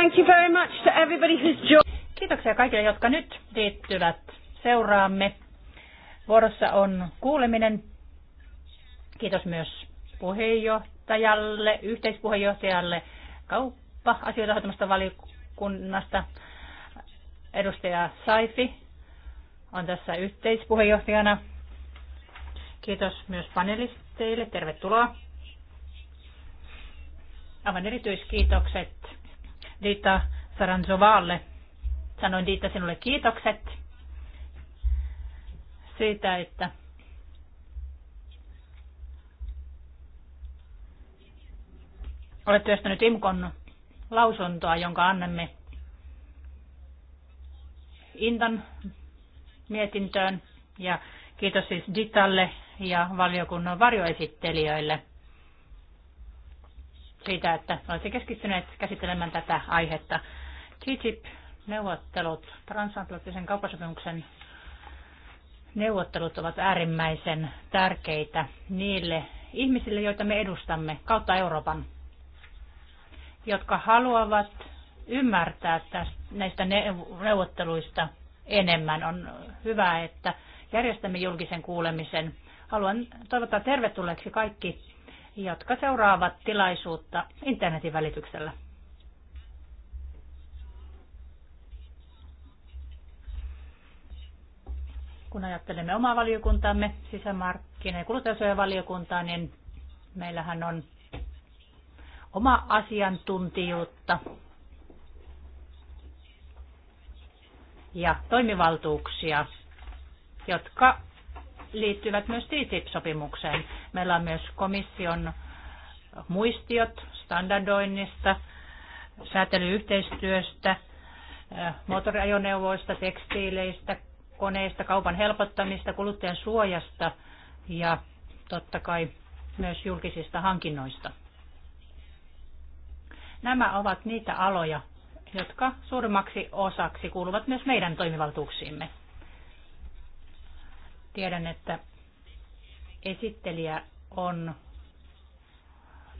Thank you very much to everybody who's joined. Kiitoksia kaikille, jotka nyt liittyvät. Seuraamme. Vuorossa on kuuleminen. Kiitos myös puheenjohtajalle, yhteispuheenjohtajalle kauppa-asioita hoitamasta valiokunnasta. Edustaja Saifi on tässä yhteispuheenjohtajana. Kiitos myös panelisteille. Tervetuloa. Aivan erityiskiitokset Dita Saranjovalle. Sanoin Dita sinulle kiitokset siitä, että olet työstänyt IMKON lausuntoa, jonka annamme Intan mietintöön. Ja kiitos siis Ditalle ja valiokunnan varjoesittelijöille siitä, että olette keskittyneet käsittelemään tätä aihetta. TTIP-neuvottelut, transatlanttisen kauppasopimuksen neuvottelut ovat äärimmäisen tärkeitä niille ihmisille, joita me edustamme kautta Euroopan, jotka haluavat ymmärtää tästä, näistä neuvotteluista enemmän. On hyvä, että järjestämme julkisen kuulemisen. Haluan toivottaa tervetulleeksi kaikki jotka seuraavat tilaisuutta internetin välityksellä. Kun ajattelemme omaa valiokuntaamme, sisämarkkina- ja kuluttajasuojavaliokuntaa, niin meillähän on oma asiantuntijuutta ja toimivaltuuksia, jotka liittyvät myös TTIP-sopimukseen. Meillä on myös komission muistiot standardoinnista, säätelyyhteistyöstä, moottoriajoneuvoista, tekstiileistä, koneista, kaupan helpottamista, kuluttajan suojasta ja totta kai myös julkisista hankinnoista. Nämä ovat niitä aloja, jotka suurimmaksi osaksi kuuluvat myös meidän toimivaltuuksiimme. Tiedän, että esittelijä on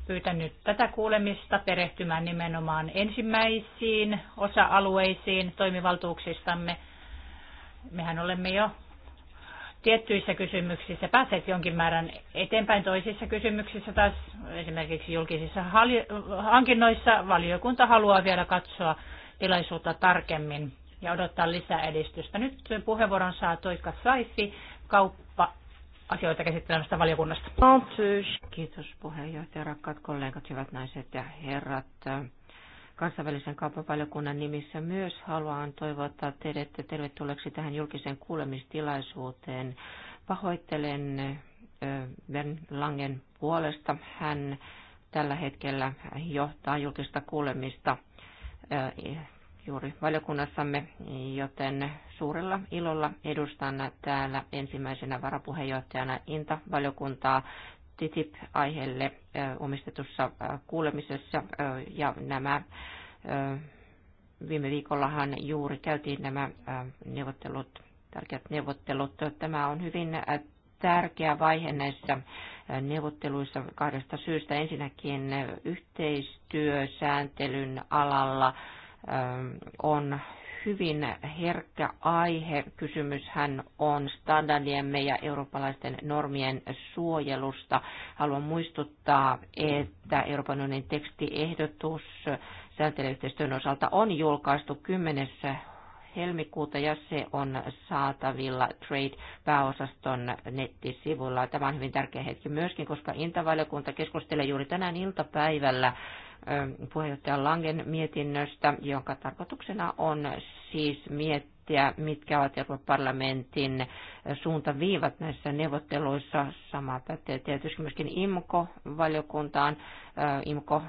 pyytänyt tätä kuulemista perehtymään nimenomaan ensimmäisiin osa-alueisiin toimivaltuuksistamme. Mehän olemme jo tiettyissä kysymyksissä päässeet jonkin määrän eteenpäin toisissa kysymyksissä taas esimerkiksi julkisissa hankinnoissa. Valiokunta haluaa vielä katsoa tilaisuutta tarkemmin ja odottaa lisää edistystä. Nyt puheenvuoron saa Toikka Saifi kauppa-asioita käsittelevästä valiokunnasta. Kiitos puheenjohtaja, rakkaat kollegat, hyvät naiset ja herrat. Kansainvälisen kauppavaliokunnan nimissä myös haluan toivottaa teidät tervetulleeksi tähän julkiseen kuulemistilaisuuteen. Pahoittelen Ben Langen puolesta. Hän tällä hetkellä johtaa julkista kuulemista juuri valiokunnassamme, joten suurella ilolla edustan täällä ensimmäisenä varapuheenjohtajana Inta-valiokuntaa TTIP-aiheelle omistetussa kuulemisessa. Ja nämä viime viikollahan juuri käytiin nämä neuvottelut, tärkeät neuvottelut. Tämä on hyvin tärkeä vaihe näissä neuvotteluissa kahdesta syystä. Ensinnäkin yhteistyösääntelyn alalla on hyvin herkkä aihe. Kysymyshän on standardiemme ja eurooppalaisten normien suojelusta. Haluan muistuttaa, että Euroopan unionin tekstiehdotus sääntelyyhteistyön osalta on julkaistu 10 helmikuuta ja se on saatavilla Trade-pääosaston nettisivuilla. Tämä on hyvin tärkeä hetki myöskin, koska Intavaliokunta keskustelee juuri tänään iltapäivällä puheenjohtaja Langen mietinnöstä, jonka tarkoituksena on siis miettiä, mitkä ovat Euroopan parlamentin suuntaviivat näissä neuvotteluissa. Sama pätee tietysti myöskin IMKO-valiokuntaan. IMKO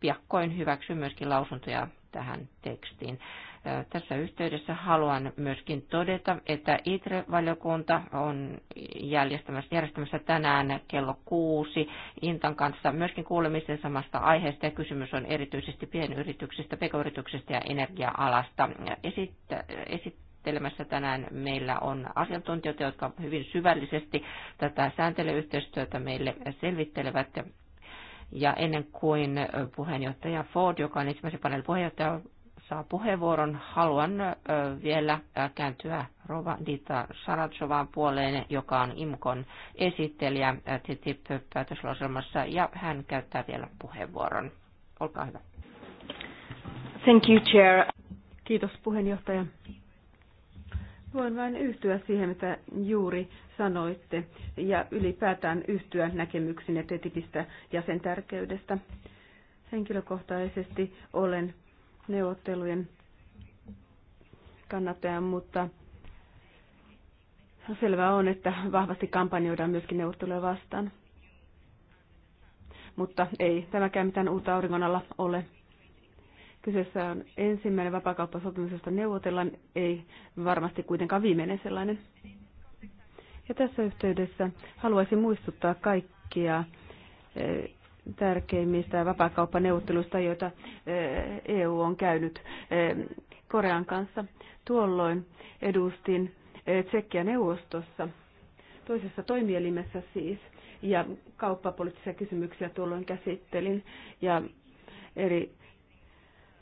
piakkoin hyväksyy myöskin lausuntoja tähän tekstiin. Tässä yhteydessä haluan myöskin todeta, että ITRE-valiokunta on järjestämässä tänään kello kuusi Intan kanssa myöskin kuulemisen samasta aiheesta ja kysymys on erityisesti pienyrityksistä, pekoyrityksistä ja energia-alasta. Esittä, esit- esittelemässä tänään. Meillä on asiantuntijoita, jotka hyvin syvällisesti tätä sääntelyyhteistyötä meille selvittelevät. Ja ennen kuin puheenjohtaja Ford, joka on ensimmäisen paneelin puheenjohtaja, saa puheenvuoron, haluan vielä kääntyä Rova Dita Saratsovan puoleen, joka on IMKon esittelijä TTIP-päätöslauselmassa, ja hän käyttää vielä puheenvuoron. Olkaa hyvä. Thank you, Chair. Kiitos puheenjohtaja. Voin vain yhtyä siihen, mitä juuri sanoitte, ja ylipäätään yhtyä näkemyksiin TTIPistä ja sen tärkeydestä. Henkilökohtaisesti olen neuvottelujen kannattaja, mutta selvää on, että vahvasti kampanjoidaan myöskin neuvotteluja vastaan. Mutta ei tämäkään mitään uutta auringon alla ole. Kyseessä on ensimmäinen vapaakauppasopimus, josta neuvotellaan, ei varmasti kuitenkaan viimeinen sellainen. Ja tässä yhteydessä haluaisin muistuttaa kaikkia eh, tärkeimmistä vapaakauppaneuvotteluista, joita EU eh, e on käynyt eh, Korean kanssa. Tuolloin edustin eh, Tsekkiä neuvostossa, toisessa toimielimessä siis, ja kauppapoliittisia kysymyksiä tuolloin käsittelin. Ja eri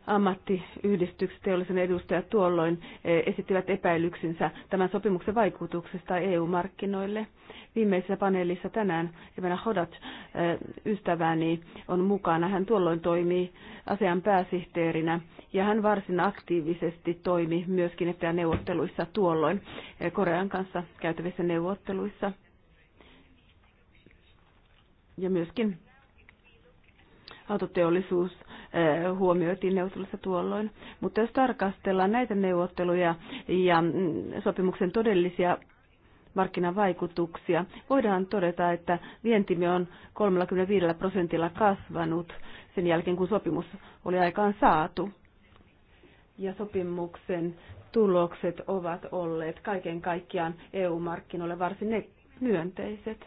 ammattiyhdistykset, teollisen edustajat tuolloin eh, esittivät epäilyksensä tämän sopimuksen vaikutuksesta EU-markkinoille. Viimeisessä paneelissa tänään Evena Hodat eh, ystäväni on mukana. Hän tuolloin toimii asian pääsihteerinä ja hän varsin aktiivisesti toimi myöskin että neuvotteluissa tuolloin eh, Korean kanssa käytävissä neuvotteluissa. Ja myöskin autoteollisuus Eh, huomioitiin neuvottelussa tuolloin. Mutta jos tarkastellaan näitä neuvotteluja ja mm, sopimuksen todellisia markkinavaikutuksia, voidaan todeta, että vientimme on 35 prosentilla kasvanut sen jälkeen, kun sopimus oli aikaan saatu. Ja sopimuksen tulokset ovat olleet kaiken kaikkiaan EU-markkinoille varsin myönteiset.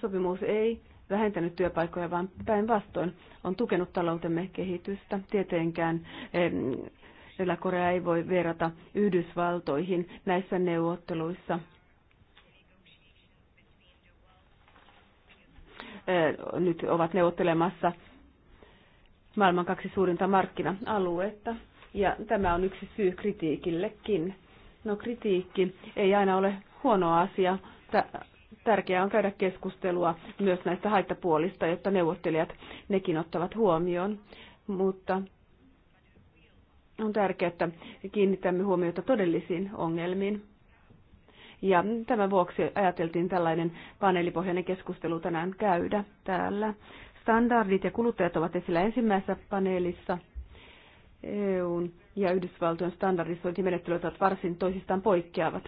Sopimus ei vähentänyt työpaikkoja, vaan päinvastoin on tukenut taloutemme kehitystä. Tietenkään Etelä-Korea ei voi verrata Yhdysvaltoihin näissä neuvotteluissa. Nyt ovat neuvottelemassa maailman kaksi suurinta markkina-aluetta, ja tämä on yksi syy kritiikillekin. No kritiikki ei aina ole huono asia, tärkeää on käydä keskustelua myös näistä haittapuolista, jotta neuvottelijat nekin ottavat huomioon. Mutta on tärkeää, että kiinnitämme huomiota todellisiin ongelmiin. Ja tämän vuoksi ajateltiin tällainen paneelipohjainen keskustelu tänään käydä täällä. Standardit ja kuluttajat ovat esillä ensimmäisessä paneelissa. EUn ja Yhdysvaltojen standardisointimenettelyt ovat varsin toisistaan poikkeavat.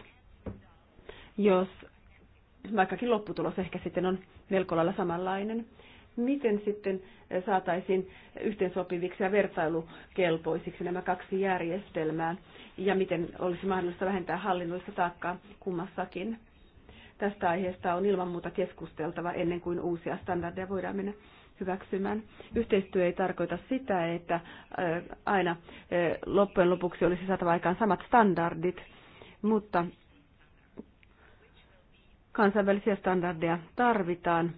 Jos vaikkakin lopputulos ehkä sitten on melko lailla samanlainen. Miten sitten eh, saataisiin yhteensopiviksi ja vertailukelpoisiksi nämä kaksi järjestelmää ja miten olisi mahdollista vähentää hallinnollista taakkaa kummassakin? Tästä aiheesta on ilman muuta keskusteltava ennen kuin uusia standardeja voidaan mennä hyväksymään. Yhteistyö ei tarkoita sitä, että eh, aina eh, loppujen lopuksi olisi saatava aikaan samat standardit, mutta Kansainvälisiä standardeja tarvitaan.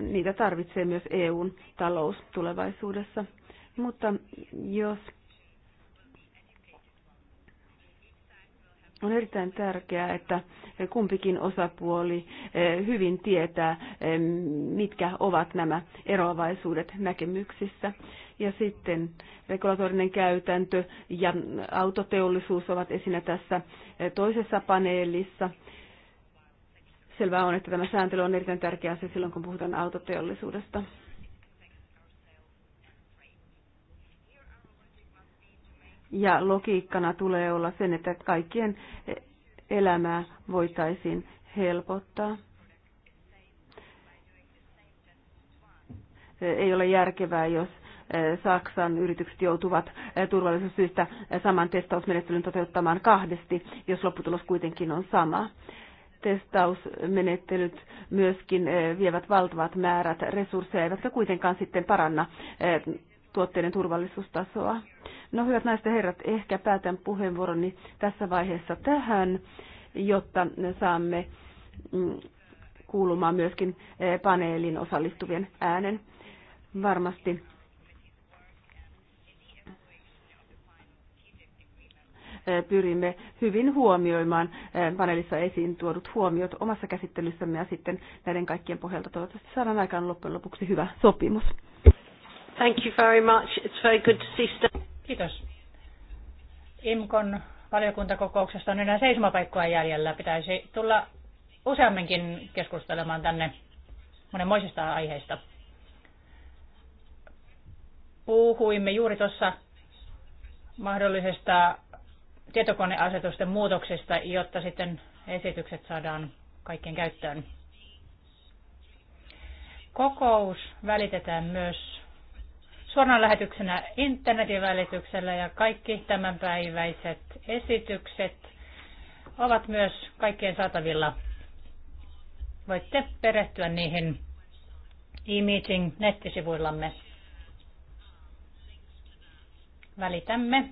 Niitä tarvitsee myös EUn talous tulevaisuudessa. Mutta jos on erittäin tärkeää, että kumpikin osapuoli hyvin tietää, mitkä ovat nämä eroavaisuudet näkemyksissä. Ja sitten regulatorinen käytäntö ja autoteollisuus ovat esinä tässä toisessa paneelissa. Selvää on, että tämä sääntely on erittäin tärkeä asia silloin, kun puhutaan autoteollisuudesta. Ja logiikkana tulee olla sen, että kaikkien elämää voitaisiin helpottaa. Ei ole järkevää, jos eh, Saksan yritykset joutuvat eh, turvallisuussyistä eh, saman testausmenettelyn toteuttamaan kahdesti, jos lopputulos kuitenkin on sama testausmenettelyt myöskin eh, vievät valtavat määrät resursseja, eivätkä kuitenkaan sitten paranna eh, tuotteiden turvallisuustasoa. No hyvät naiset ja herrat, ehkä päätän puheenvuoroni tässä vaiheessa tähän, jotta saamme mm, kuulumaan myöskin eh, paneelin osallistuvien äänen. Varmasti pyrimme hyvin huomioimaan paneelissa esiin tuodut huomiot omassa käsittelyssämme ja sitten näiden kaikkien pohjalta toivottavasti saadaan aikaan loppujen lopuksi hyvä sopimus. Thank you very much. It's very good to see Kiitos. IMKON valiokuntakokouksesta on enää seisomapaikkoa jäljellä. Pitäisi tulla useamminkin keskustelemaan tänne monenmoisista aiheista. Puhuimme juuri tuossa mahdollisesta tietokoneasetusten muutoksista, jotta sitten esitykset saadaan kaikkien käyttöön. Kokous välitetään myös suorana lähetyksenä internetin välityksellä ja kaikki tämänpäiväiset esitykset ovat myös kaikkien saatavilla. Voitte perehtyä niihin e-meeting nettisivuillamme. Välitämme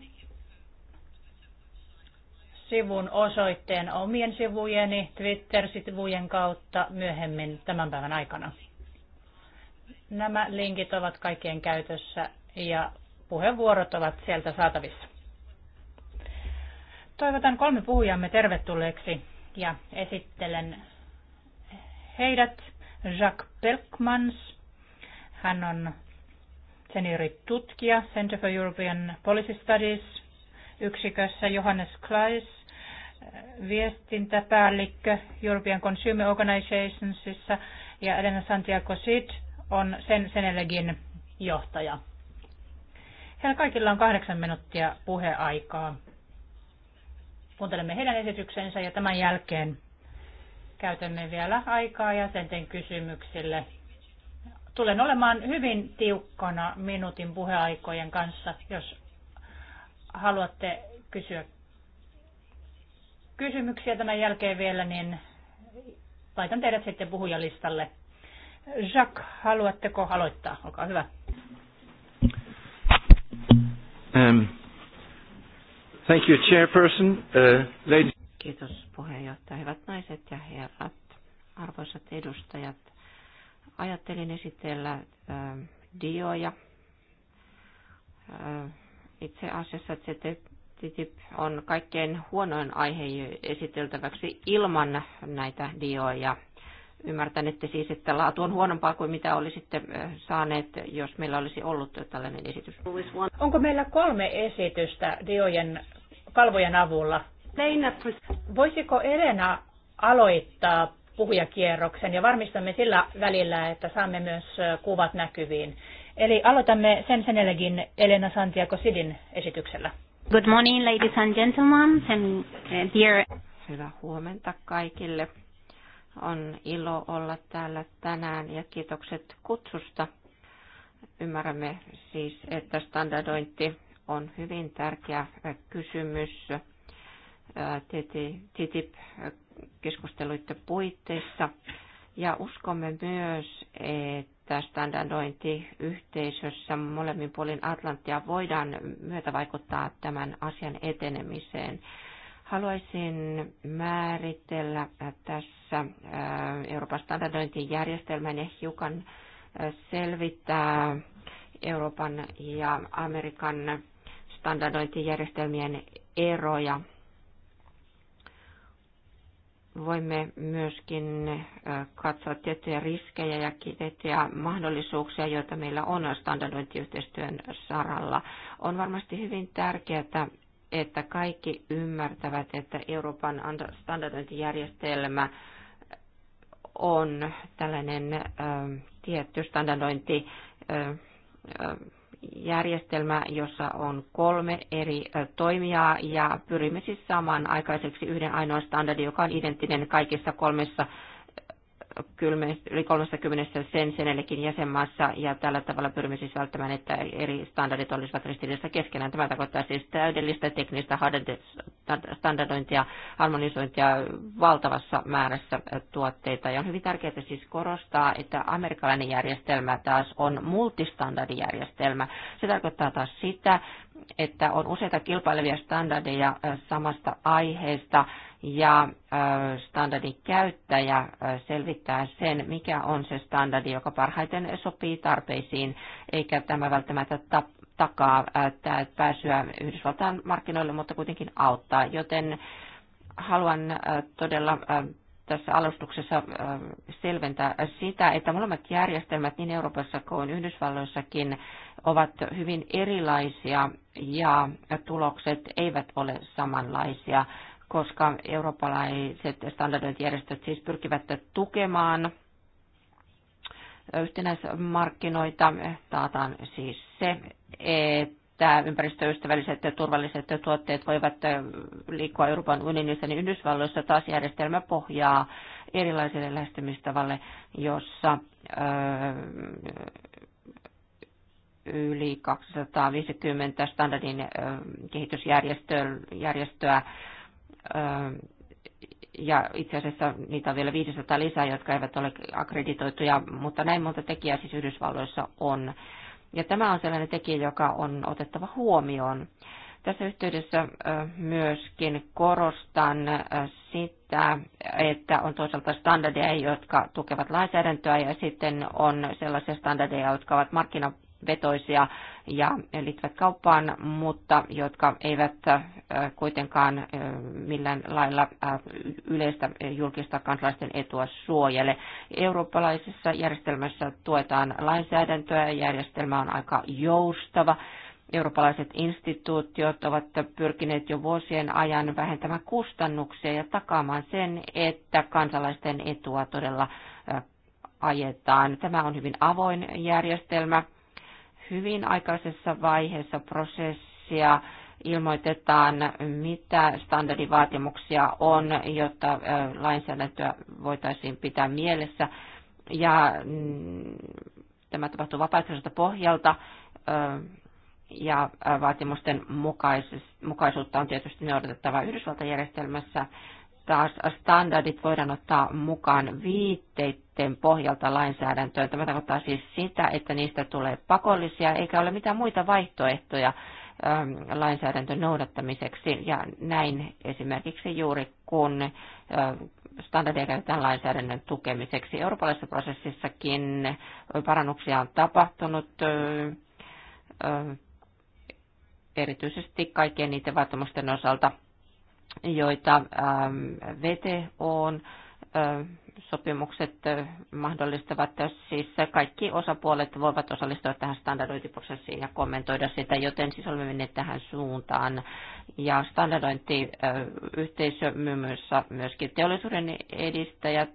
sivun osoitteen omien sivujeni, Twitter-sivujen kautta myöhemmin tämän päivän aikana. Nämä linkit ovat kaikkien käytössä ja puheenvuorot ovat sieltä saatavissa. Toivotan kolme puhujamme tervetulleeksi ja esittelen heidät. Jacques Berkmans, hän on senioritutkija Center for European Policy Studies yksikössä Johannes Kleis, viestintäpäällikkö European Consumer Organizationsissa ja Elena Santiago Sid on sen Senelegin johtaja. Heillä kaikilla on kahdeksan minuuttia puheaikaa. Kuuntelemme heidän esityksensä ja tämän jälkeen käytämme vielä aikaa jäsenten kysymyksille. Tulen olemaan hyvin tiukkana minuutin puheaikojen kanssa, jos haluatte kysyä kysymyksiä tämän jälkeen vielä, niin laitan teidät sitten puhujalistalle. Jacques, haluatteko aloittaa? Olkaa hyvä. Um, thank you, chairperson. Uh, ladies. Kiitos puheenjohtaja. Hyvät naiset ja herrat, arvoisat edustajat. Ajattelin esitellä uh, dioja. Uh, itse asiassa TTIP on kaikkein huonoin aihe esiteltäväksi ilman näitä dioja. Ymmärtän, että siis, että laatu on huonompaa kuin mitä olisitte saaneet, jos meillä olisi ollut tällainen esitys. Onko meillä kolme esitystä diojen kalvojen avulla? Voisiko Elena aloittaa puhujakierroksen ja varmistamme sillä välillä, että saamme myös kuvat näkyviin. Eli aloitamme sen senellekin Elena Santiago Sidin esityksellä. Good morning ladies and gentlemen and eh, dear... Hyvää huomenta kaikille. On ilo olla täällä tänään ja kiitokset kutsusta. Ymmärrämme siis, että standardointi on hyvin tärkeä eh, kysymys eh, TTIP-keskusteluiden puitteissa. Ja uskomme myös, että että standardointiyhteisössä molemmin puolin Atlanttia voidaan myötävaikuttaa tämän asian etenemiseen. Haluaisin määritellä tässä äh, Euroopan standardointijärjestelmän ja hiukan äh, selvittää Euroopan ja Amerikan standardointijärjestelmien eroja voimme myöskin katsoa tiettyjä riskejä ja tiettyjä mahdollisuuksia, joita meillä on standardointiyhteistyön saralla. On varmasti hyvin tärkeää, että kaikki ymmärtävät, että Euroopan standardointijärjestelmä on tällainen tietty standardointi järjestelmä, jossa on kolme eri toimijaa ja pyrimme siis saamaan aikaiseksi yhden ainoan standardin, joka on identtinen kaikissa kolmessa yli 30 senellekin jäsenmaassa, ja tällä tavalla pyrimme siis välttämään, että eri standardit olisivat ristiriidassa keskenään. Tämä tarkoittaa siis täydellistä teknistä standardointia, harmonisointia valtavassa määrässä tuotteita, ja on hyvin tärkeää siis korostaa, että amerikkalainen järjestelmä taas on multistandardijärjestelmä. Se tarkoittaa taas sitä, että on useita kilpailevia standardeja samasta aiheesta ja standardin käyttäjä selvittää sen, mikä on se standardi, joka parhaiten sopii tarpeisiin, eikä tämä välttämättä takaa pääsyä Yhdysvaltain markkinoille, mutta kuitenkin auttaa. Joten haluan todella tässä alustuksessa selventää sitä, että molemmat järjestelmät niin Euroopassa kuin Yhdysvalloissakin ovat hyvin erilaisia ja tulokset eivät ole samanlaisia, koska eurooppalaiset standardointijärjestöt siis pyrkivät tukemaan yhtenäismarkkinoita. Taataan siis se, että että ympäristöystävälliset ja turvalliset tuotteet voivat liikkua Euroopan unionissa, niin Yhdysvalloissa taas järjestelmä pohjaa erilaiselle lähestymistavalle, jossa yli 250 standardin kehitysjärjestöä ja itse asiassa niitä on vielä 500 lisää, jotka eivät ole akkreditoituja, mutta näin monta tekijää siis Yhdysvalloissa on. Ja tämä on sellainen tekijä, joka on otettava huomioon. Tässä yhteydessä myöskin korostan sitä, että on toisaalta standardeja, jotka tukevat lainsäädäntöä ja sitten on sellaisia standardeja, jotka ovat markkina, vetoisia ja liittyvät kauppaan, mutta jotka eivät kuitenkaan millään lailla yleistä julkista kansalaisten etua suojele. Eurooppalaisessa järjestelmässä tuetaan lainsäädäntöä, järjestelmä on aika joustava. Eurooppalaiset instituutiot ovat pyrkineet jo vuosien ajan vähentämään kustannuksia ja takaamaan sen, että kansalaisten etua todella ajetaan. Tämä on hyvin avoin järjestelmä hyvin aikaisessa vaiheessa prosessia ilmoitetaan, mitä standardivaatimuksia on, jotta lainsäädäntöä voitaisiin pitää mielessä. Ja mm, tämä tapahtuu vapaaehtoiselta pohjalta ja vaatimusten mukaisuutta on tietysti noudatettava Yhdysvaltajärjestelmässä. järjestelmässä standardit voidaan ottaa mukaan viitteiden pohjalta lainsäädäntöön. Tämä tarkoittaa siis sitä, että niistä tulee pakollisia eikä ole mitään muita vaihtoehtoja ähm, lainsäädäntön noudattamiseksi. Ja näin esimerkiksi juuri kun ähm, standardia käytetään lainsäädännön tukemiseksi. Eurooppalaisessa prosessissakin parannuksia on tapahtunut äh, äh, erityisesti kaikkien niiden vaatimusten osalta, joita ähm, on äh, sopimukset äh, mahdollistavat. Siis kaikki osapuolet voivat osallistua tähän standardointiprosessiin ja kommentoida sitä, joten siis olemme menneet tähän suuntaan. Ja standardointiyhteisö myös myöskin teollisuuden edistäjät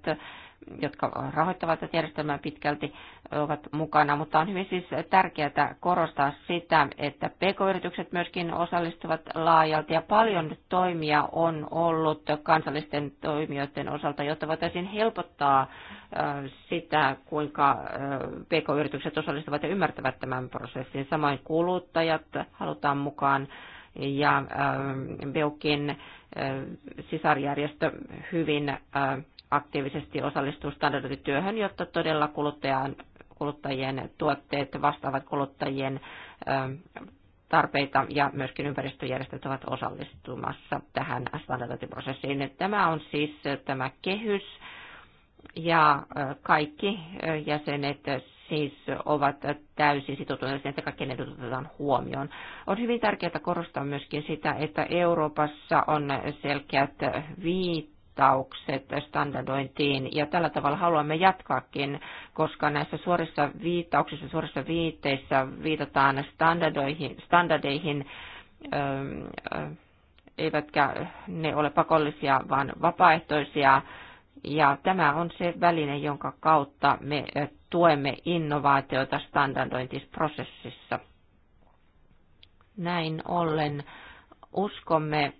jotka rahoittavat tätä järjestelmää pitkälti, ovat mukana. Mutta on hyvin siis tärkeää korostaa sitä, että pk-yritykset myöskin osallistuvat laajalti ja paljon toimia on ollut kansallisten toimijoiden osalta, jotta voitaisiin helpottaa sitä, kuinka pk-yritykset osallistuvat ja ymmärtävät tämän prosessin. Samoin kuluttajat halutaan mukaan ja Beukin sisarjärjestö hyvin aktiivisesti osallistuu standardityöhön, jotta todella kuluttajan, kuluttajien tuotteet vastaavat kuluttajien tarpeita ja myöskin ympäristöjärjestöt ovat osallistumassa tähän standardointiprosessiin. Tämä on siis tämä kehys ja kaikki jäsenet siis ovat täysin sitoutuneet siihen, että kaikki edut otetaan huomioon. On hyvin tärkeää korostaa myöskin sitä, että Euroopassa on selkeät viit viittaukset standardointiin. Ja tällä tavalla haluamme jatkaakin, koska näissä suorissa viittauksissa, suorissa viitteissä viitataan standardoihin, standardeihin, eivätkä ne ole pakollisia, vaan vapaaehtoisia. Ja tämä on se väline, jonka kautta me tuemme innovaatioita standardointisprosessissa. Näin ollen uskomme,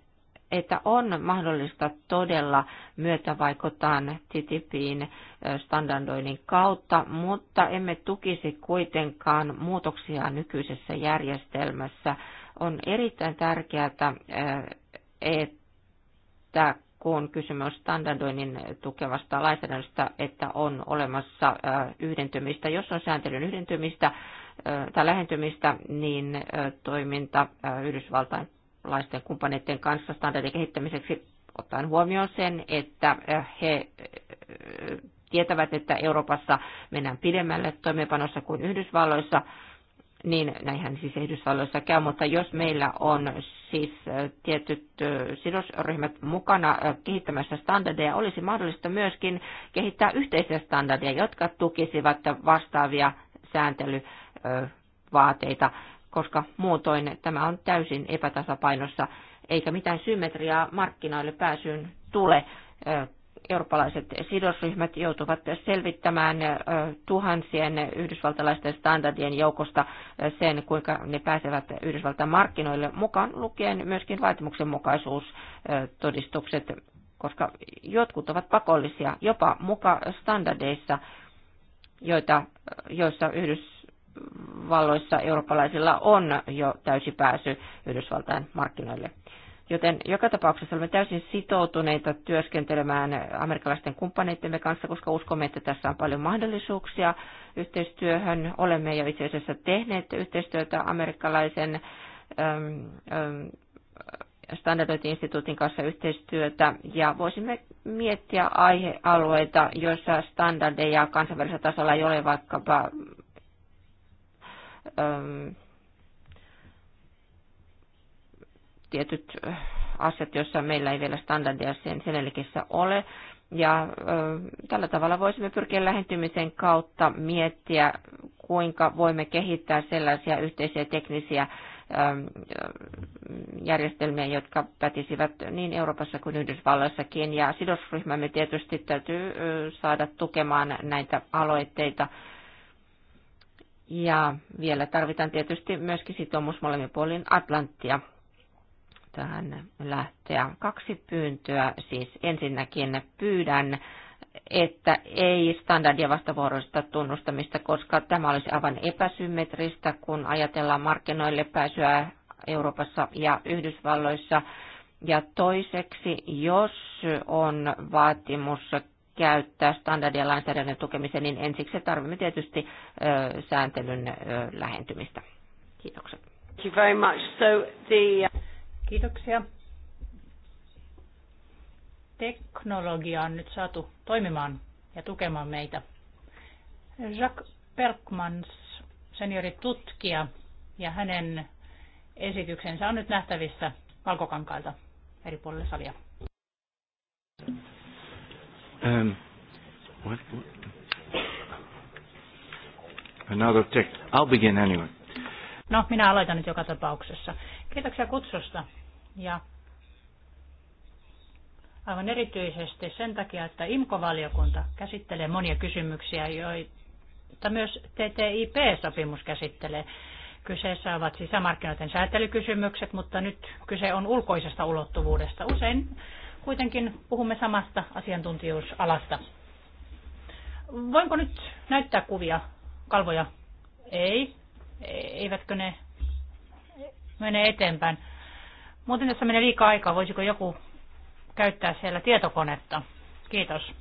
että on mahdollista todella myötävaikuttaa TTIPin standardoinnin kautta, mutta emme tukisi kuitenkaan muutoksia nykyisessä järjestelmässä. On erittäin tärkeää, että kun kysymys on standardoinnin tukevasta lainsäädännöstä, että on olemassa yhdentymistä. Jos on sääntelyn yhdentymistä tai lähentymistä, niin toiminta Yhdysvaltain laisten kumppaneiden kanssa standardin kehittämiseksi ottaen huomioon sen, että he tietävät, että Euroopassa mennään pidemmälle toimeenpanossa kuin Yhdysvalloissa, niin näinhän siis Yhdysvalloissa käy, mutta jos meillä on siis tietyt sidosryhmät mukana kehittämässä standardeja, olisi mahdollista myöskin kehittää yhteisiä standardeja, jotka tukisivat vastaavia sääntelyvaateita koska muutoin tämä on täysin epätasapainossa, eikä mitään symmetriaa markkinoille pääsyyn tule. Eurooppalaiset sidosryhmät joutuvat selvittämään tuhansien yhdysvaltalaisten standardien joukosta sen, kuinka ne pääsevät Yhdysvaltain markkinoille, mukaan lukien myöskin vaatimuksenmukaisuustodistukset, koska jotkut ovat pakollisia jopa muka standardeissa, joita, joissa Yhdys, Yhdysvalloissa eurooppalaisilla on jo täysi pääsy Yhdysvaltain markkinoille. Joten joka tapauksessa olemme täysin sitoutuneita työskentelemään amerikkalaisten kumppaneittemme kanssa, koska uskomme, että tässä on paljon mahdollisuuksia yhteistyöhön. Olemme jo itse asiassa tehneet yhteistyötä amerikkalaisen äm, äm, standardointiinstituutin kanssa yhteistyötä ja voisimme miettiä aihealueita, joissa standardeja kansainvälisellä tasolla ei ole vaikkapa äm, tietyt äh, asiat, joissa meillä ei vielä standardia sen Senelikissä ole. Ja ö, ähm, tällä tavalla voisimme pyrkiä lähentymisen kautta miettiä, kuinka voimme kehittää sellaisia yhteisiä teknisiä ö, ähm, järjestelmiä, jotka pätisivät niin Euroopassa kuin Yhdysvalloissakin. Ja sidosryhmämme tietysti täytyy äh, saada tukemaan näitä aloitteita ja vielä tarvitaan tietysti myöskin sitoumus molemmin puolin Atlanttia tähän lähteä. Kaksi pyyntöä siis. Ensinnäkin pyydän, että ei standardia vastavuoroista tunnustamista, koska tämä olisi aivan epäsymmetristä, kun ajatellaan markkinoille pääsyä Euroopassa ja Yhdysvalloissa. Ja toiseksi, jos on vaatimus käyttää standardia lainsäädännön tukemiseen, niin ensiksi tarvitsemme tietysti sääntelyn lähentymistä. Kiitokset. Thank you very much. So the... Uh, Kiitoksia. Teknologia on nyt saatu toimimaan ja tukemaan meitä. Jacques Perkmans, senioritutkija, ja hänen esityksensä on nyt nähtävissä valkokankailta eri puolille salia. Um, what, what? Another tick. I'll begin anyway. No, minä aloitan nyt joka tapauksessa. Kiitoksia kutsusta. Ja aivan erityisesti sen takia, että imco valiokunta käsittelee monia kysymyksiä, joita myös TTIP-sopimus käsittelee. Kyseessä ovat sisämarkkinoiden säätelykysymykset, mutta nyt kyse on ulkoisesta ulottuvuudesta. Usein Kuitenkin puhumme samasta asiantuntijuusalasta. Voinko nyt näyttää kuvia, kalvoja? Ei. Eivätkö ne mene eteenpäin? Muuten tässä menee liikaa aikaa. Voisiko joku käyttää siellä tietokonetta? Kiitos.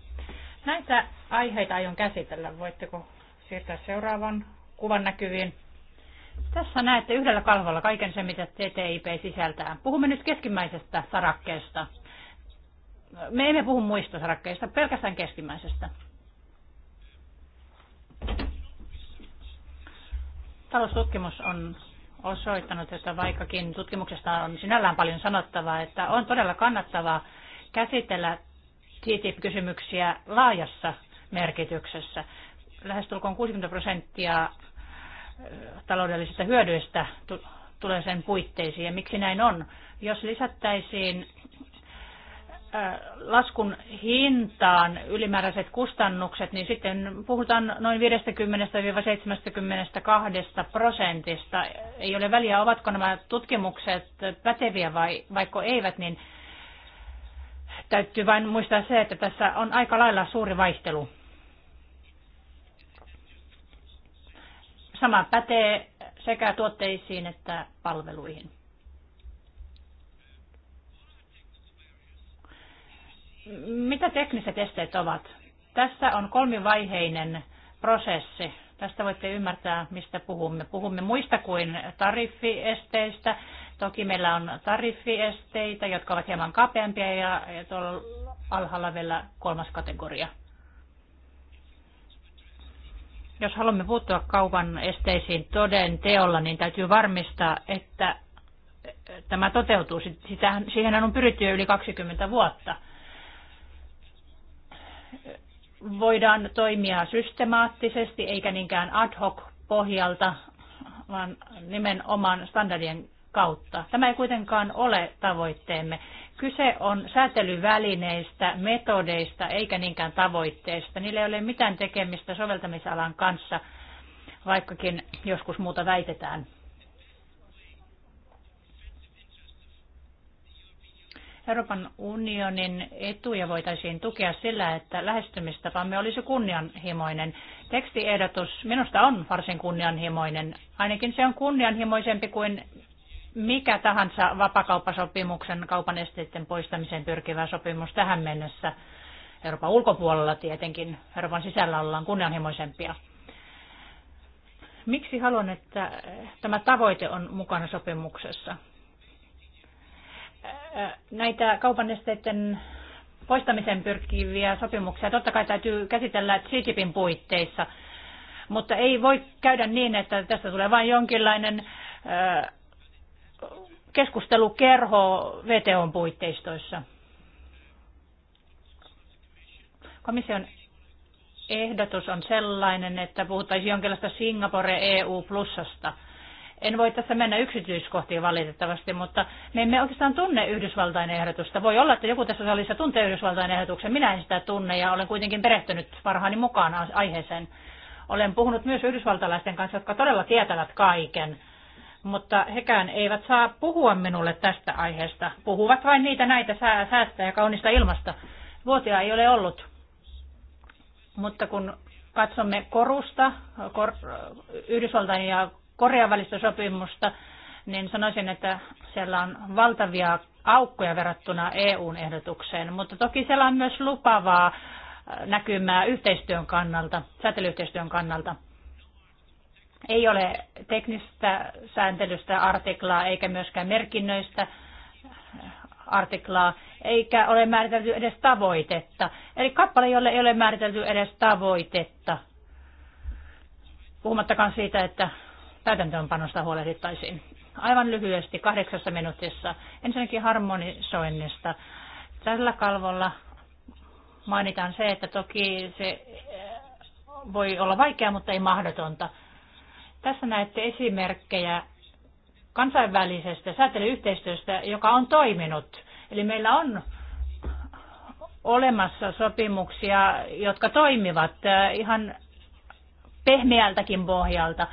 Näitä aiheita aion käsitellä. Voitteko siirtää seuraavan kuvan näkyviin? Tässä näette yhdellä kalvolla kaiken sen, mitä TTIP sisältää. Puhumme nyt keskimmäisestä sarakkeesta me emme puhu muista sarakkeista, pelkästään keskimmäisestä. Taloustutkimus on osoittanut, että vaikkakin tutkimuksesta on sinällään paljon sanottavaa, että on todella kannattavaa käsitellä TTIP-kysymyksiä laajassa merkityksessä. Lähestulkoon 60 prosenttia äh, taloudellisista hyödyistä tulee sen puitteisiin. Ja miksi näin on? Jos lisättäisiin laskun hintaan ylimääräiset kustannukset, niin sitten puhutaan noin 50-72 prosentista. Ei ole väliä, ovatko nämä tutkimukset päteviä vai vaikka eivät, niin täytyy vain muistaa se, että tässä on aika lailla suuri vaihtelu. Sama pätee sekä tuotteisiin että palveluihin. mitä tekniset esteet ovat? Tässä on kolmivaiheinen prosessi. Tästä voitte ymmärtää, mistä puhumme. Puhumme muista kuin tariffiesteistä. Toki meillä on tariffiesteitä, jotka ovat hieman kapeampia ja, ja tuolla alhaalla vielä kolmas kategoria. Jos haluamme puuttua kaupan esteisiin toden teolla, niin täytyy varmistaa, että tämä toteutuu. Sitähän, siihen on pyritty jo yli 20 vuotta – voidaan toimia systemaattisesti eikä niinkään ad hoc pohjalta, vaan nimenomaan standardien kautta. Tämä ei kuitenkaan ole tavoitteemme. Kyse on säätelyvälineistä, metodeista eikä niinkään tavoitteista. Niillä ei ole mitään tekemistä soveltamisalan kanssa, vaikkakin joskus muuta väitetään. Euroopan unionin etuja voitaisiin tukea sillä, että lähestymistapamme olisi kunnianhimoinen. Tekstiehdotus minusta on varsin kunnianhimoinen. Ainakin se on kunnianhimoisempi kuin mikä tahansa vapakauppasopimuksen kaupan esteiden poistamiseen pyrkivä sopimus tähän mennessä. Euroopan ulkopuolella tietenkin, Euroopan sisällä ollaan kunnianhimoisempia. Miksi haluan, että tämä tavoite on mukana sopimuksessa? näitä kaupanesteiden poistamisen pyrkiviä sopimuksia totta kai täytyy käsitellä TTIPin puitteissa, mutta ei voi käydä niin, että tästä tulee vain jonkinlainen keskustelukerho VTOn puitteistoissa. Komission ehdotus on sellainen, että puhuttaisiin jonkinlaista Singapore EU plussasta – en voi tässä mennä yksityiskohtiin valitettavasti, mutta me emme oikeastaan tunne Yhdysvaltain ehdotusta. Voi olla, että joku tässä salissa tuntee Yhdysvaltain ehdotuksen. Minä en sitä tunne ja olen kuitenkin perehtynyt parhaani mukaan aiheeseen. Olen puhunut myös yhdysvaltalaisten kanssa, jotka todella tietävät kaiken, mutta hekään eivät saa puhua minulle tästä aiheesta. Puhuvat vain niitä näitä säästä ja kaunista ilmasta. Vuotia ei ole ollut. Mutta kun katsomme korusta, kor, Yhdysvaltain ja Korean välistä sopimusta, niin sanoisin, että siellä on valtavia aukkoja verrattuna EUn ehdotukseen, mutta toki siellä on myös lupavaa äh, näkymää yhteistyön kannalta, säätelyyhteistyön kannalta. Ei ole teknistä sääntelystä artiklaa eikä myöskään merkinnöistä artiklaa, eikä ole määritelty edes tavoitetta. Eli kappale, jolle ei ole määritelty edes tavoitetta. Puhumattakaan siitä, että täytäntöönpanosta huolehdittaisiin. Aivan lyhyesti, kahdeksassa minuutissa. Ensinnäkin harmonisoinnista. Tällä kalvolla mainitaan se, että toki se eh, voi olla vaikeaa, mutta ei mahdotonta. Tässä näette esimerkkejä kansainvälisestä säätelyyhteistyöstä, joka on toiminut. Eli meillä on olemassa sopimuksia, jotka toimivat eh, ihan pehmeältäkin pohjalta.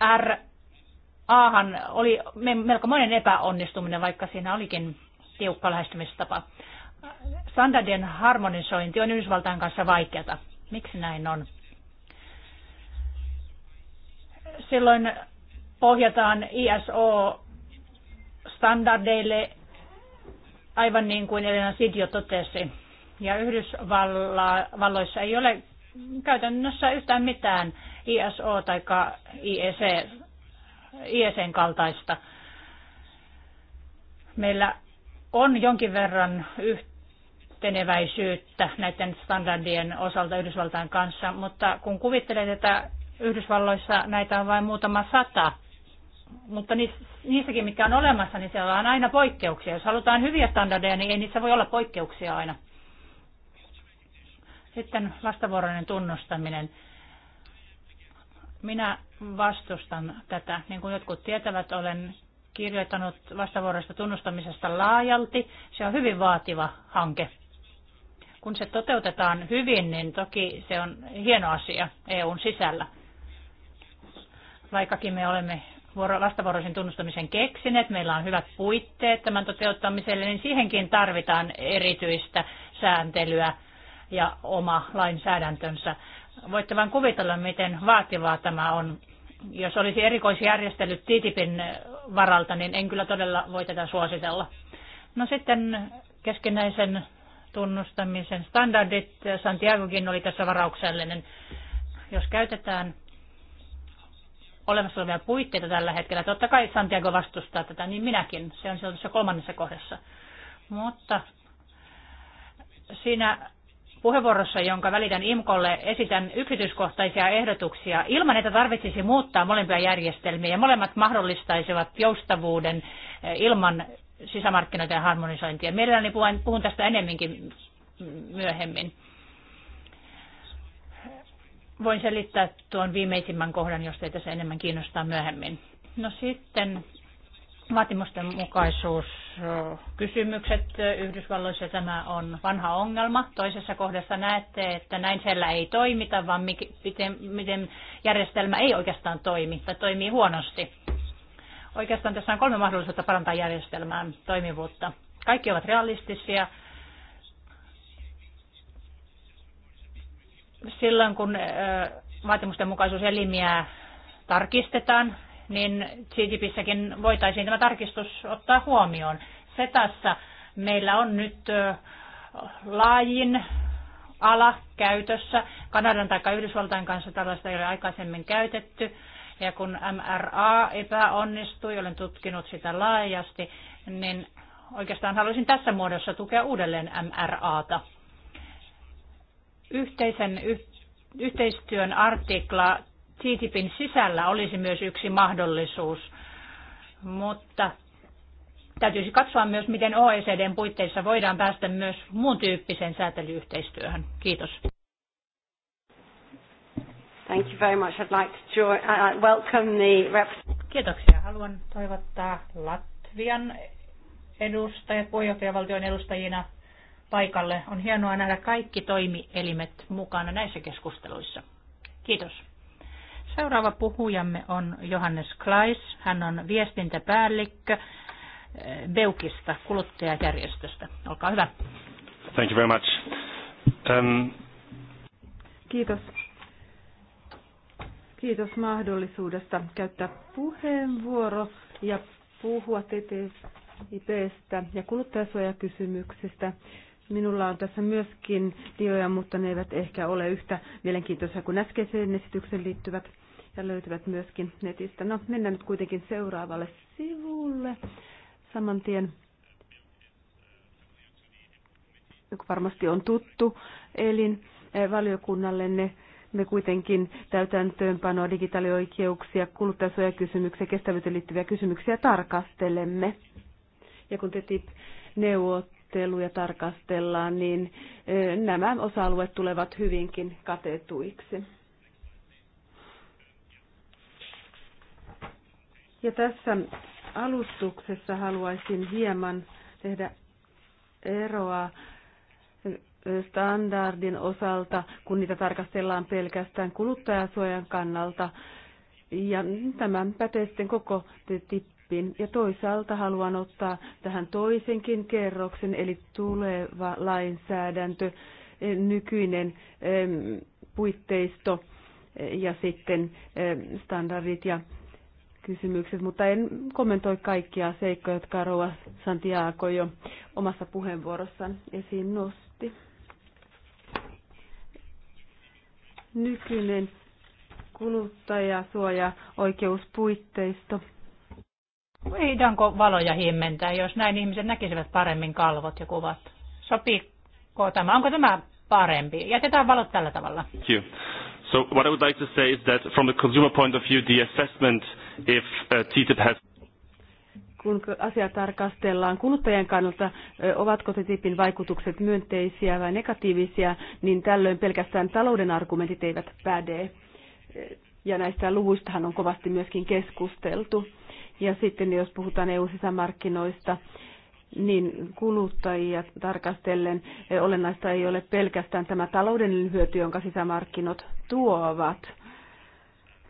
MRAhan oli melko monen epäonnistuminen, vaikka siinä olikin tiukka lähestymistapa. Standardien harmonisointi on Yhdysvaltain kanssa vaikeata. Miksi näin on? Silloin pohjataan ISO-standardeille aivan niin kuin Elena Sidio totesi. Ja Yhdysvalloissa ei ole käytännössä yhtään mitään ISO- tai IEC, IECn kaltaista. Meillä on jonkin verran yhteneväisyyttä näiden standardien osalta Yhdysvaltain kanssa, mutta kun kuvittelet, että Yhdysvalloissa näitä on vain muutama sata, mutta niissäkin, mitkä on olemassa, niin siellä on aina poikkeuksia. Jos halutaan hyviä standardeja, niin ei niissä voi olla poikkeuksia aina. Sitten vastavuoroinen tunnustaminen. Minä vastustan tätä. Niin kuin jotkut tietävät, olen kirjoittanut vastavuoroista tunnustamisesta laajalti. Se on hyvin vaativa hanke. Kun se toteutetaan hyvin, niin toki se on hieno asia EUn sisällä. Vaikkakin me olemme vastavuoroisen tunnustamisen keksineet, meillä on hyvät puitteet tämän toteuttamiselle, niin siihenkin tarvitaan erityistä sääntelyä – ja oma lainsäädäntönsä. Voitte vain kuvitella, miten vaativaa tämä on. Jos olisi erikoisjärjestelyt TTIPin varalta, niin en kyllä todella voi tätä suositella. No sitten keskinäisen tunnustamisen standardit. Santiagokin oli tässä varauksellinen. Jos käytetään olemassa olevia puitteita tällä hetkellä, totta kai Santiago vastustaa tätä, niin minäkin. Se on siellä tuossa kolmannessa kohdassa. Mutta siinä puheenvuorossa, jonka välitän IMKOlle, esitän yksityiskohtaisia ehdotuksia ilman, että tarvitsisi muuttaa molempia järjestelmiä ja molemmat mahdollistaisivat joustavuuden eh, ilman sisämarkkinoiden harmonisointia. Mielelläni puhun, puhun tästä enemminkin myöhemmin. Voin selittää tuon viimeisimmän kohdan, jos teitä se enemmän kiinnostaa myöhemmin. No sitten Vaatimusten kysymykset Yhdysvalloissa tämä on vanha ongelma. Toisessa kohdassa näette, että näin siellä ei toimita, vaan miten, miten järjestelmä ei oikeastaan toimi tai toimii huonosti. Oikeastaan tässä on kolme mahdollisuutta parantaa järjestelmän toimivuutta. Kaikki ovat realistisia. Silloin kun vaatimusten elimiä tarkistetaan, niin CGPissäkin voitaisiin tämä tarkistus ottaa huomioon. Se tässä meillä on nyt laajin ala käytössä. Kanadan tai Yhdysvaltain kanssa tällaista ei ole aikaisemmin käytetty. Ja kun MRA epäonnistui, olen tutkinut sitä laajasti, niin oikeastaan haluaisin tässä muodossa tukea uudelleen MRAta. Yhteisen yhteistyön artikla TTIPin sisällä olisi myös yksi mahdollisuus, mutta täytyisi katsoa myös, miten OECDn puitteissa voidaan päästä myös muun tyyppiseen säätelyyhteistyöhön. Kiitos. Thank you very much. I'd like to join, uh, welcome the Kiitoksia. Haluan toivottaa Latvian edustajat, puheenjohtajavaltion edustajina paikalle. On hienoa nähdä kaikki toimielimet mukana näissä keskusteluissa. Kiitos. Seuraava puhujamme on Johannes Klais. Hän on viestintäpäällikkö eh, Beukista, kuluttajajärjestöstä. Olkaa hyvä. Thank you very much. Um... Kiitos. Kiitos mahdollisuudesta käyttää puheenvuoro ja puhua TTIPstä ja kuluttajasuojakysymyksistä. Minulla on tässä myöskin tiloja, mutta ne eivät ehkä ole yhtä mielenkiintoisia kuin äskeiseen esitykseen liittyvät ja löytyvät myöskin netistä. No, mennään nyt kuitenkin seuraavalle sivulle saman tien, joku varmasti on tuttu elin eh, ne Me kuitenkin täytäntöönpanoa, digitaalioikeuksia, kuluttajasuojakysymyksiä, kestävyyteen liittyviä kysymyksiä tarkastelemme. Ja kun ttip neuvotteluja tarkastellaan, niin eh, nämä osa-alueet tulevat hyvinkin katetuiksi. Ja tässä alustuksessa haluaisin hieman tehdä eroa standardin osalta, kun niitä tarkastellaan pelkästään kuluttajasuojan kannalta. Ja tämä pätee sitten koko tippin. Ja toisaalta haluan ottaa tähän toisenkin kerroksen, eli tuleva lainsäädäntö, nykyinen puitteisto ja sitten standardit ja kysymykset, mutta en kommentoi kaikkia seikkoja, jotka Rova Santiago jo omassa puheenvuorossaan esiin nosti. Nykyinen kuluttajasuoja-oikeuspuitteisto. Voidaanko valoja himmentää, jos näin ihmiset näkisivät paremmin kalvot ja kuvat? Sopiiko tämä? Onko tämä parempi? Jätetään valot tällä tavalla. Thank you. So what I would like to say is that from the consumer point of view, the assessment if uh, TTIP has kun asia tarkastellaan kuluttajien kannalta, ovatko TTIPin vaikutukset myönteisiä vai negatiivisia, niin tällöin pelkästään talouden argumentit eivät päde. Ja näistä luvuistahan on kovasti myöskin keskusteltu. Ja sitten jos puhutaan EU-sisämarkkinoista, niin kuluttajia tarkastellen olennaista ei ole pelkästään tämä taloudellinen hyöty, jonka sisämarkkinat tuovat,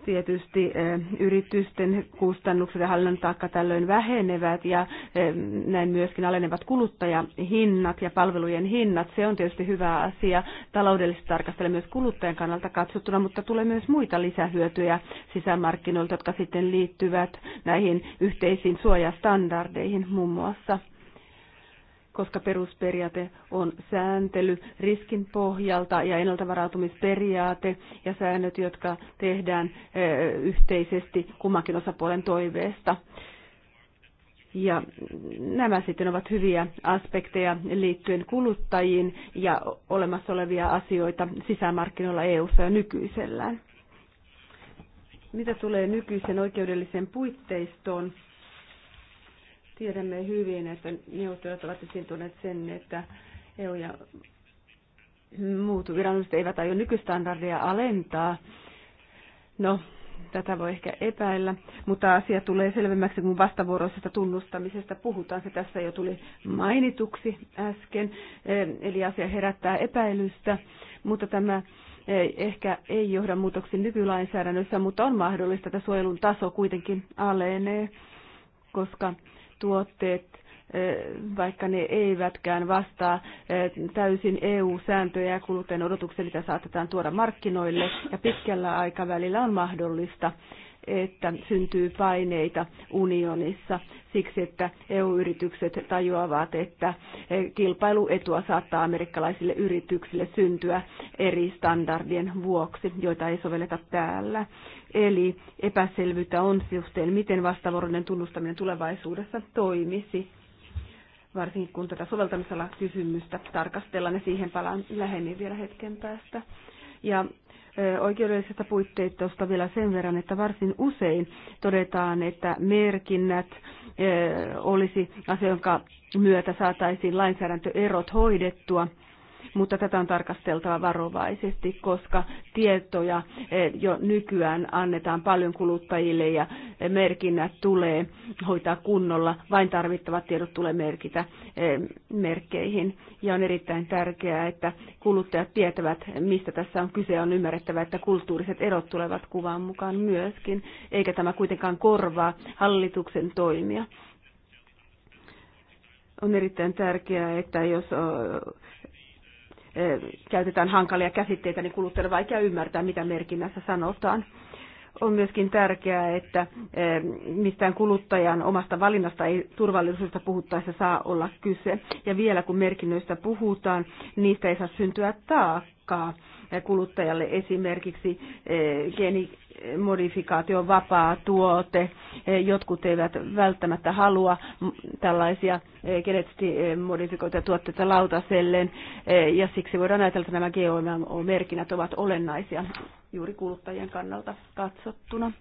tietysti eh, yritysten kustannukset ja hallinnon taakka tällöin vähenevät ja eh, näin myöskin alenevat kuluttajahinnat ja palvelujen hinnat. Se on tietysti hyvä asia taloudellisesti tarkastella myös kuluttajan kannalta katsottuna, mutta tulee myös muita lisähyötyjä sisämarkkinoilta, jotka sitten liittyvät näihin yhteisiin suojastandardeihin muun muassa koska perusperiaate on sääntely riskin pohjalta ja ennaltavarautumisperiaate ja säännöt, jotka tehdään yhteisesti kummankin osapuolen toiveesta. Ja nämä sitten ovat hyviä aspekteja liittyen kuluttajiin ja olemassa olevia asioita sisämarkkinoilla EU-ssa jo nykyisellään. Mitä tulee nykyisen oikeudellisen puitteistoon, Tiedämme hyvin, että neuvottelut ovat esiintyneet sen, että EU ja muut viranomaiset eivät aio nykystandardia alentaa. No, tätä voi ehkä epäillä, mutta asia tulee selvemmäksi, kun vastavuoroisesta tunnustamisesta puhutaan. Se tässä jo tuli mainituksi äsken, e, eli asia herättää epäilystä, mutta tämä e, ehkä ei johda muutoksiin nykylainsäädännössä, mutta on mahdollista, että suojelun taso kuitenkin alenee, koska tuotteet, eh, vaikka ne eivätkään vastaa eh, täysin EU-sääntöjä ja kuluttajan odotuksia, mitä saatetaan tuoda markkinoille, ja pitkällä aikavälillä on mahdollista että syntyy paineita unionissa siksi, että EU-yritykset tajuavat, että kilpailuetua saattaa amerikkalaisille yrityksille syntyä eri standardien vuoksi, joita ei sovelleta täällä. Eli epäselvyyttä on suhteen, miten vastavuoroinen tunnustaminen tulevaisuudessa toimisi varsinkin kun tätä soveltamisala kysymystä tarkastellaan, ja siihen palaan lähemmin vielä hetken päästä. Ja oikeudellisesta puitteista vielä sen verran, että varsin usein todetaan, että merkinnät olisi asia, jonka myötä saataisiin lainsäädäntöerot hoidettua mutta tätä on tarkasteltava varovaisesti, koska tietoja eh, jo nykyään annetaan paljon kuluttajille ja merkinnät tulee hoitaa kunnolla. Vain tarvittavat tiedot tulee merkitä eh, merkkeihin. Ja on erittäin tärkeää, että kuluttajat tietävät, mistä tässä on kyse. On ymmärrettävä, että kulttuuriset erot tulevat kuvaan mukaan myöskin, eikä tämä kuitenkaan korvaa hallituksen toimia on erittäin tärkeää, että jos eh, käytetään hankalia käsitteitä, niin kuluttajan vaikea ymmärtää, mitä merkinnässä sanotaan. On myöskin tärkeää, että mistään kuluttajan omasta valinnasta ei turvallisuudesta puhuttaessa saa olla kyse. Ja vielä kun merkinnöistä puhutaan, niistä ei saa syntyä taakkaa kuluttajalle esimerkiksi geeni modifikaation vapaa tuote. E, jotkut eivät välttämättä halua tällaisia e, geneettisesti e, modifikoituja tuotteita lautaselleen, ja siksi voidaan ajatella, että nämä GMO-merkinnät ovat olennaisia juuri kuluttajien kannalta katsottuna.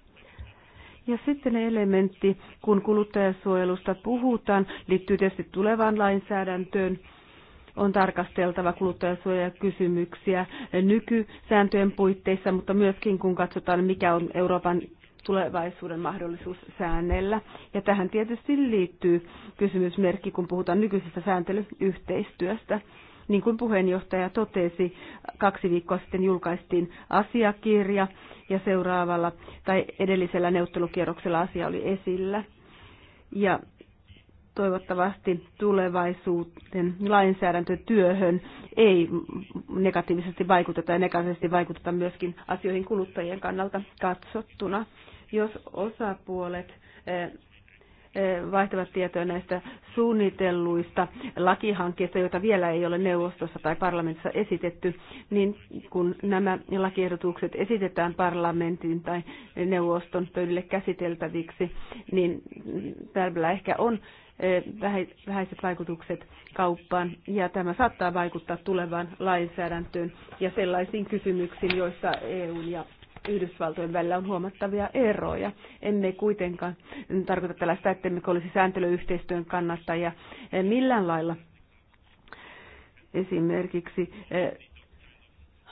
Ja sitten elementti, kun kuluttajasuojelusta puhutaan, liittyy tietysti tulevaan lainsäädäntöön – on tarkasteltava kuluttajasuojakysymyksiä nykysääntöjen puitteissa, mutta myöskin kun katsotaan, mikä on Euroopan tulevaisuuden mahdollisuus säännellä. Ja tähän tietysti liittyy kysymysmerkki, kun puhutaan nykyisestä sääntelyyhteistyöstä. Niin kuin puheenjohtaja totesi, kaksi viikkoa sitten julkaistiin asiakirja ja seuraavalla tai edellisellä neuvottelukierroksella asia oli esillä. Ja toivottavasti tulevaisuuden lainsäädäntötyöhön ei negatiivisesti vaikuteta ja negatiivisesti vaikuteta myöskin asioihin kuluttajien kannalta katsottuna. Jos osapuolet eh, eh, vaihtavat tietoja näistä suunnitelluista lakihankkeista, joita vielä ei ole neuvostossa tai parlamentissa esitetty, niin kun nämä lakiehdotukset esitetään parlamentin tai neuvoston pöydille käsiteltäviksi, niin tällä ehkä on vähäiset vaikutukset kauppaan, ja tämä saattaa vaikuttaa tulevaan lainsäädäntöön ja sellaisiin kysymyksiin, joissa EU ja Yhdysvaltojen välillä on huomattavia eroja. Emme kuitenkaan tarkoita tällaista, että emme olisi sääntelyyhteistyön kannattajia millään lailla. Esimerkiksi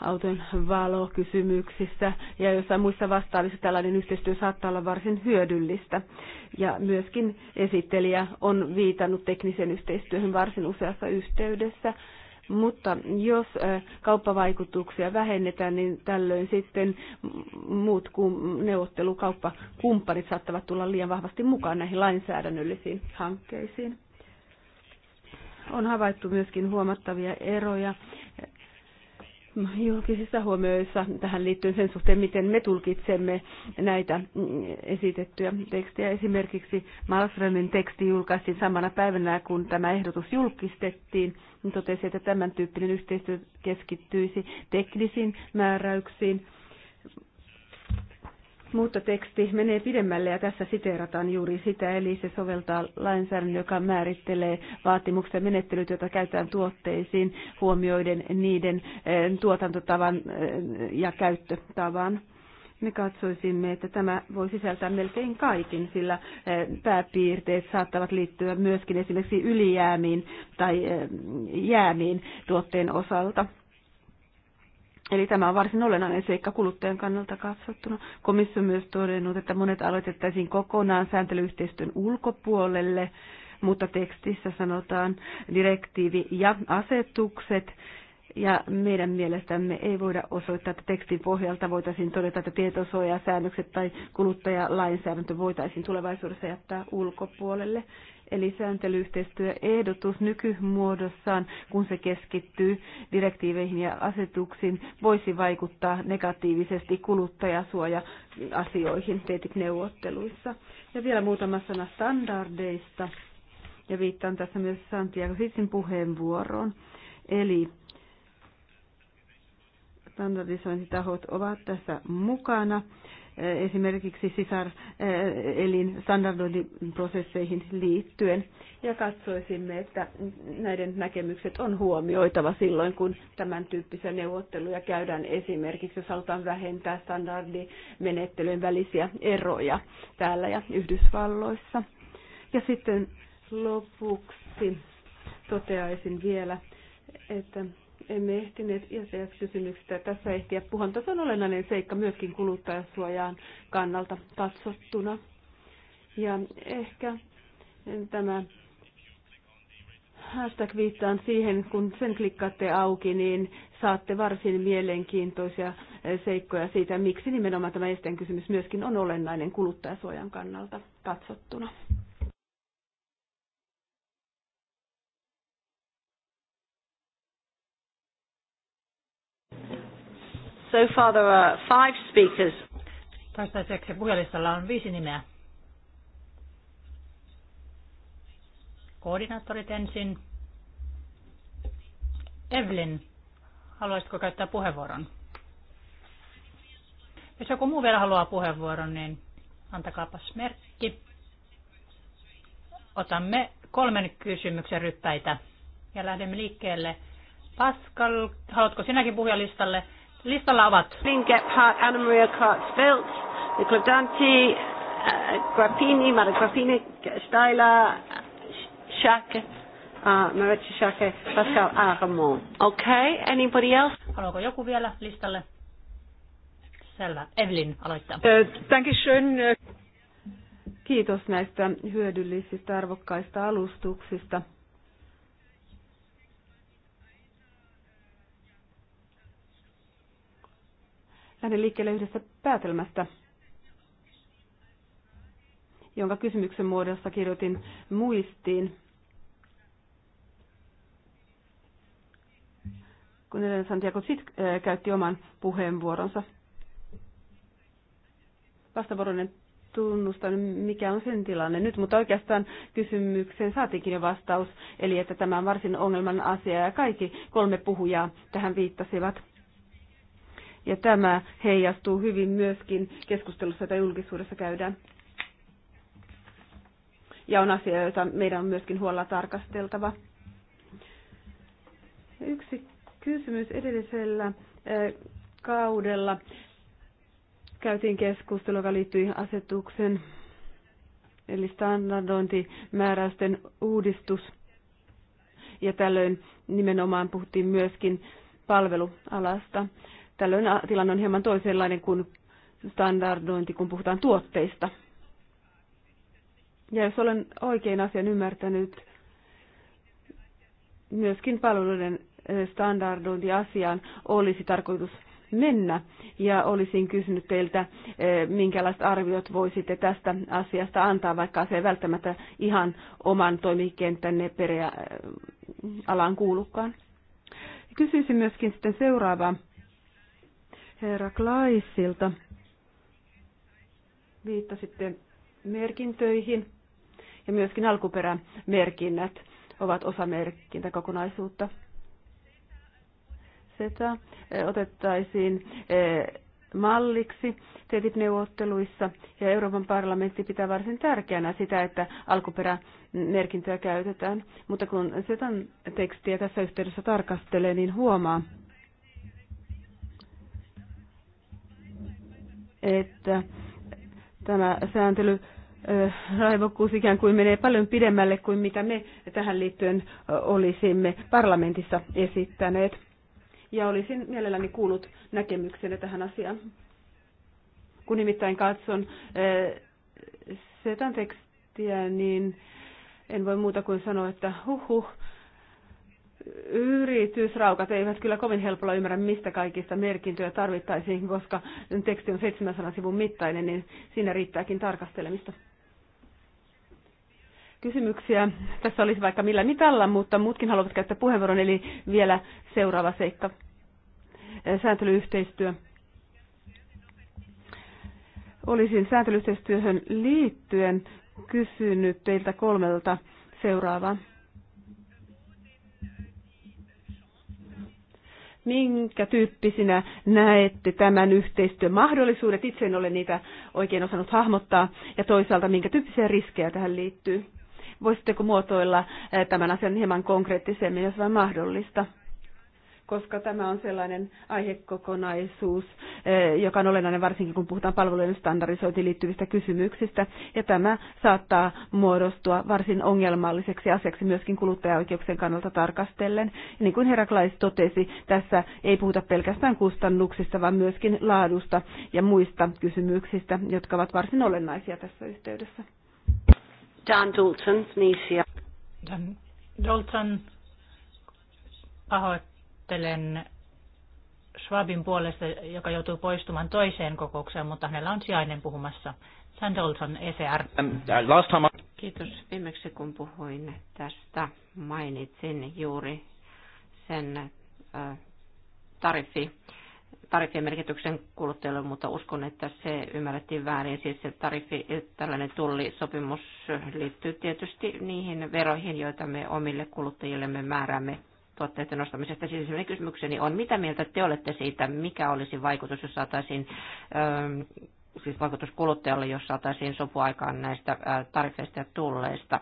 auton valokysymyksissä ja jossain muissa vastaavissa tällainen yhteistyö saattaa olla varsin hyödyllistä. Ja myöskin esittelijä on viitannut tekniseen yhteistyöhön varsin useassa yhteydessä. Mutta jos kauppavaikutuksia vähennetään, niin tällöin sitten muut kuin neuvottelukauppakumppanit saattavat tulla liian vahvasti mukaan näihin lainsäädännöllisiin hankkeisiin. On havaittu myöskin huomattavia eroja julkisissa huomioissa tähän liittyen sen suhteen, miten me tulkitsemme näitä esitettyjä tekstejä. Esimerkiksi Malmströmin teksti julkaistiin samana päivänä, kun tämä ehdotus julkistettiin. Totesi, että tämän tyyppinen yhteistyö keskittyisi teknisiin määräyksiin mutta teksti menee pidemmälle ja tässä siteerataan juuri sitä, eli se soveltaa lainsäädännön, joka määrittelee vaatimukset ja menettelyt, joita käytetään tuotteisiin huomioiden niiden eh, tuotantotavan eh, ja käyttötavan me katsoisimme, että tämä voi sisältää melkein kaikin, sillä eh, pääpiirteet saattavat liittyä myöskin esimerkiksi ylijäämiin tai jäämiin tuotteen osalta. Eli tämä on varsin olennainen seikka kuluttajan kannalta katsottuna. Komissio on myös todennut, että monet aloitettaisiin kokonaan sääntelyyhteistyön ulkopuolelle, mutta tekstissä sanotaan direktiivi ja asetukset. Ja meidän mielestämme ei voida osoittaa, että tekstin pohjalta voitaisiin todeta, että tietosuojasäännökset tai kuluttajalainsäädäntö voitaisiin tulevaisuudessa jättää ulkopuolelle. Eli sääntelyyhteistyöehdotus nykymuodossaan, kun se keskittyy direktiiveihin ja asetuksiin, voisi vaikuttaa negatiivisesti kuluttajasuoja-asioihin TTIP-neuvotteluissa. Ja vielä muutama sana standardeista. Ja viittaan tässä myös Santiago Sitsin puheenvuoroon. Eli standardisointitahot ovat tässä mukana esimerkiksi sisar standardointiprosesseihin liittyen ja katsoisimme, että näiden näkemykset on huomioitava silloin, kun tämän tyyppisiä neuvotteluja käydään esimerkiksi, jos halutaan vähentää standardimenettelyjen välisiä eroja täällä ja Yhdysvalloissa. Ja sitten lopuksi toteaisin vielä, että emme ehtineet ISDS-kysymyksistä tässä ehtiä puhua. Tässä on olennainen seikka myöskin kuluttajasuojaan kannalta katsottuna. Ja ehkä tämä hashtag viittaan siihen, kun sen klikkaatte auki, niin saatte varsin mielenkiintoisia seikkoja siitä, miksi nimenomaan tämä esteen kysymys myöskin on olennainen kuluttajasuojan kannalta katsottuna. So far there are five speakers. Toistaiseksi puhelistalla on viisi nimeä. Koordinaattorit ensin. Evelyn, haluaisitko käyttää puheenvuoron? Jos joku muu vielä haluaa puheenvuoron, niin antakaapas merkki. Otamme kolmen kysymyksen ryppäitä ja lähdemme liikkeelle. Pascal, haluatko sinäkin puhujalistalle? listalle? Listalla ovat Lynn Gephardt, Anna-Maria cox Felt, Nicola Dante, äh, eh, Grappini, Mara Grappini, Steiler, Schacke, äh, eh, Maritza Schacke, Pascal Aramon. Okay, anybody else? Haluaako joku vielä listalle? Selvä. Evelyn aloittaa. Dankeschön. Eh, kiitos näistä hyödyllisistä arvokkaista alustuksista. lähden liikkeelle yhdestä päätelmästä, jonka kysymyksen muodossa kirjoitin muistiin. kun Santiago Sit äh, käytti oman puheenvuoronsa. Vastavuoroinen tunnustan, mikä on sen tilanne nyt, mutta oikeastaan kysymykseen saatiinkin jo vastaus, eli että tämä on varsin ongelman asia ja kaikki kolme puhujaa tähän viittasivat. Ja tämä heijastuu hyvin myöskin keskustelussa, jota julkisuudessa käydään. Ja on asia, jota meidän on myöskin huolella tarkasteltava. Yksi kysymys edellisellä kaudella käytiin keskustelua joka liittyi asetuksen eli standardointimääräysten uudistus. Ja tällöin nimenomaan puhuttiin myöskin palvelualasta. Tällöin tilanne on hieman toisenlainen kuin standardointi, kun puhutaan tuotteista. Ja jos olen oikein asian ymmärtänyt, myöskin palveluiden standardointiasiaan olisi tarkoitus mennä. Ja olisin kysynyt teiltä, minkälaiset arviot voisitte tästä asiasta antaa, vaikka se ei välttämättä ihan oman toimikenttänne perealaan kuulukaan. Kysyisin myöskin sitten seuraavaa herra Klaissilta. Viittasitte merkintöihin ja myöskin alkuperämerkinnät ovat osa merkintäkokonaisuutta. SETA eh, otettaisiin eh, malliksi TTIP-neuvotteluissa ja Euroopan parlamentti pitää varsin tärkeänä sitä, että alkuperämerkintöä käytetään. Mutta kun SETAn tekstiä tässä yhteydessä tarkastelee, niin huomaa, että tämä sääntely raivokkuus ikään kuin menee paljon pidemmälle kuin mitä me tähän liittyen olisimme parlamentissa esittäneet. Ja olisin mielelläni kuullut näkemyksenne tähän asiaan. Kun nimittäin katson setan tekstiä, niin en voi muuta kuin sanoa, että huhhuh, yritysraukat eivät kyllä kovin helpolla ymmärrä, mistä kaikista merkintöjä tarvittaisiin, koska teksti on 700 sivun mittainen, niin siinä riittääkin tarkastelemista. Kysymyksiä. Tässä olisi vaikka millä mitalla, mutta muutkin haluavat käyttää puheenvuoron, eli vielä seuraava seikka. Sääntelyyhteistyö. Olisin sääntelyyhteistyöhön liittyen kysynyt teiltä kolmelta seuraavaa minkä tyyppisinä näette tämän yhteistyön mahdollisuudet? Itse en ole niitä oikein osannut hahmottaa. Ja toisaalta, minkä tyyppisiä riskejä tähän liittyy? Voisitteko muotoilla eh, tämän asian hieman konkreettisemmin, jos vain mahdollista? koska tämä on sellainen aihekokonaisuus, eh, joka on olennainen varsinkin kun puhutaan palvelujen standardisointiin liittyvistä kysymyksistä. Ja tämä saattaa muodostua varsin ongelmalliseksi asiaksi myöskin kuluttajaoikeuksien kannalta tarkastellen. Ja niin kuin Heraklais totesi, tässä ei puhuta pelkästään kustannuksista, vaan myöskin laadusta ja muista kysymyksistä, jotka ovat varsin olennaisia tässä yhteydessä. Dan Dalton, Tunisia. Dan Dalton, pahoittelut Pahoittelen Schwabin puolesta, joka joutuu poistumaan toiseen kokoukseen, mutta hänellä on sijainen puhumassa. Sam Dolson, ECR. Kiitos. Viimeksi kun puhuin tästä, mainitsin juuri sen uh, tariffi, tariffien merkityksen kuluttajille, mutta uskon, että se ymmärrettiin väärin. Siis se tariffi, tällainen tullisopimus liittyy tietysti niihin veroihin, joita me omille kuluttajillemme määräämme tuotteiden ostamisesta. Siis sellainen kysymykseni niin on, mitä mieltä te olette siitä, mikä olisi vaikutus, jos saataisiin ähm, siis vaikutus kuluttajalle, jos saataisiin sopuaikaan näistä äh, tarifeista ja tulleista.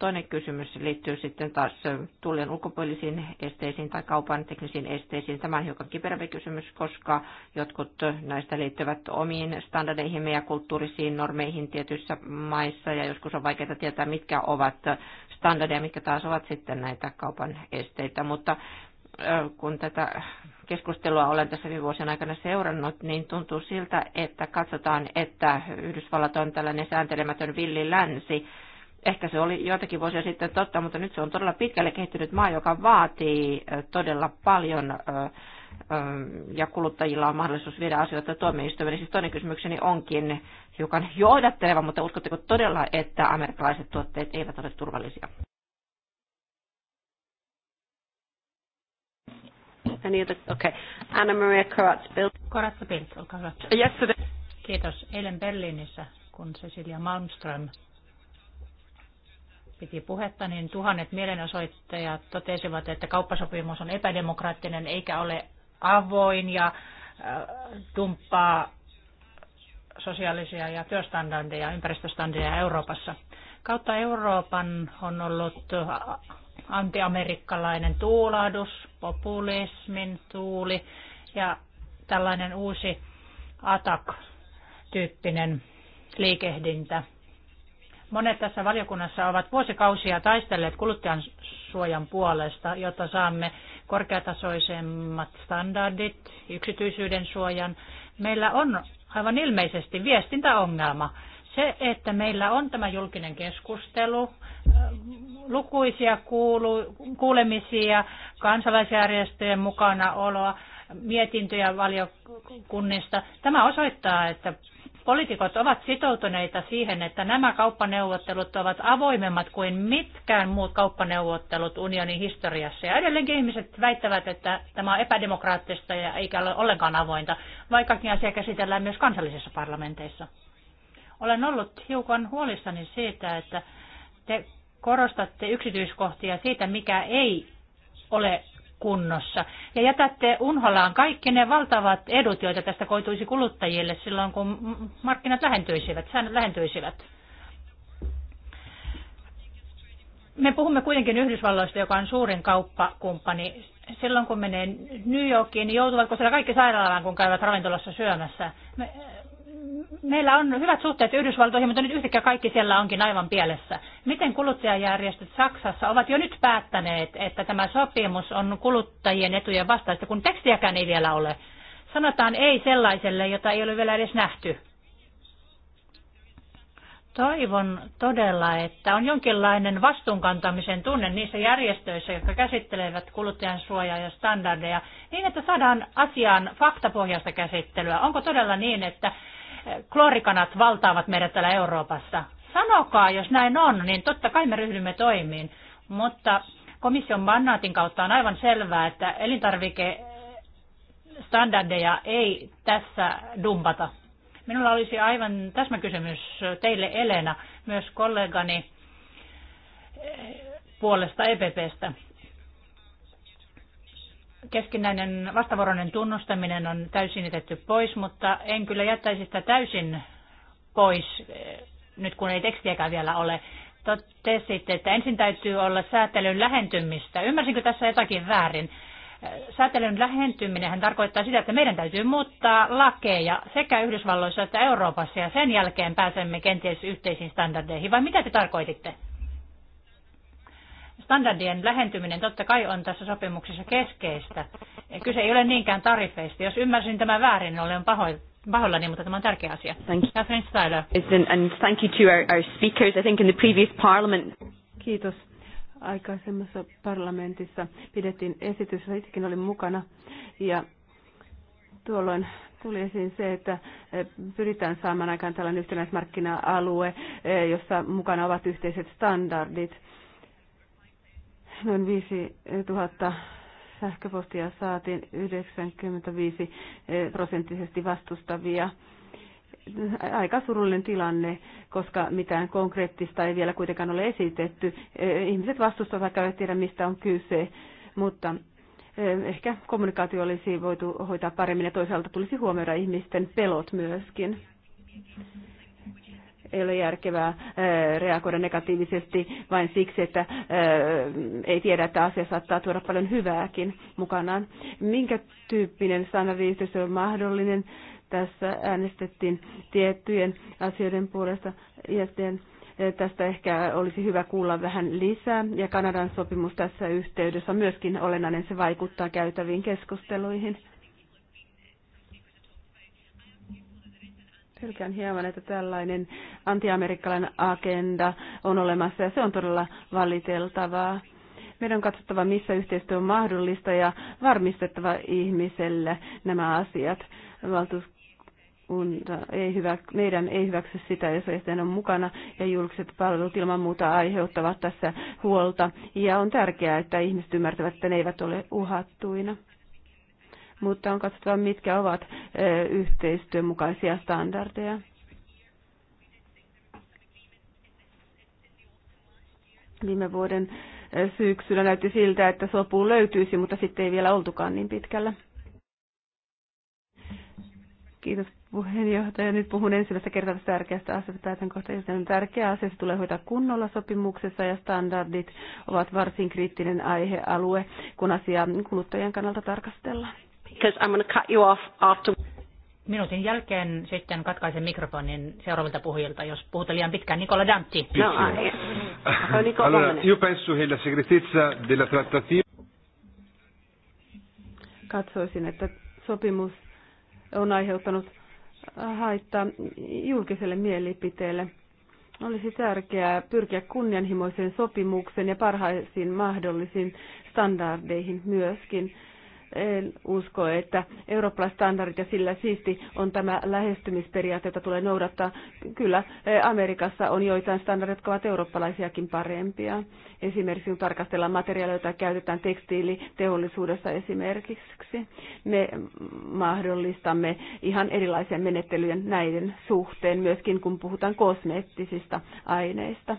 Toinen kysymys liittyy sitten taas tullien ulkopuolisiin esteisiin tai kaupan teknisiin esteisiin. Tämä on hiukan kiperämpi kysymys, koska jotkut näistä liittyvät omiin standardeihin ja kulttuurisiin normeihin tietyissä maissa, ja joskus on vaikeaa tietää, mitkä ovat standardeja, mitkä taas ovat sitten näitä kaupan esteitä. Mutta kun tätä keskustelua olen tässä viime vuosien aikana seurannut, niin tuntuu siltä, että katsotaan, että Yhdysvallat on tällainen sääntelemätön villi länsi, Ehkä se oli joitakin vuosia sitten totta, mutta nyt se on todella pitkälle kehittynyt maa, joka vaatii todella paljon ja kuluttajilla on mahdollisuus viedä asioita tuomioistuimelle. Siis toinen kysymykseni onkin hiukan johdatteleva, mutta uskotteko todella, että amerikkalaiset tuotteet eivät ole turvallisia? Any other? Okay. Anna Maria Karatz-Bilt. olkaa hyvä. Yesterday. Kiitos. Eilen Berliinissä, kun Cecilia Malmström piti puhetta, niin tuhannet mielenosoittajat totesivat, että kauppasopimus on epädemokraattinen eikä ole avoin ja tumppaa äh, sosiaalisia ja työstandardeja, ympäristöstandardeja Euroopassa. Kautta Euroopan on ollut antiamerikkalainen tuulahdus, populismin tuuli ja tällainen uusi atak-tyyppinen liikehdintä Monet tässä valiokunnassa ovat vuosikausia taistelleet kuluttajan suojan puolesta, jotta saamme korkeatasoisemmat standardit, yksityisyyden suojan. Meillä on aivan ilmeisesti viestintäongelma. Se, että meillä on tämä julkinen keskustelu, äh, lukuisia kuulu, kuulemisia, kansalaisjärjestöjen mukana oloa, mietintöjä valiokunnista. Tämä osoittaa, että Poliitikot ovat sitoutuneita siihen, että nämä kauppaneuvottelut ovat avoimemmat kuin mitkään muut kauppaneuvottelut unionin historiassa. Ja edelleenkin ihmiset väittävät, että tämä on epädemokraattista ja eikä ole ollenkaan avointa, vaikkakin asia käsitellään myös kansallisissa parlamenteissa. Olen ollut hiukan huolissani siitä, että te korostatte yksityiskohtia siitä, mikä ei ole kunnossa. Ja jätätte unholaan kaikki ne valtavat edut, joita tästä koituisi kuluttajille silloin, kun markkinat lähentyisivät, säännöt lähentyisivät. Me puhumme kuitenkin Yhdysvalloista, joka on suurin kauppakumppani. Silloin kun menee New Yorkiin, niin joutuvatko siellä kaikki sairaalaan, kun käyvät ravintolassa syömässä? Me, meillä on hyvät suhteet Yhdysvaltoihin, mutta nyt yhtäkkiä kaikki siellä onkin aivan pielessä. Miten kuluttajajärjestöt Saksassa ovat jo nyt päättäneet, että tämä sopimus on kuluttajien etujen vastaista, kun tekstiäkään ei vielä ole? Sanotaan ei sellaiselle, jota ei ole vielä edes nähty. Toivon todella, että on jonkinlainen vastuunkantamisen tunne niissä järjestöissä, jotka käsittelevät kuluttajan suojaa ja standardeja, niin että saadaan asiaan faktapohjaista käsittelyä. Onko todella niin, että kloorikanat valtaavat meidät täällä Euroopassa. Sanokaa, jos näin on, niin totta kai me ryhdymme toimiin. Mutta komission mandaatin kautta on aivan selvää, että elintarvikestandardeja ei tässä dumpata. Minulla olisi aivan täsmäkysymys teille Elena, myös kollegani puolesta EPPstä keskinäinen vastavuoroinen tunnustaminen on täysin jätetty pois, mutta en kyllä jättäisi sitä täysin pois, eh, nyt kun ei tekstiäkään vielä ole. sitten, että ensin täytyy olla säätelyn lähentymistä. Ymmärsinkö tässä jotakin väärin? Eh, säätelyn lähentyminen tarkoittaa sitä, että meidän täytyy muuttaa lakeja sekä Yhdysvalloissa että Euroopassa ja sen jälkeen pääsemme kenties yhteisiin standardeihin. Vai mitä te tarkoititte? standardien lähentyminen totta kai on tässä sopimuksessa keskeistä. Kyse ei ole niinkään tarifeista. Jos ymmärsin tämän väärin, niin olen pahoin pahoillani, mutta tämä on tärkeä asia. Catherine thank you to our, speakers. I think in the previous parliament. Kiitos. Aikaisemmassa parlamentissa pidettiin esitys, itsekin olin mukana, ja tuolloin tuli esiin se, että eh, pyritään saamaan aikaan tällainen yhtenäismarkkina-alue, eh, jossa mukana ovat yhteiset standardit noin 5000 sähköpostia saatiin 95 eh, prosenttisesti vastustavia. Aika surullinen tilanne, koska mitään konkreettista ei vielä kuitenkaan ole esitetty. Eh, ihmiset vastustavat, vaikka eivät tiedä mistä on kyse, mutta eh, ehkä kommunikaatio olisi voitu hoitaa paremmin ja toisaalta tulisi huomioida ihmisten pelot myöskin ei ole järkevää äh, reagoida negatiivisesti vain siksi, että äh, ei tiedä, että asia saattaa tuoda paljon hyvääkin mukanaan. Minkä tyyppinen standardiyhteisö on mahdollinen? Tässä äänestettiin tiettyjen asioiden puolesta. Jäsen äh, tästä ehkä olisi hyvä kuulla vähän lisää. Ja Kanadan sopimus tässä yhteydessä on myöskin olennainen, se vaikuttaa käytäviin keskusteluihin. Pelkään hieman, että tällainen antiamerikkalainen agenda on olemassa ja se on todella valiteltavaa. Meidän on katsottava, missä yhteistyö on mahdollista ja varmistettava ihmiselle nämä asiat. Valtuuskunta ei hyvä, meidän ei hyväksy sitä, jos esteen on mukana ja julkiset palvelut ilman muuta aiheuttavat tässä huolta. Ja on tärkeää, että ihmiset ymmärtävät, että ne eivät ole uhattuina mutta on katsottava, mitkä ovat yhteistyön mukaisia standardeja. Viime vuoden syksyllä näytti siltä, että sopu löytyisi, mutta sitten ei vielä oltukaan niin pitkällä. Kiitos puheenjohtaja. Nyt puhun ensimmäistä kertaa tästä tärkeästä asiasta. Päätän kohta on tärkeä asia. Se tulee hoitaa kunnolla sopimuksessa ja standardit ovat varsin kriittinen aihealue, kun asiaa kuluttajien kannalta tarkastellaan. Because I'm going to cut you off after... Minuutin jälkeen sitten katkaisen mikrofonin seuraavilta puhujilta, jos puhutte liian pitkään. Nicola Dantti. No, allora, io penso che la segretezza della trattativa... Katsoisin, että sopimus on aiheuttanut haittaa julkiselle mielipiteelle. Olisi tärkeää pyrkiä kunnianhimoiseen sopimukseen ja parhaisiin mahdollisiin standardeihin myöskin en usko, että eurooppalaiset standardit ja sillä siisti on tämä lähestymisperiaate, jota tulee noudattaa. Kyllä eh, Amerikassa on joitain standardeja, jotka ovat eurooppalaisiakin parempia. Esimerkiksi kun tarkastellaan materiaaleja, joita käytetään tekstiiliteollisuudessa esimerkiksi, me mahdollistamme ihan erilaisia menettelyjä näiden suhteen, myöskin kun puhutaan kosmeettisista aineista.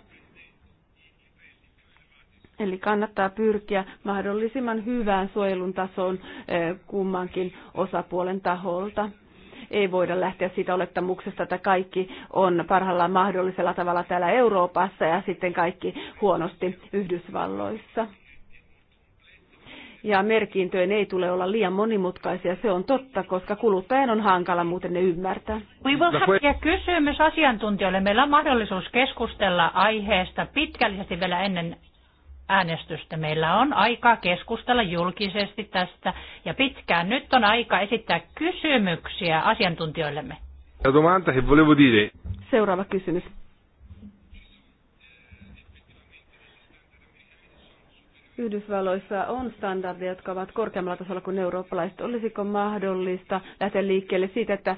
Eli kannattaa pyrkiä mahdollisimman hyvään suojelun tasoon eh, kummankin osapuolen taholta. Ei voida lähteä siitä olettamuksesta, että kaikki on parhaalla mahdollisella tavalla täällä Euroopassa ja sitten kaikki huonosti Yhdysvalloissa. Ja merkintöjen ei tule olla liian monimutkaisia, se on totta, koska kuluttajan on hankala muuten ne ymmärtää. We will have... Ja kysymys asiantuntijoille. Meillä on mahdollisuus keskustella aiheesta pitkällisesti vielä ennen äänestystä. Meillä on aika keskustella julkisesti tästä ja pitkään. Nyt on aika esittää kysymyksiä asiantuntijoillemme. Seuraava kysymys. Yhdysvalloissa on standardeja, jotka ovat korkeammalla tasolla kuin eurooppalaiset. Olisiko mahdollista lähteä liikkeelle siitä, että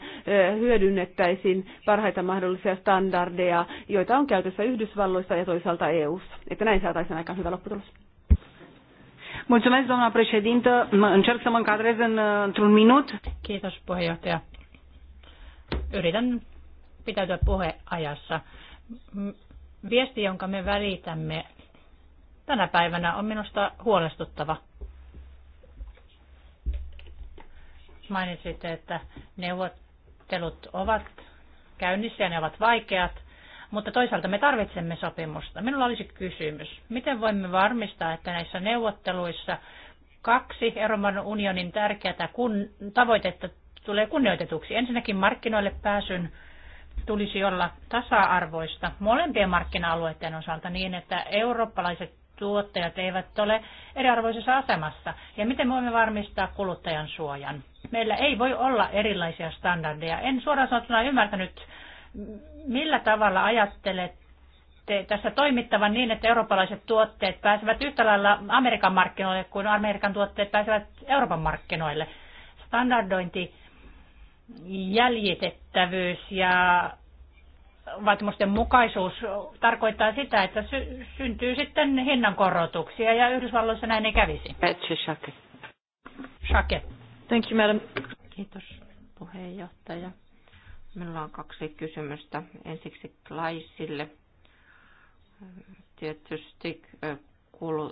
hyödynnettäisiin parhaita mahdollisia standardeja, joita on käytössä Yhdysvalloissa ja toisaalta EU:ssa, että näin saataisiin aika hyvä lopputulos? Mulțumesc, doamna președintă. Încerc să mă încadrez în, uh, într-un minut. Kiitos, puheenjohtaja. Yritän pitäytyä puheajassa. Viesti, jonka me välitämme tänä päivänä on minusta huolestuttava. Mainitsitte, että neuvottelut ovat käynnissä ja ne ovat vaikeat, mutta toisaalta me tarvitsemme sopimusta. Minulla olisi kysymys, miten voimme varmistaa, että näissä neuvotteluissa kaksi Euroopan unionin tärkeää kun, tavoitetta tulee kunnioitetuksi. Ensinnäkin markkinoille pääsyn tulisi olla tasa-arvoista molempien markkina-alueiden osalta niin, että eurooppalaiset tuottajat eivät ole eriarvoisessa asemassa? Ja miten voimme varmistaa kuluttajan suojan? Meillä ei voi olla erilaisia standardeja. En suoraan sanottuna ymmärtänyt, millä tavalla ajattelet tässä toimittavan niin, että eurooppalaiset tuotteet pääsevät yhtä lailla Amerikan markkinoille kuin Amerikan tuotteet pääsevät Euroopan markkinoille. Standardointi, jäljitettävyys ja vaatimusten mukaisuus tarkoittaa sitä, että sy- syntyy sitten hinnankorotuksia ja Yhdysvalloissa näin ei kävisi. Shake. Shake. Thank you, madam. Kiitos puheenjohtaja. Minulla on kaksi kysymystä. Ensiksi Klaisille. Tietysti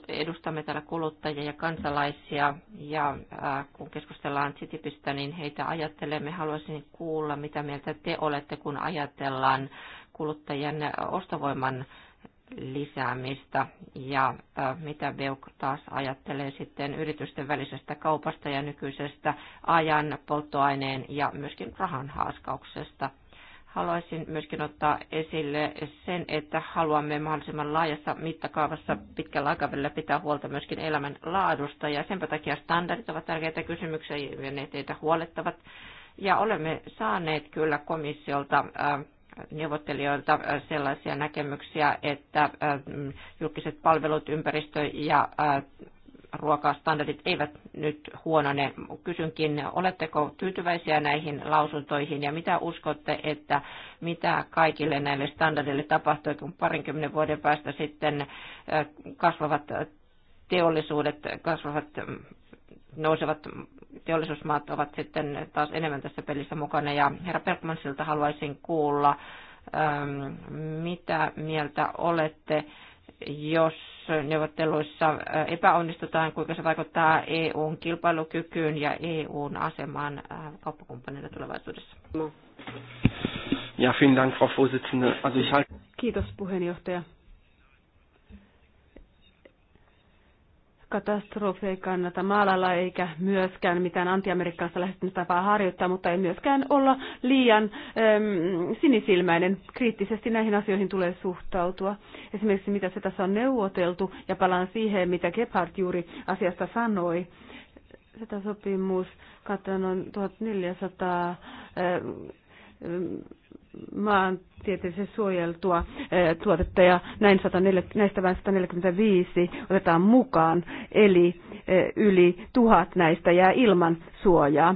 edustamme täällä kuluttajia ja kansalaisia ja äh, kun keskustellaan Citypistä, niin heitä ajattelemme. Haluaisin kuulla, mitä mieltä te olette, kun ajatellaan kuluttajien ostovoiman lisäämistä ja äh, mitä Beuk taas ajattelee sitten yritysten välisestä kaupasta ja nykyisestä ajan, polttoaineen ja myöskin rahan haaskauksesta. Haluaisin myöskin ottaa esille sen, että haluamme mahdollisimman laajassa mittakaavassa pitkällä aikavälillä pitää huolta myöskin elämän laadusta ja senpä takia standardit ovat tärkeitä kysymyksiä ja ne teitä huolettavat. Ja olemme saaneet kyllä komissiolta neuvottelijoilta sellaisia näkemyksiä, että julkiset palvelut, ympäristö ja ruokastandardit eivät nyt huonone. Kysynkin, oletteko tyytyväisiä näihin lausuntoihin ja mitä uskotte, että mitä kaikille näille standardille tapahtuu, kun parinkymmenen vuoden päästä sitten kasvavat teollisuudet, kasvavat nousevat teollisuusmaat ovat sitten taas enemmän tässä pelissä mukana. Ja herra Pelkmansilta haluaisin kuulla, mitä mieltä olette, jos neuvotteluissa äh, epäonnistutaan, kuinka se vaikuttaa EUn kilpailukykyyn ja EUn asemaan äh, kauppakumppanina tulevaisuudessa. Ja, vielen Dank, Frau Vorsitzende. Also ich halte... Kiitos puheenjohtaja. katastrofi ei kannata maalalla eikä myöskään mitään antiamerikkalaista lähestymistapaa harjoittaa, mutta ei myöskään olla liian äm, sinisilmäinen. Kriittisesti näihin asioihin tulee suhtautua. Esimerkiksi mitä se tässä on neuvoteltu, ja palaan siihen, mitä Gebhardt juuri asiasta sanoi. Sitä sopimus katsotaan noin 1400 äm, maantieteellisesti suojeltua eh, tuotetta ja näin 140, näistä vain 145 otetaan mukaan, eli eh, yli tuhat näistä jää ilman suojaa.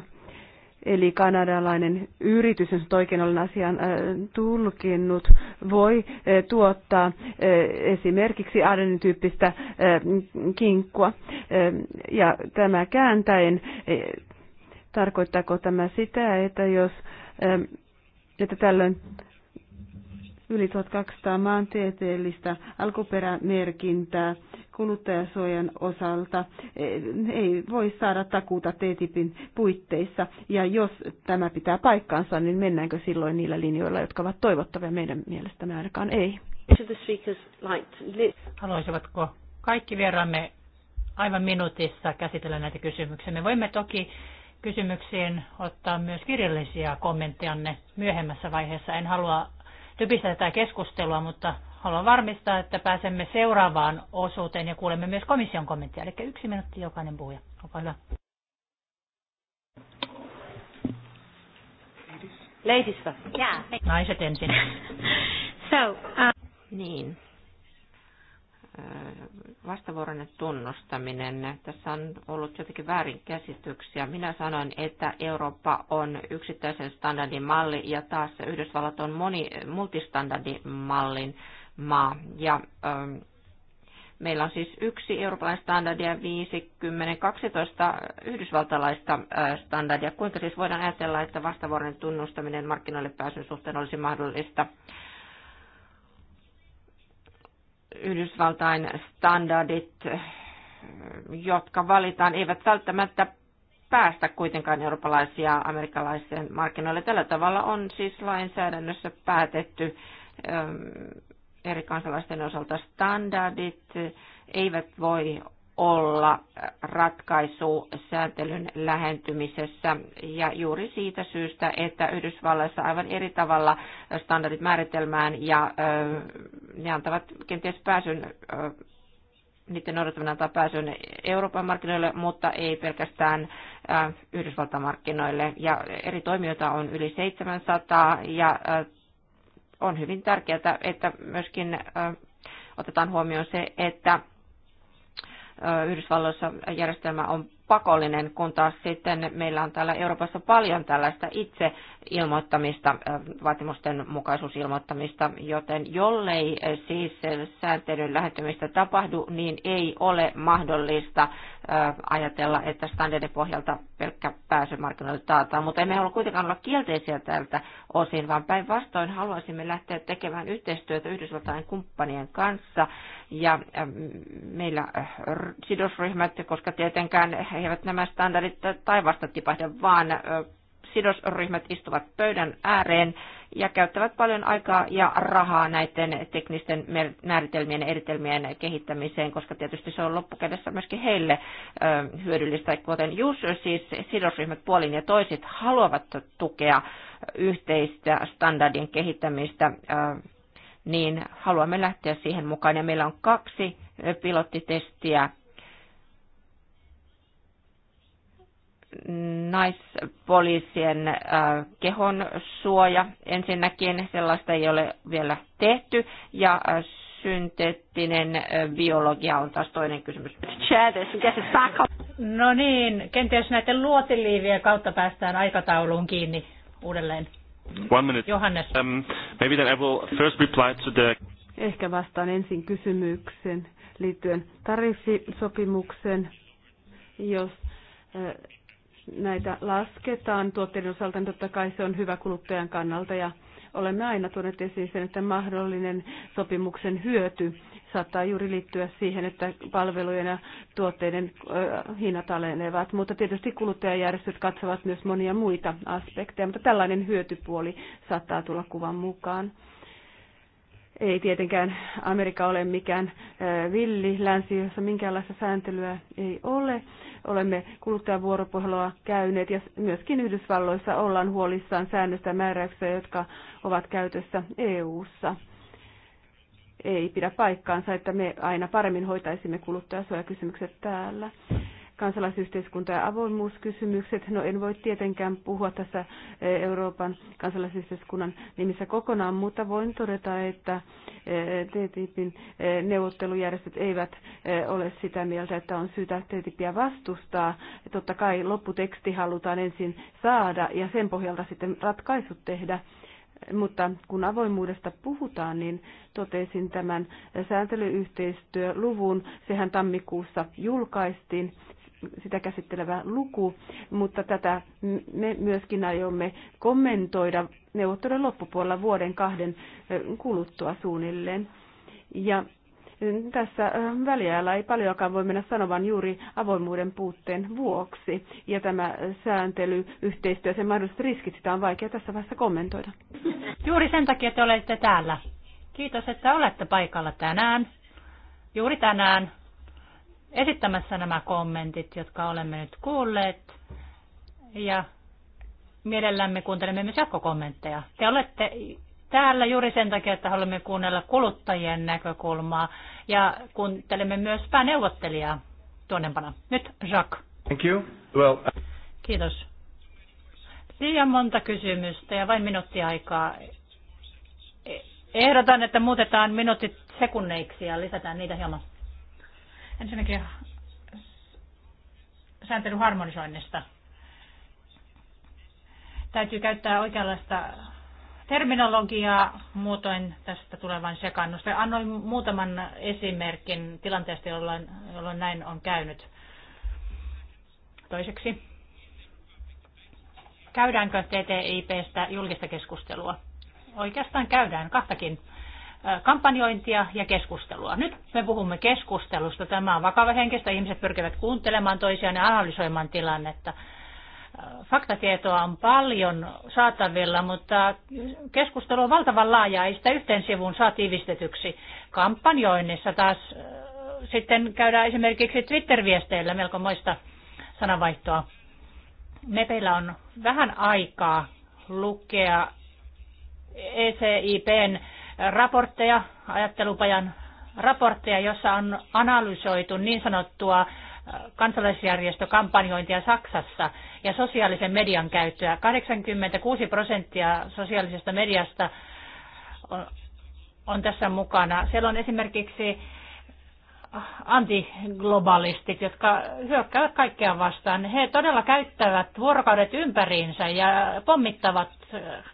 Eli kanadalainen yritys, jos oikein olen asian eh, tulkinnut, voi tuottaa esimerkiksi adenin tyyppistä kinkkua. Ja tämä kääntäen, tarkoittaako tämä sitä, että jos että tällöin yli 1200 maantieteellistä alkuperämerkintää kuluttajasuojan osalta eh, ei voi saada takuuta TTIPin puitteissa. Ja jos tämä pitää paikkaansa, niin mennäänkö silloin niillä linjoilla, jotka ovat toivottavia meidän mielestämme ainakaan ei. Haluaisivatko kaikki vieraamme aivan minuutissa käsitellä näitä kysymyksiä? Me voimme toki kysymyksiin ottaa myös kirjallisia kommenttejanne myöhemmässä vaiheessa. En halua typistää tätä keskustelua, mutta haluan varmistaa, että pääsemme seuraavaan osuuteen ja kuulemme myös komission kommenttia. Eli yksi minuutti jokainen puhuja. Olkaa hyvä. Ladies first. Yeah. Naiset ensin. so, uh, niin vastavuoroinen tunnustaminen. Tässä on ollut jotenkin väärinkäsityksiä. Minä sanoin, että Eurooppa on yksittäisen standardin malli ja taas Yhdysvallat on moni, multistandardimallin maa. Ja, ähm, Meillä on siis yksi eurooppalainen standardi ja 50, 12 yhdysvaltalaista äh, standardia. Kuinka siis voidaan ajatella, että vastavuoroinen tunnustaminen markkinoille pääsyn suhteen olisi mahdollista? Yhdysvaltain standardit, jotka valitaan, eivät välttämättä päästä kuitenkaan eurooppalaisia amerikkalaisen markkinoille. Tällä tavalla on siis lainsäädännössä päätetty ähm, eri kansalaisten osalta standardit eivät voi olla ratkaisu sääntelyn lähentymisessä ja juuri siitä syystä, että Yhdysvalloissa aivan eri tavalla standardit määritelmään ja ö, ne antavat kenties pääsyn ö, niiden noudattaminen antaa pääsyn Euroopan markkinoille, mutta ei pelkästään Yhdysvaltain markkinoille. Ja eri toimijoita on yli 700 ja on hyvin tärkeää, että myöskin otetaan huomioon se, että Yhdysvalloissa järjestelmä on pakollinen, kun taas sitten meillä on täällä Euroopassa paljon tällaista itse ilmoittamista, vaatimusten mukaisuusilmoittamista, joten jollei siis sääntelyn lähettämistä tapahdu, niin ei ole mahdollista ajatella, että standardin pohjalta pelkkä pääsy markkinoille taataan. Mutta emme halua kuitenkaan olla kielteisiä tältä osin, vaan päinvastoin haluaisimme lähteä tekemään yhteistyötä Yhdysvaltain kumppanien kanssa ja ähm, meillä äh, sidosryhmät, koska tietenkään he eivät nämä standardit taivasta tipahda, vaan äh, sidosryhmät istuvat pöydän ääreen ja käyttävät paljon aikaa ja rahaa näiden teknisten määritelmien ja eritelmien kehittämiseen, koska tietysti se on loppukädessä myöskin heille äh, hyödyllistä, kuten just siis sidosryhmät puolin ja toiset haluavat tukea yhteistä standardien kehittämistä niin haluamme lähteä siihen mukaan. Ja meillä on kaksi eh, pilottitestiä naispoliisien eh, kehon suoja. Ensinnäkin sellaista ei ole vielä tehty ja eh, synteettinen biologia on taas toinen kysymys. No niin, kenties näiden luotiliivien kautta päästään aikatauluun kiinni uudelleen. One minute. Johannes. Um, maybe then I will first reply to the... Ehkä vastaan ensin kysymyksen liittyen tariffisopimuksen, jos näitä lasketaan tuotteiden osalta, niin totta kai se on hyvä kuluttajan kannalta ja Olemme aina tuoneet esiin sen, että mahdollinen sopimuksen hyöty saattaa juuri liittyä siihen, että palvelujen ja tuotteiden hinnat alenevat, mutta tietysti kuluttajajärjestöt katsovat myös monia muita aspekteja, mutta tällainen hyötypuoli saattaa tulla kuvan mukaan ei tietenkään Amerikka ole mikään villi länsi, jossa minkäänlaista sääntelyä ei ole, olemme kuluttajavuoropuhelua käyneet ja myöskin Yhdysvalloissa ollaan huolissaan säännöstä määräyksistä, jotka ovat käytössä EU-ssa. Ei pidä paikkaansa, että me aina paremmin hoitaisimme kuluttajasuojakysymykset täällä kansalaisyhteiskunta ja avoimuuskysymykset. No en voi tietenkään puhua tässä eh, Euroopan kansalaisyhteiskunnan nimissä kokonaan, mutta voin todeta, että eh, TTIPin eh, neuvottelujärjestöt eivät ole sitä mieltä, että on syytä TTIPiä vastustaa. Totta kai lopputeksti halutaan ensin saada ja sen pohjalta sitten ratkaisut tehdä mutta kun avoimuudesta puhutaan, niin totesin tämän sääntelyyhteistyöluvun. Sehän tammikuussa julkaistiin sitä käsittelevä luku, mutta tätä me myöskin aiomme kommentoida neuvottelujen loppupuolella vuoden kahden kuluttua suunnilleen. Ja tässä väliajalla ei paljonkaan voi mennä sanovan juuri avoimuuden puutteen vuoksi. Ja tämä sääntely, yhteistyö, sen mahdolliset riskit, sitä on vaikea tässä vaiheessa kommentoida. Juuri sen takia te olette täällä. Kiitos, että olette paikalla tänään. Juuri tänään esittämässä nämä kommentit, jotka olemme nyt kuulleet. Ja mielellämme kuuntelemme myös jatkokommentteja. Te olette täällä juuri sen takia, että haluamme kuunnella kuluttajien näkökulmaa ja kuuntelemme myös pääneuvottelijaa tuonnempana. Nyt Jacques. Thank you. Well, uh, Kiitos. Liian monta kysymystä ja vain minuutti aikaa. E- ehdotan, että muutetaan minuutit sekunneiksi ja lisätään niitä hieman. Ensinnäkin sääntelyn harmonisoinnista. Täytyy käyttää oikeanlaista terminologiaa, muutoin tästä tulee vain sekannusta. Annoin muutaman esimerkin tilanteesta, jolloin, jolloin näin on käynyt. Toiseksi, käydäänkö TTIPstä julkista keskustelua? Oikeastaan käydään kahtakin kampanjointia ja keskustelua. Nyt me puhumme keskustelusta. Tämä on vakava henkistä. Ihmiset pyrkivät kuuntelemaan toisiaan ja analysoimaan tilannetta. Faktatietoa on paljon saatavilla, mutta keskustelu on valtavan laaja. Ei sitä yhteen sivuun saa tiivistetyksi. Kampanjoinnissa taas sitten käydään esimerkiksi Twitter-viesteillä melko moista sanavaihtoa. Mepeillä on vähän aikaa lukea ECIPn raportteja, ajattelupajan raportteja, jossa on analysoitu niin sanottua äh, kansalaisjärjestökampanjointia Saksassa ja sosiaalisen median käyttöä. 86 prosenttia sosiaalisesta mediasta on, on tässä mukana. Siellä on esimerkiksi antiglobalistit, jotka hyökkäävät kaikkea vastaan. Niin he todella käyttävät vuorokaudet ympäriinsä ja pommittavat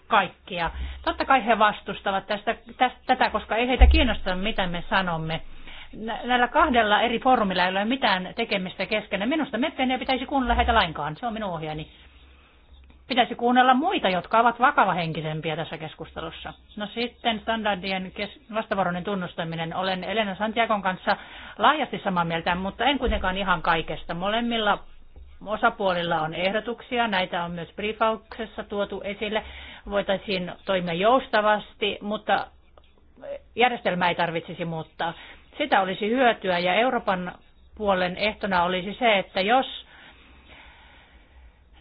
kaikkia. Totta kai he vastustavat tästä, tästä, tätä, koska ei heitä kiinnosta, mitä me sanomme. Näillä kahdella eri foorumilla ei ole mitään tekemistä keskenään. Minusta meppien ei pitäisi kuunnella heitä lainkaan. Se on minun ohjeeni. Pitäisi kuunnella muita, jotka ovat vakavahenkisempiä tässä keskustelussa. No sitten standardien kes- vastavuoroinen tunnustaminen. Olen Elena Santiagon kanssa laajasti samaa mieltä, mutta en kuitenkaan ihan kaikesta. Molemmilla osapuolilla on ehdotuksia, näitä on myös briefauksessa tuotu esille. Voitaisiin toimia joustavasti, mutta järjestelmä ei tarvitsisi muuttaa. Sitä olisi hyötyä ja Euroopan puolen ehtona olisi se, että jos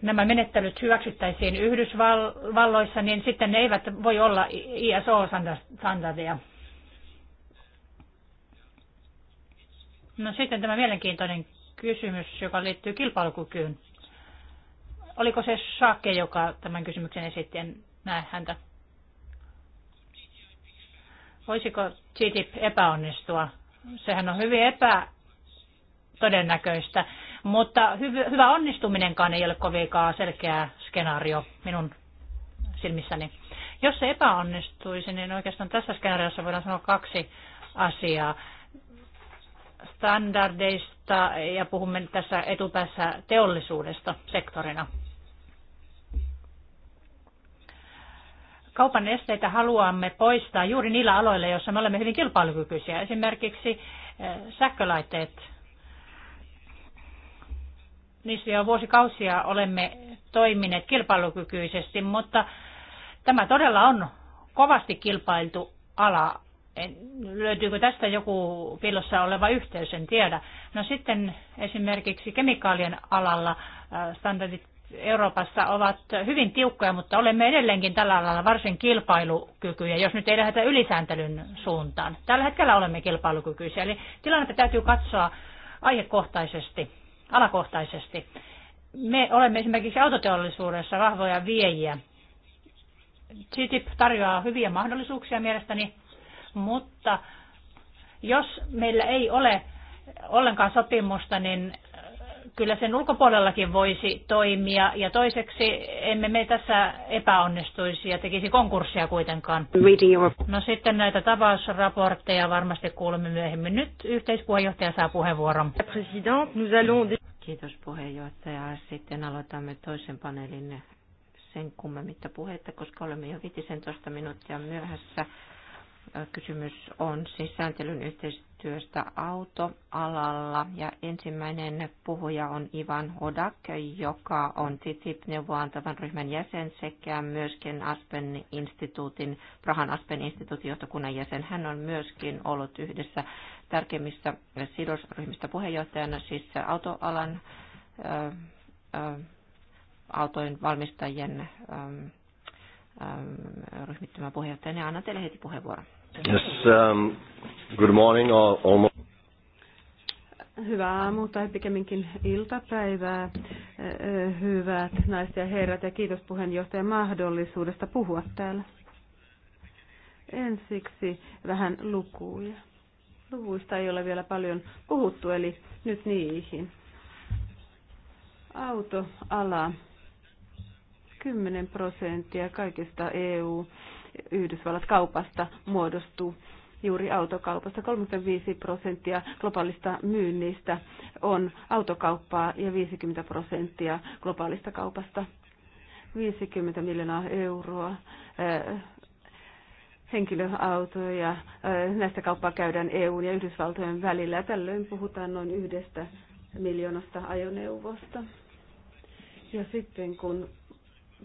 nämä menettelyt hyväksyttäisiin Yhdysvalloissa, niin sitten ne eivät voi olla ISO-standardeja. No sitten tämä mielenkiintoinen kysymys, joka liittyy kilpailukykyyn. Oliko se Sake, joka tämän kysymyksen esitti? En näe häntä. Voisiko TTIP epäonnistua? Sehän on hyvin epätodennäköistä. Mutta hyv- hyvä onnistuminenkaan ei ole kovinkaan selkeä skenaario minun silmissäni. Jos se epäonnistuisi, niin oikeastaan tässä skenaariossa voidaan sanoa kaksi asiaa. Standardeista ja puhumme tässä etupäässä teollisuudesta sektorina. kaupan esteitä haluamme poistaa juuri niillä aloilla, joissa me olemme hyvin kilpailukykyisiä. Esimerkiksi eh, sähkölaitteet niissä jo vuosikausia olemme toimineet kilpailukykyisesti, mutta tämä todella on kovasti kilpailtu ala. En, löytyykö tästä joku piilossa oleva yhteys, en tiedä. No sitten esimerkiksi kemikaalien alalla äh, standardit Euroopassa ovat hyvin tiukkoja, mutta olemme edelleenkin tällä alalla varsin kilpailukykyjä, jos nyt ei lähdetä ylisääntelyn suuntaan. Tällä hetkellä olemme kilpailukykyisiä, eli tilannetta täytyy katsoa aihekohtaisesti alakohtaisesti. Me olemme esimerkiksi autoteollisuudessa vahvoja viejiä. CTIP tarjoaa hyviä mahdollisuuksia mielestäni, mutta jos meillä ei ole ollenkaan sopimusta, niin kyllä sen ulkopuolellakin voisi toimia. Ja toiseksi emme me tässä epäonnistuisi ja tekisi konkurssia kuitenkaan. No sitten näitä tapausraportteja varmasti kuulemme myöhemmin. Nyt yhteispuheenjohtaja saa puheenvuoron. Kiitos puheenjohtaja. Sitten aloitamme toisen paneelin sen kummemmitta puhetta, koska olemme jo 15 minuuttia myöhässä. Kysymys on siis sääntelyn yhteistyöstä autoalalla ja ensimmäinen puhuja on Ivan Hodak, joka on TTIP-neuvoantavan ryhmän jäsen sekä myöskin Aspen instituutin, Prahan Aspen instituutin johtokunnan jäsen. Hän on myöskin ollut yhdessä tärkeimmistä sidosryhmistä puheenjohtajana, siis autoalan ö, ö, autojen valmistajien ryhmittymän puheenjohtajana. Annan teille heti puheenvuoron. Yes, um, good morning or almost. Hyvää aamu tai pikemminkin iltapäivää. Hyvät naiset ja herrat ja kiitos puheenjohtajan mahdollisuudesta puhua täällä. Ensiksi vähän lukuja. Luvuista ei ole vielä paljon puhuttu, eli nyt niihin. Autoala. 10 prosenttia kaikista EU- Yhdysvallat kaupasta muodostuu juuri autokaupasta. 35 prosenttia globaalista myynnistä on autokauppaa ja 50 prosenttia globaalista kaupasta. 50 miljoonaa euroa eh, henkilöautoja. Eh, näistä kauppaa käydään EUn ja Yhdysvaltojen välillä. Tällöin puhutaan noin yhdestä miljoonasta ajoneuvosta. Ja sitten kun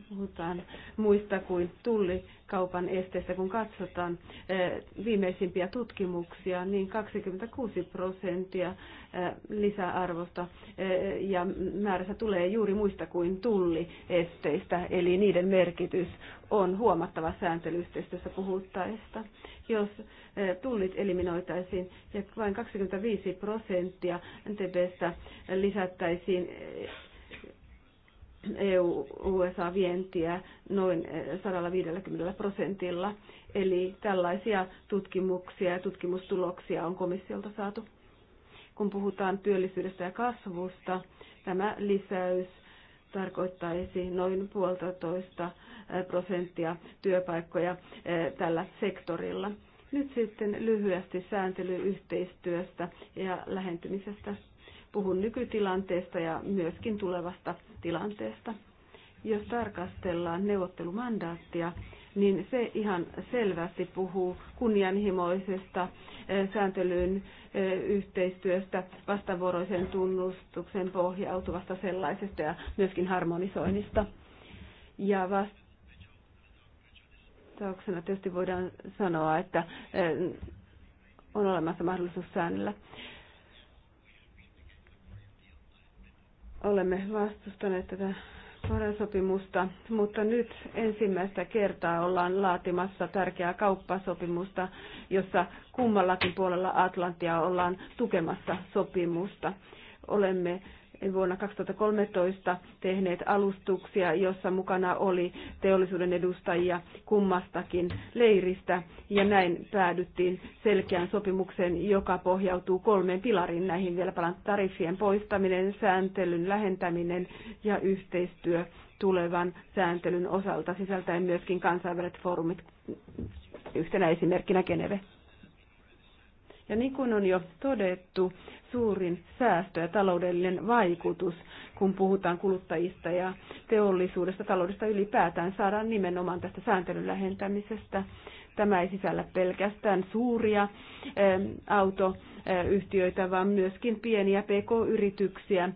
puhutaan muista kuin tullikaupan esteistä, kun katsotaan eh, viimeisimpiä tutkimuksia, niin 26 prosenttia eh, lisäarvosta eh, ja määrässä tulee juuri muista kuin tulliesteistä, eli niiden merkitys on huomattava sääntelyyhteistyössä puhuttaessa. Jos tullit eliminoitaisiin ja vain 25 prosenttia NTBstä lisättäisiin EU-USA-vientiä noin 150 eh, prosentilla. Eli tällaisia tutkimuksia ja tutkimustuloksia on komissiolta saatu. Kun puhutaan työllisyydestä ja kasvusta, tämä lisäys tarkoittaisi noin puolitoista eh, prosenttia työpaikkoja eh, tällä sektorilla. Nyt sitten lyhyesti sääntelyyhteistyöstä ja lähentymisestä Puhun nykytilanteesta ja myöskin tulevasta tilanteesta. Jos tarkastellaan neuvottelumandaattia, niin se ihan selvästi puhuu kunnianhimoisesta eh, sääntelyn eh, yhteistyöstä, vastavuoroisen tunnustuksen pohjautuvasta sellaisesta ja myöskin harmonisoinnista. Ja vastauksena tietysti voidaan sanoa, että eh, on olemassa mahdollisuus säännellä olemme vastustaneet tätä parasopimusta, mutta nyt ensimmäistä kertaa ollaan laatimassa tärkeää kauppasopimusta, jossa kummallakin puolella Atlantia ollaan tukemassa sopimusta. Olemme vuonna 2013 tehneet alustuksia, jossa mukana oli teollisuuden edustajia kummastakin leiristä, ja näin päädyttiin selkeään sopimukseen, joka pohjautuu kolmeen pilariin. Näihin vielä palaan tariffien poistaminen, sääntelyn lähentäminen ja yhteistyö tulevan sääntelyn osalta, sisältäen myöskin kansainväliset foorumit, yhtenä esimerkkinä Geneve. Ja niin kuin on jo todettu, suurin säästö ja taloudellinen vaikutus, kun puhutaan kuluttajista ja teollisuudesta, taloudesta ylipäätään, saadaan nimenomaan tästä sääntelyn lähentämisestä. Tämä ei sisällä pelkästään suuria eh, autoyhtiöitä, vaan myöskin pieniä pk-yrityksiä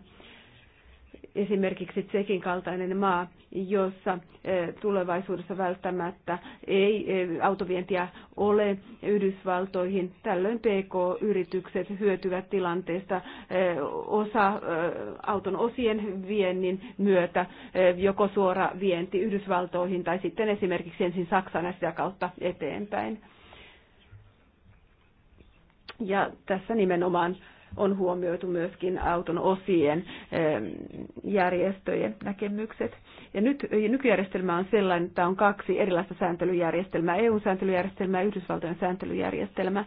esimerkiksi Tsekin kaltainen maa, jossa eh, tulevaisuudessa välttämättä ei eh, autovientiä ole Yhdysvaltoihin. Tällöin PK-yritykset hyötyvät tilanteesta eh, osa auton osien viennin myötä, joko suora vienti Yhdysvaltoihin tai sitten esimerkiksi ensin Saksan ja sitä kautta eteenpäin. Ja tässä nimenomaan on huomioitu myöskin auton osien järjestöjen näkemykset. Ja nyt nykyjärjestelmä on sellainen, että on kaksi erilaista sääntelyjärjestelmää, EU-sääntelyjärjestelmä ja Yhdysvaltojen sääntelyjärjestelmä.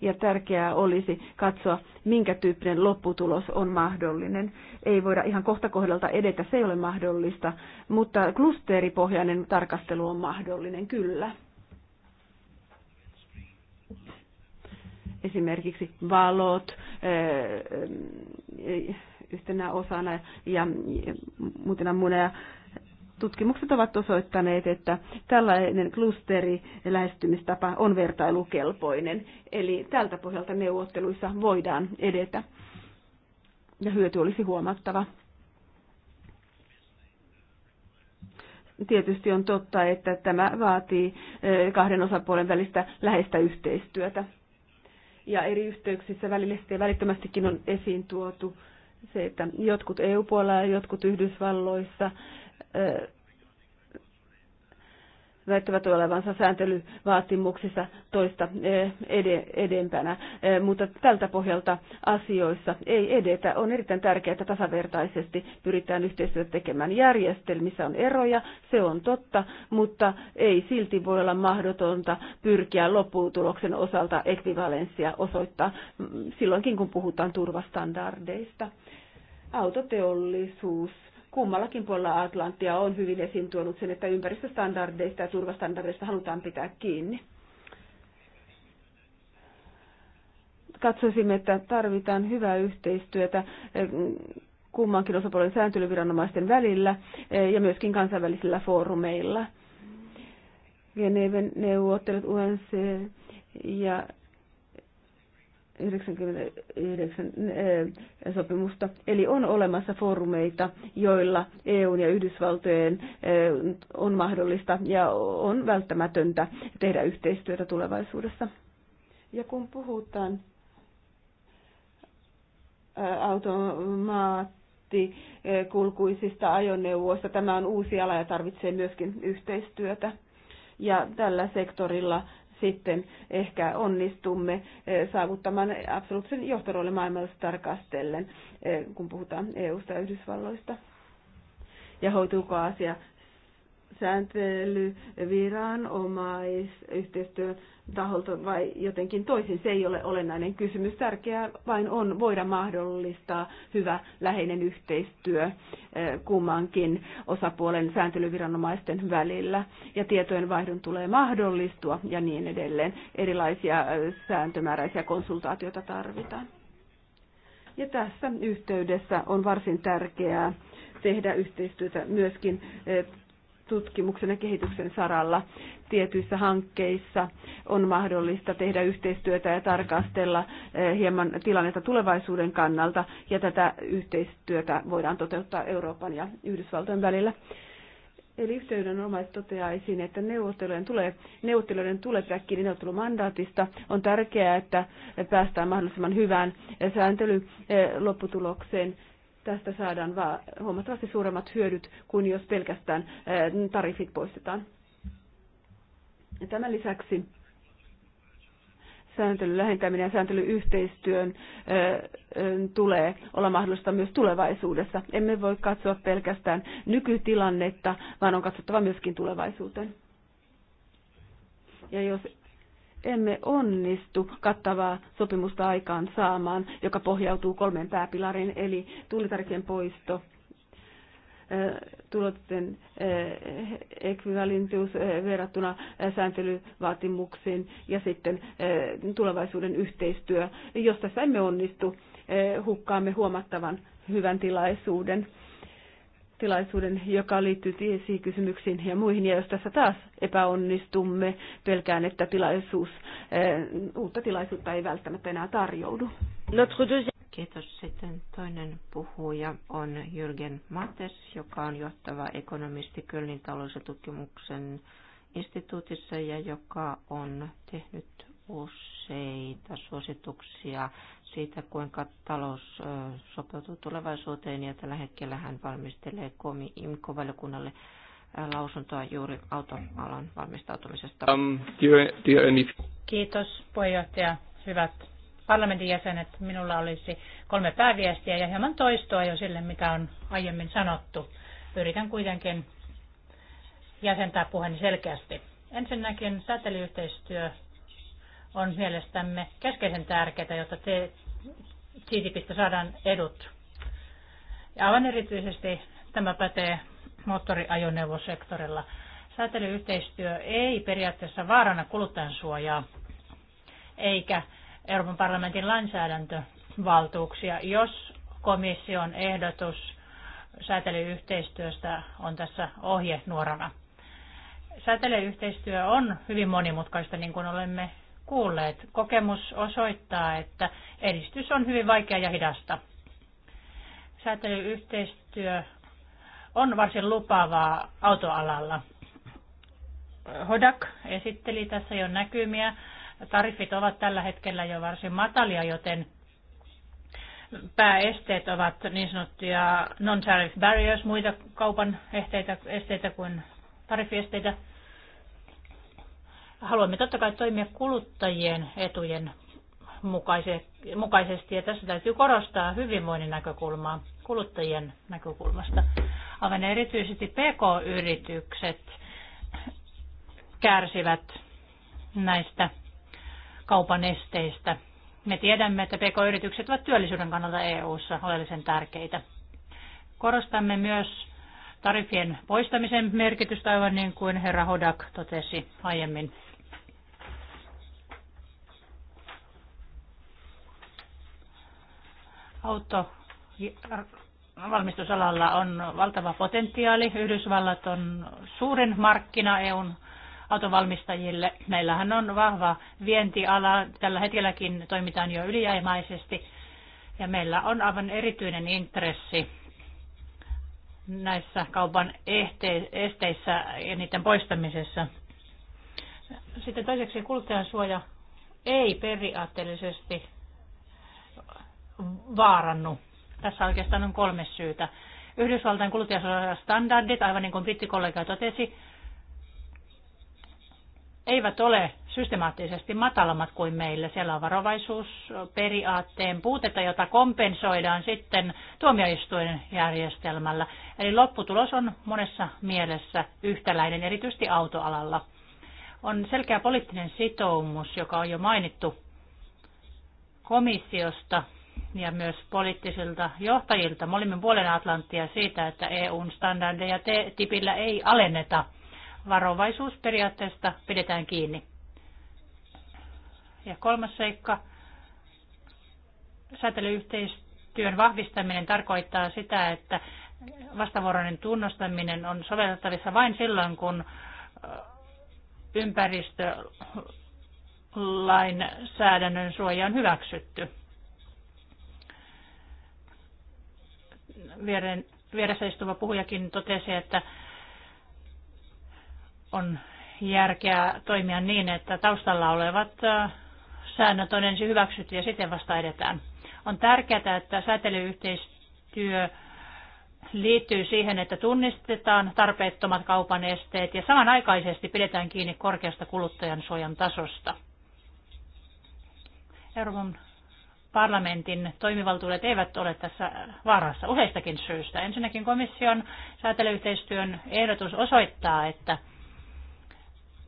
Ja tärkeää olisi katsoa, minkä tyyppinen lopputulos on mahdollinen. Ei voida ihan kohta kohdalta edetä, se ei ole mahdollista, mutta klusteripohjainen tarkastelu on mahdollinen kyllä. esimerkiksi valot eh, eh, yhtenä osana ja muutena muuna. Tutkimukset ovat osoittaneet, että tällainen klusteri lähestymistapa on vertailukelpoinen, eli tältä pohjalta neuvotteluissa voidaan edetä ja hyöty olisi huomattava. Tietysti on totta, että tämä vaatii eh, kahden osapuolen välistä läheistä yhteistyötä ja eri yhteyksissä välillisesti ja välittömästikin on esiin tuotu se, että jotkut EU-puolella ja jotkut Yhdysvalloissa väittävät olevansa sääntelyvaatimuksissa toista eh, edempänä, eh, mutta tältä pohjalta asioissa ei edetä. On erittäin tärkeää, että tasavertaisesti pyritään yhteistyötä tekemään. Järjestelmissä on eroja, se on totta, mutta ei silti voi olla mahdotonta pyrkiä lopputuloksen osalta ekvivalenssia osoittaa mm, silloinkin, kun puhutaan turvastandardeista. Autoteollisuus kummallakin puolella Atlanttia on hyvin esiin tuonut sen, että ympäristöstandardeista ja turvastandardeista halutaan pitää kiinni. Katsoisimme, että tarvitaan hyvää yhteistyötä eh, kummankin osapuolen sääntelyviranomaisten välillä eh, ja myöskin kansainvälisillä foorumeilla. Geneven neuvottelut UNC ja 99 eh, sopimusta. Eli on olemassa foorumeita, joilla EUn ja Yhdysvaltojen eh, on mahdollista ja on välttämätöntä tehdä yhteistyötä tulevaisuudessa. Ja kun puhutaan eh, automaattikulkuisista ajoneuvoista, tämä on uusi ala ja tarvitsee myöskin yhteistyötä. Ja tällä sektorilla sitten ehkä onnistumme eh, saavuttamaan absoluuttisen johtoroolin maailmalla tarkastellen, eh, kun puhutaan EU-sta ja Yhdysvalloista. Ja hoituuko asia sääntelyviran omaisyhteistyön taholta vai jotenkin toisin. Se ei ole olennainen kysymys. Tärkeää vain on voida mahdollistaa hyvä läheinen yhteistyö eh, kummankin osapuolen sääntelyviranomaisten välillä. Ja tietojen vaihdon tulee mahdollistua ja niin edelleen. Erilaisia eh, sääntömääräisiä konsultaatioita tarvitaan. Ja tässä yhteydessä on varsin tärkeää tehdä yhteistyötä myöskin eh, tutkimuksen ja kehityksen saralla. Tietyissä hankkeissa on mahdollista tehdä yhteistyötä ja tarkastella eh, hieman tilannetta tulevaisuuden kannalta, ja tätä yhteistyötä voidaan toteuttaa Euroopan ja Yhdysvaltojen välillä. Eli yhteydenomaisesti toteaisin, että neuvottelujen tulee, neuvottelujen tulee pitää kiinni neuvottelumandaatista. On tärkeää, että päästään mahdollisimman hyvään sääntelylopputulokseen eh, Tästä saadaan huomattavasti suuremmat hyödyt kuin jos pelkästään eh, tarifit poistetaan. Tämän lisäksi sääntelyn lähentäminen ja sääntelyyhteistyön eh, eh, tulee olla mahdollista myös tulevaisuudessa. Emme voi katsoa pelkästään nykytilannetta, vaan on katsottava myöskin tulevaisuuteen. Ja jos emme onnistu kattavaa sopimusta aikaan saamaan, joka pohjautuu kolmeen pääpilariin, eli tuulitarkien poisto, tulotten eh, ekvivalentius eh, verrattuna eh, sääntelyvaatimuksiin ja sitten tulevaisuuden yhteistyö. Jos tässä emme onnistu, hukkaamme huomattavan hyvän tilaisuuden tilaisuuden, joka liittyy kysymyksiin ja muihin. Ja jos tässä taas epäonnistumme, pelkään, että tilaisuus, eh, uutta tilaisuutta ei välttämättä enää tarjoudu. Kiitos. Sitten toinen puhuja on Jürgen Mates, joka on johtava ekonomisti Kölnin ja tutkimuksen instituutissa ja joka on tehnyt useita suosituksia siitä, kuinka talous sopeutuu tulevaisuuteen ja tällä hetkellä hän valmistelee komi IMCO-valiokunnalle lausuntoa juuri autoalan valmistautumisesta. Um, dear, dear Kiitos puheenjohtaja. Hyvät parlamentin jäsenet, minulla olisi kolme pääviestiä ja hieman toistoa jo sille, mitä on aiemmin sanottu. Yritän kuitenkin jäsentää puheeni selkeästi. Ensinnäkin säteilyyhteistyö on mielestämme keskeisen tärkeää, jotta te TTIPistä saadaan edut. Ja aivan erityisesti tämä pätee moottoriajoneuvosektorilla. Säätelyyhteistyö ei periaatteessa vaarana kuluttajansuojaa eikä Euroopan parlamentin lainsäädäntövaltuuksia, jos komission ehdotus säätelyyhteistyöstä on tässä ohje nuorana. Säätelyyhteistyö on hyvin monimutkaista, niin kuin olemme kuulleet. Kokemus osoittaa, että edistys on hyvin vaikea ja hidasta. Säätelyyhteistyö on varsin lupaavaa autoalalla. Hodak esitteli tässä jo näkymiä. Tarifit ovat tällä hetkellä jo varsin matalia, joten pääesteet ovat niin sanottuja non-tariff barriers, muita kaupan esteitä, esteitä kuin tariffiesteitä. Haluamme totta kai toimia kuluttajien etujen mukaisesti ja tässä täytyy korostaa hyvinvoinnin näkökulmaa kuluttajien näkökulmasta. Aivan erityisesti PK-yritykset kärsivät näistä kaupan esteistä. Me tiedämme, että PK-yritykset ovat työllisyyden kannalta EU-ssa oleellisen tärkeitä. Korostamme myös tarifien poistamisen merkitystä, aivan niin kuin herra Hodak totesi aiemmin. Auto valmistusalalla on valtava potentiaali. Yhdysvallat on suurin markkina EUn autovalmistajille. Meillähän on vahva vientiala. Tällä hetkelläkin toimitaan jo ylijäämäisesti. Ja meillä on aivan erityinen intressi näissä kaupan esteissä ja niiden poistamisessa. Sitten toiseksi kuluttajansuoja ei periaatteellisesti vaarannu. Tässä oikeastaan on kolme syytä. Yhdysvaltain standardit, aivan niin kuin brittikollega totesi, eivät ole systemaattisesti matalammat kuin meillä. Siellä on varovaisuusperiaatteen puutetta, jota kompensoidaan sitten järjestelmällä Eli lopputulos on monessa mielessä yhtäläinen, erityisesti autoalalla. On selkeä poliittinen sitoumus, joka on jo mainittu komissiosta ja myös poliittisilta johtajilta molemmin puolen Atlanttia siitä, että EUn standardeja tipillä ei alenneta. Varovaisuusperiaatteesta pidetään kiinni. Ja kolmas seikka, säätelyyhteistyön vahvistaminen tarkoittaa sitä, että vastavuoroinen tunnustaminen on sovellettavissa vain silloin, kun ympäristölainsäädännön suoja on hyväksytty. vieren, vieressä istuva puhujakin totesi, että on järkeä toimia niin, että taustalla olevat säännöt on ensin hyväksytty ja sitten vasta edetään. On tärkeää, että säätelyyhteistyö liittyy siihen, että tunnistetaan tarpeettomat kaupan esteet ja samanaikaisesti pidetään kiinni korkeasta kuluttajan suojan tasosta. Euroopan parlamentin toimivaltuudet eivät ole tässä vaarassa useistakin syystä. Ensinnäkin komission säätelyyhteistyön ehdotus osoittaa, että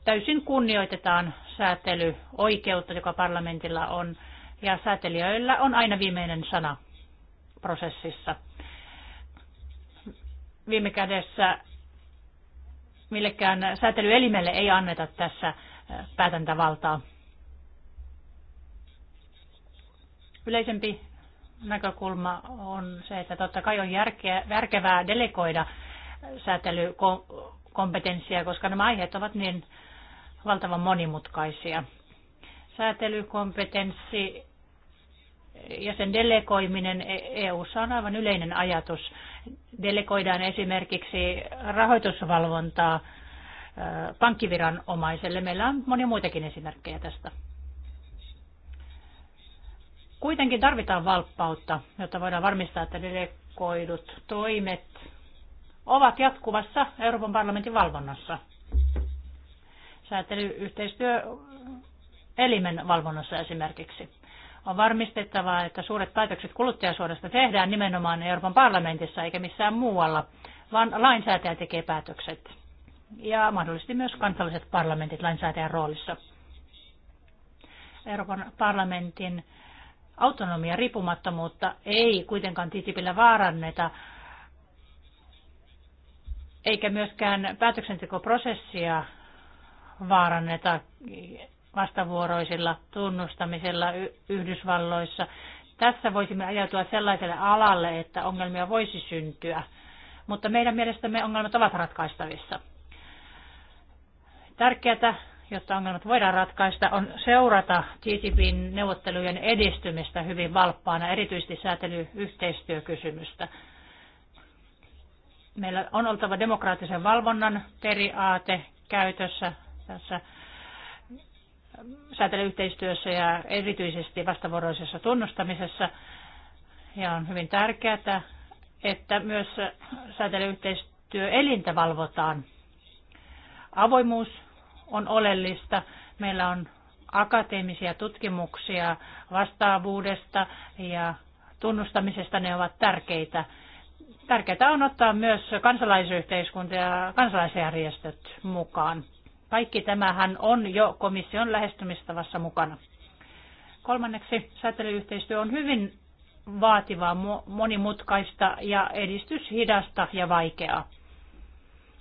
täysin kunnioitetaan säätelyoikeutta, joka parlamentilla on, ja säätelijöillä on aina viimeinen sana prosessissa. Viime kädessä millekään säätelyelimelle ei anneta tässä päätäntävaltaa. Yleisempi näkökulma on se, että totta kai on järkeä, järkevää delegoida säätelykompetenssia, koska nämä aiheet ovat niin valtavan monimutkaisia. Säätelykompetenssi ja sen delegoiminen eu e on aivan yleinen ajatus. Delegoidaan esimerkiksi rahoitusvalvontaa pankkiviranomaiselle. Meillä on monia muitakin esimerkkejä tästä. Kuitenkin tarvitaan valppautta, jotta voidaan varmistaa, että delegoidut toimet ovat jatkuvassa Euroopan parlamentin valvonnassa. Säätelyyhteistyö elimen valvonnassa esimerkiksi. On varmistettava, että suuret päätökset kuluttajasuodasta tehdään nimenomaan Euroopan parlamentissa eikä missään muualla, vaan lainsäätäjä tekee päätökset. Ja mahdollisesti myös kansalliset parlamentit lainsäätäjän roolissa. Euroopan parlamentin autonomia, riippumattomuutta ei kuitenkaan TTIPillä vaaranneta, eikä myöskään päätöksentekoprosessia vaaranneta vastavuoroisilla tunnustamisella Yhdysvalloissa. Tässä voisimme ajautua sellaiselle alalle, että ongelmia voisi syntyä, mutta meidän mielestämme ongelmat ovat ratkaistavissa. Tärkeätä jotta ongelmat voidaan ratkaista, on seurata TTIPin neuvottelujen edistymistä hyvin valppaana, erityisesti säätelyyhteistyökysymystä. Meillä on oltava demokraattisen valvonnan periaate käytössä tässä säätelyyhteistyössä ja erityisesti vastavuoroisessa tunnustamisessa. Ja on hyvin tärkeää, että myös säätelyyhteistyöelintä valvotaan. Avoimuus on oleellista. Meillä on akateemisia tutkimuksia vastaavuudesta ja tunnustamisesta, ne ovat tärkeitä. Tärkeää on ottaa myös kansalaisyhteiskunta ja kansalaisjärjestöt mukaan. Kaikki tämähän on jo komission lähestymistavassa mukana. Kolmanneksi säätelyyhteistyö on hyvin vaativaa, monimutkaista ja edistyshidasta ja vaikeaa.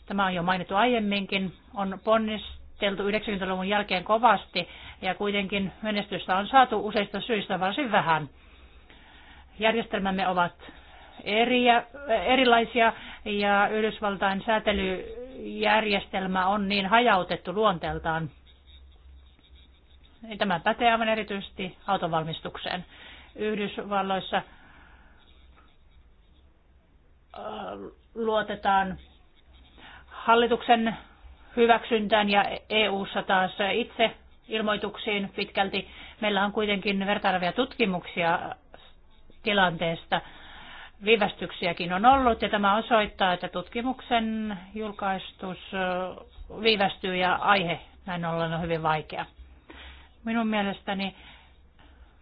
Tämä on jo mainittu aiemminkin. On ponnist taisteltu 90-luvun jälkeen kovasti ja kuitenkin menestystä on saatu useista syistä varsin vähän. Järjestelmämme ovat eriä, erilaisia ja Yhdysvaltain säätelyjärjestelmä on niin hajautettu luonteeltaan. Tämä pätee aivan erityisesti autovalmistukseen. Yhdysvalloissa äh, luotetaan hallituksen hyväksyntään ja EU-ssa taas itse ilmoituksiin pitkälti. Meillä on kuitenkin vertailevia tutkimuksia tilanteesta. Viivästyksiäkin on ollut ja tämä osoittaa, että tutkimuksen julkaistus viivästyy ja aihe näin ollen on hyvin vaikea. Minun mielestäni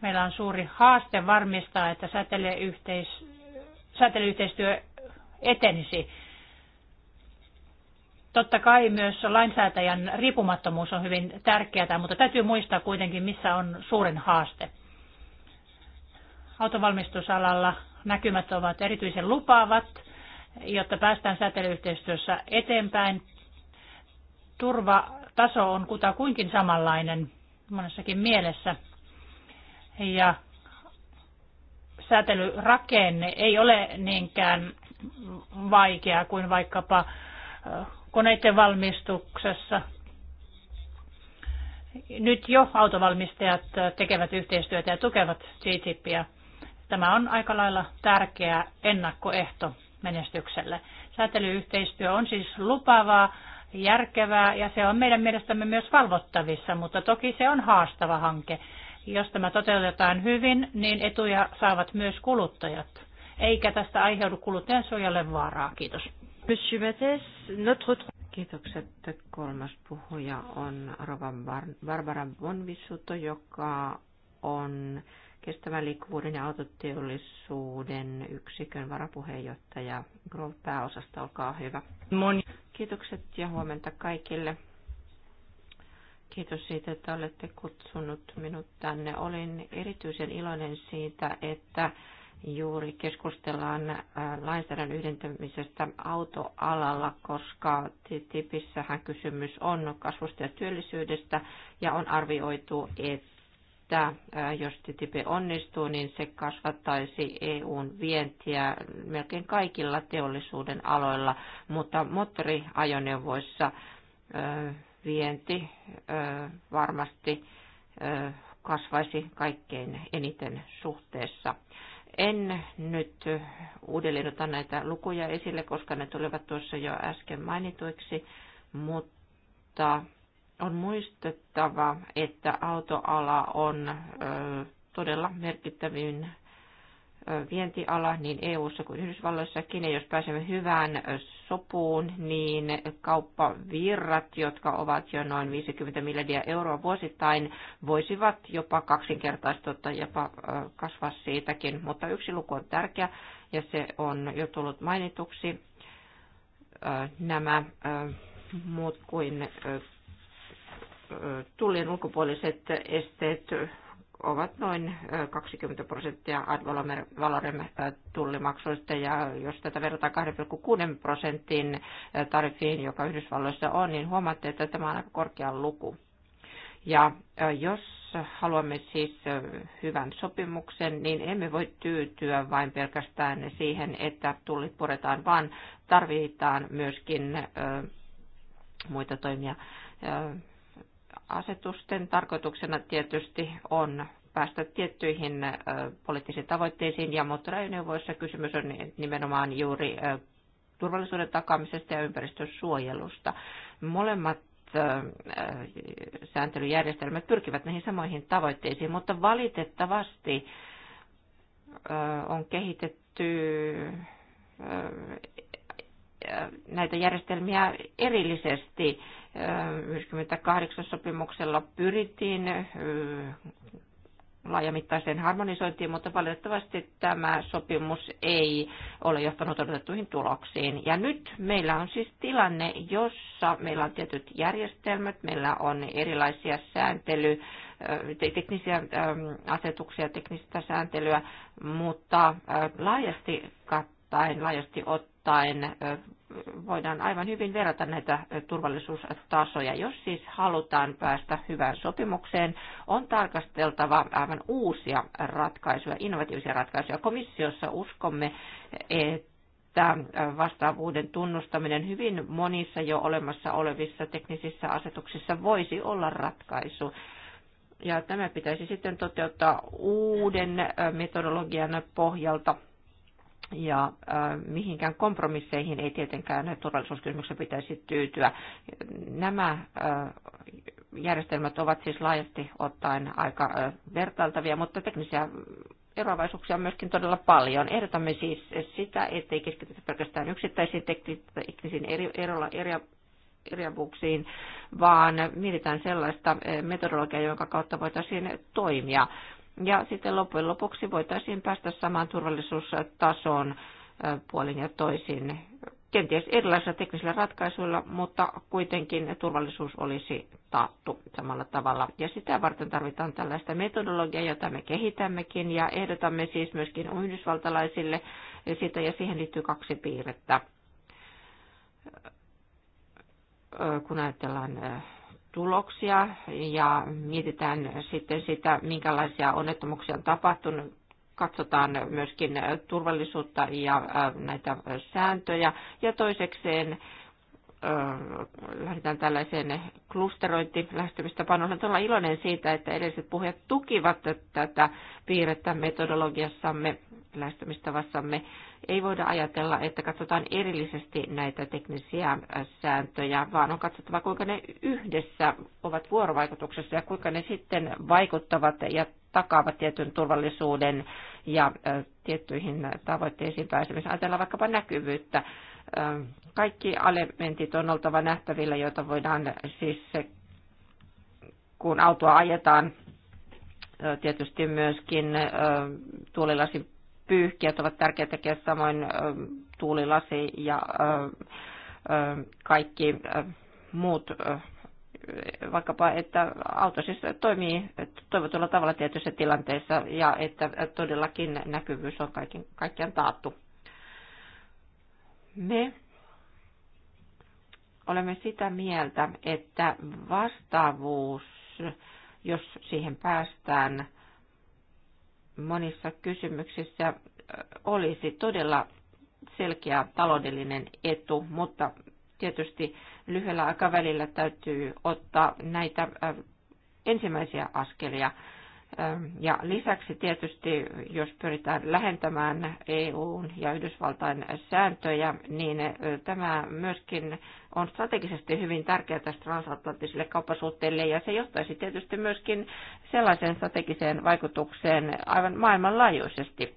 meillä on suuri haaste varmistaa, että säteilyyhteistyö etenisi Totta kai myös lainsäätäjän riippumattomuus on hyvin tärkeää, mutta täytyy muistaa kuitenkin, missä on suurin haaste. Autovalmistusalalla näkymät ovat erityisen lupaavat, jotta päästään säteilyyhteistyössä eteenpäin. Turvataso on kutakuinkin samanlainen monessakin mielessä. Ja säätelyrakenne ei ole niinkään vaikea kuin vaikkapa koneiden valmistuksessa. Nyt jo autovalmistajat tekevät yhteistyötä ja tukevat TTIPiä. Tämä on aika lailla tärkeä ennakkoehto menestykselle. Säätelyyhteistyö on siis lupavaa, järkevää ja se on meidän mielestämme myös valvottavissa, mutta toki se on haastava hanke. Jos tämä toteutetaan hyvin, niin etuja saavat myös kuluttajat, eikä tästä aiheudu kuluttajan suojalle vaaraa. Kiitos. Monsieur Mates, notre... Kiitokset. Kolmas puhuja on Rova Barbara Bonvisuto, joka on kestävän liikkuvuuden ja autoteollisuuden yksikön varapuheenjohtaja Grove-pääosasta. Olkaa hyvä. Moni. Kiitokset ja huomenta kaikille. Kiitos siitä, että olette kutsunut minut tänne. Olin erityisen iloinen siitä, että juuri keskustellaan äh, lainsäädännön yhdentämisestä autoalalla, koska TTIPissähän kysymys on kasvusta ja työllisyydestä ja on arvioitu, että äh, jos TTIP onnistuu, niin se kasvattaisi EUn vientiä melkein kaikilla teollisuuden aloilla, mutta moottoriajoneuvoissa äh, vienti varmasti kasvaisi kaikkein eniten suhteessa en nyt uudelleen ota näitä lukuja esille, koska ne tulivat tuossa jo äsken mainituiksi, mutta on muistettava, että autoala on todella merkittävin vientiala niin EU-ssa kuin Yhdysvalloissakin, ja jos pääsemme hyvään sopuun, niin kauppavirrat, jotka ovat jo noin 50 miljardia euroa vuosittain, voisivat jopa kaksinkertaistua tai jopa kasvaa siitäkin. Mutta yksi luku on tärkeä ja se on jo tullut mainituksi. Nämä muut kuin tullien ulkopuoliset esteet ovat noin 20 prosenttia ad valorem tullimaksuista ja jos tätä verrataan 2,6 prosentin tarifiin, joka Yhdysvalloissa on, niin huomaatte, että tämä on aika korkea luku. Ja jos haluamme siis hyvän sopimuksen, niin emme voi tyytyä vain pelkästään siihen, että tullit puretaan, vaan tarvitaan myöskin muita toimia asetusten tarkoituksena tietysti on päästä tiettyihin poliittisiin tavoitteisiin ja moottoriajoneuvoissa kysymys on nimenomaan juuri turvallisuuden takaamisesta ja ympäristösuojelusta. Molemmat sääntelyjärjestelmät pyrkivät näihin samoihin tavoitteisiin, mutta valitettavasti on kehitetty näitä järjestelmiä erillisesti 98 sopimuksella pyrittiin laajamittaiseen harmonisointiin, mutta valitettavasti tämä sopimus ei ole johtanut odotettuihin tuloksiin. Ja nyt meillä on siis tilanne, jossa meillä on tietyt järjestelmät, meillä on erilaisia sääntely, teknisiä asetuksia, teknistä sääntelyä, mutta laajasti kattaen, laajasti ottaen voidaan aivan hyvin verrata näitä turvallisuustasoja. Jos siis halutaan päästä hyvään sopimukseen, on tarkasteltava aivan uusia ratkaisuja, innovatiivisia ratkaisuja. Komissiossa uskomme, että Tämä vastaavuuden tunnustaminen hyvin monissa jo olemassa olevissa teknisissä asetuksissa voisi olla ratkaisu. Ja tämä pitäisi sitten toteuttaa uuden metodologian pohjalta ja äh, mihinkään kompromisseihin ei tietenkään turvallisuuskysymyksiä pitäisi tyytyä. Nämä äh, järjestelmät ovat siis laajasti ottaen aika äh, vertailtavia, mutta teknisiä eroavaisuuksia on myöskin todella paljon. Ehdotamme siis sitä, ettei keskitytä pelkästään yksittäisiin teknisiin eri, eri, eri, kirjavuuksiin, vaan mietitään sellaista metodologiaa, jonka kautta voitaisiin toimia. Ja sitten loppujen lopuksi voitaisiin päästä samaan turvallisuustasoon puolin ja toisin, kenties erilaisilla teknisillä ratkaisuilla, mutta kuitenkin turvallisuus olisi taattu samalla tavalla. Ja sitä varten tarvitaan tällaista metodologiaa, jota me kehitämmekin ja ehdotamme siis myöskin yhdysvaltalaisille sitä ja siihen liittyy kaksi piirrettä kun ajatellaan tuloksia ja mietitään sitten sitä, minkälaisia onnettomuuksia on tapahtunut. Katsotaan myöskin turvallisuutta ja äh, näitä sääntöjä. Ja toisekseen äh, lähdetään tällaiseen klusterointilähestymistapaan. Olen todella iloinen siitä, että edelliset puhujat tukivat tätä piirrettä metodologiassamme, lähestymistavassamme. Ei voida ajatella, että katsotaan erillisesti näitä teknisiä sääntöjä, vaan on katsottava, kuinka ne yhdessä ovat vuorovaikutuksessa ja kuinka ne sitten vaikuttavat ja takaavat tietyn turvallisuuden ja tiettyihin tavoitteisiin pääsemisen. Ajatellaan vaikkapa näkyvyyttä. Kaikki elementit on oltava nähtävillä, joita voidaan siis, kun autoa ajetaan, tietysti myöskin tuulilasin pyyhkiöt ovat tärkeitä tekijä, samoin tuulilasi ja kaikki muut vaikkapa, että auto siis toimii toivotulla tavalla tietyissä tilanteissa ja että todellakin näkyvyys on kaikin kaikkiaan taattu. Me olemme sitä mieltä, että vastaavuus, jos siihen päästään, monissa kysymyksissä olisi todella selkeä taloudellinen etu, mutta tietysti lyhyellä aikavälillä täytyy ottaa näitä ensimmäisiä askelia ja lisäksi tietysti, jos pyritään lähentämään EUn ja Yhdysvaltain sääntöjä, niin tämä myöskin on strategisesti hyvin tärkeää tässä transatlanttiselle kauppasuhteelle, ja se johtaisi tietysti myöskin sellaiseen strategiseen vaikutukseen aivan maailmanlaajuisesti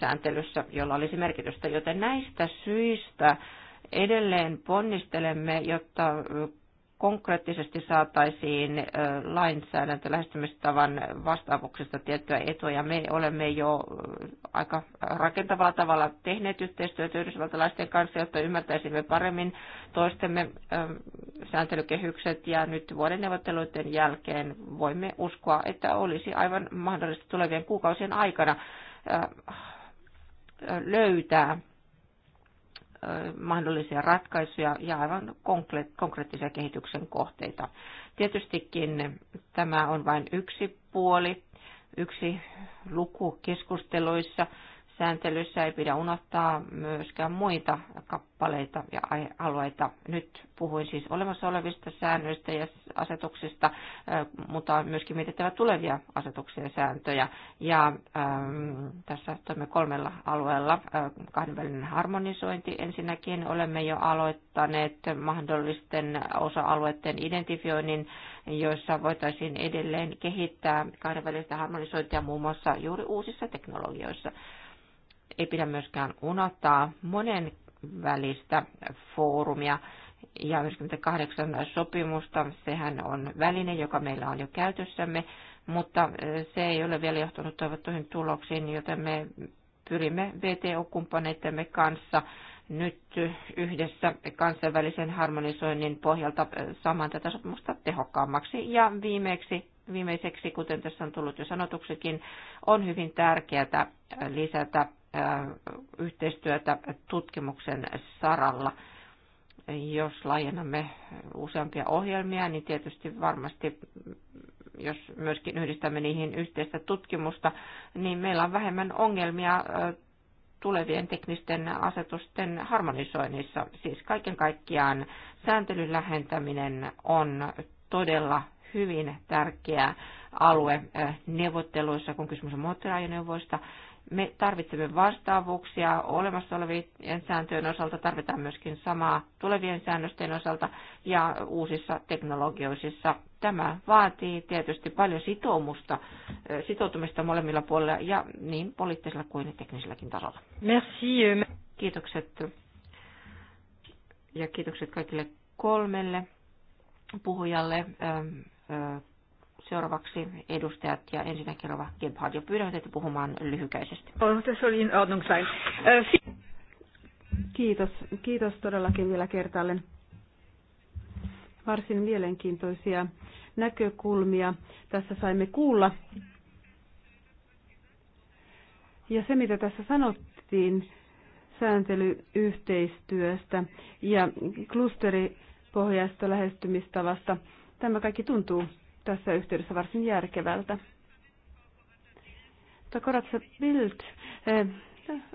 sääntelyssä, jolla olisi merkitystä. Joten näistä syistä edelleen ponnistelemme, jotta konkreettisesti saataisiin lainsäädäntö lähestymistavan vastaavuuksista tiettyä etuja. Me olemme jo aika rakentavalla tavalla tehneet yhteistyötä yhdysvaltalaisten kanssa, jotta ymmärtäisimme paremmin toistemme sääntelykehykset ja nyt vuoden neuvotteluiden jälkeen voimme uskoa, että olisi aivan mahdollista tulevien kuukausien aikana löytää mahdollisia ratkaisuja ja aivan konkreettisia kehityksen kohteita. Tietystikin tämä on vain yksi puoli, yksi luku keskusteluissa sääntelyssä ei pidä unohtaa myöskään muita kappaleita ja alueita. Nyt puhuin siis olemassa olevista säännöistä ja asetuksista, mutta on myöskin mietittävä tulevia asetuksia ja sääntöjä. Ja äm, tässä toimme kolmella alueella kahdenvälinen harmonisointi. Ensinnäkin olemme jo aloittaneet mahdollisten osa-alueiden identifioinnin, joissa voitaisiin edelleen kehittää kahdenvälistä harmonisointia muun muassa juuri uusissa teknologioissa ei pidä myöskään unohtaa monen välistä foorumia ja 98 sopimusta, sehän on väline, joka meillä on jo käytössämme, mutta e, se ei ole vielä johtanut toivottuihin tuloksiin, joten me pyrimme VTO-kumppaneittemme kanssa nyt yhdessä kansainvälisen harmonisoinnin pohjalta e, saamaan tätä sopimusta tehokkaammaksi. Ja viimeksi, viimeiseksi, kuten tässä on tullut jo sanotuksikin, on hyvin tärkeää lisätä yhteistyötä tutkimuksen saralla. Jos laajennamme useampia ohjelmia, niin tietysti varmasti, jos myöskin yhdistämme niihin yhteistä tutkimusta, niin meillä on vähemmän ongelmia tulevien teknisten asetusten harmonisoinnissa. Siis kaiken kaikkiaan sääntelyn lähentäminen on todella hyvin tärkeä alue neuvotteluissa, kun kysymys on moottoriajoneuvoista, me tarvitsemme vastaavuuksia olemassa olevien sääntöjen osalta, tarvitaan myöskin samaa tulevien säännösten osalta ja uusissa teknologioissa Tämä vaatii tietysti paljon sitoumusta, sitoutumista molemmilla puolilla ja niin poliittisella kuin tekniselläkin tasolla. Merci. Kiitokset ja kiitokset kaikille kolmelle puhujalle seuraavaksi edustajat ja ensinnäkin Rova Gebhard ja pyydän teitä puhumaan lyhykäisesti. Kiitos. Kiitos todellakin vielä kertaalleen. Varsin mielenkiintoisia näkökulmia tässä saimme kuulla. Ja se, mitä tässä sanottiin sääntelyyhteistyöstä ja klusteripohjaista lähestymistavasta, tämä kaikki tuntuu tässä yhteydessä varsin järkevältä. Koratsa Bild, eh,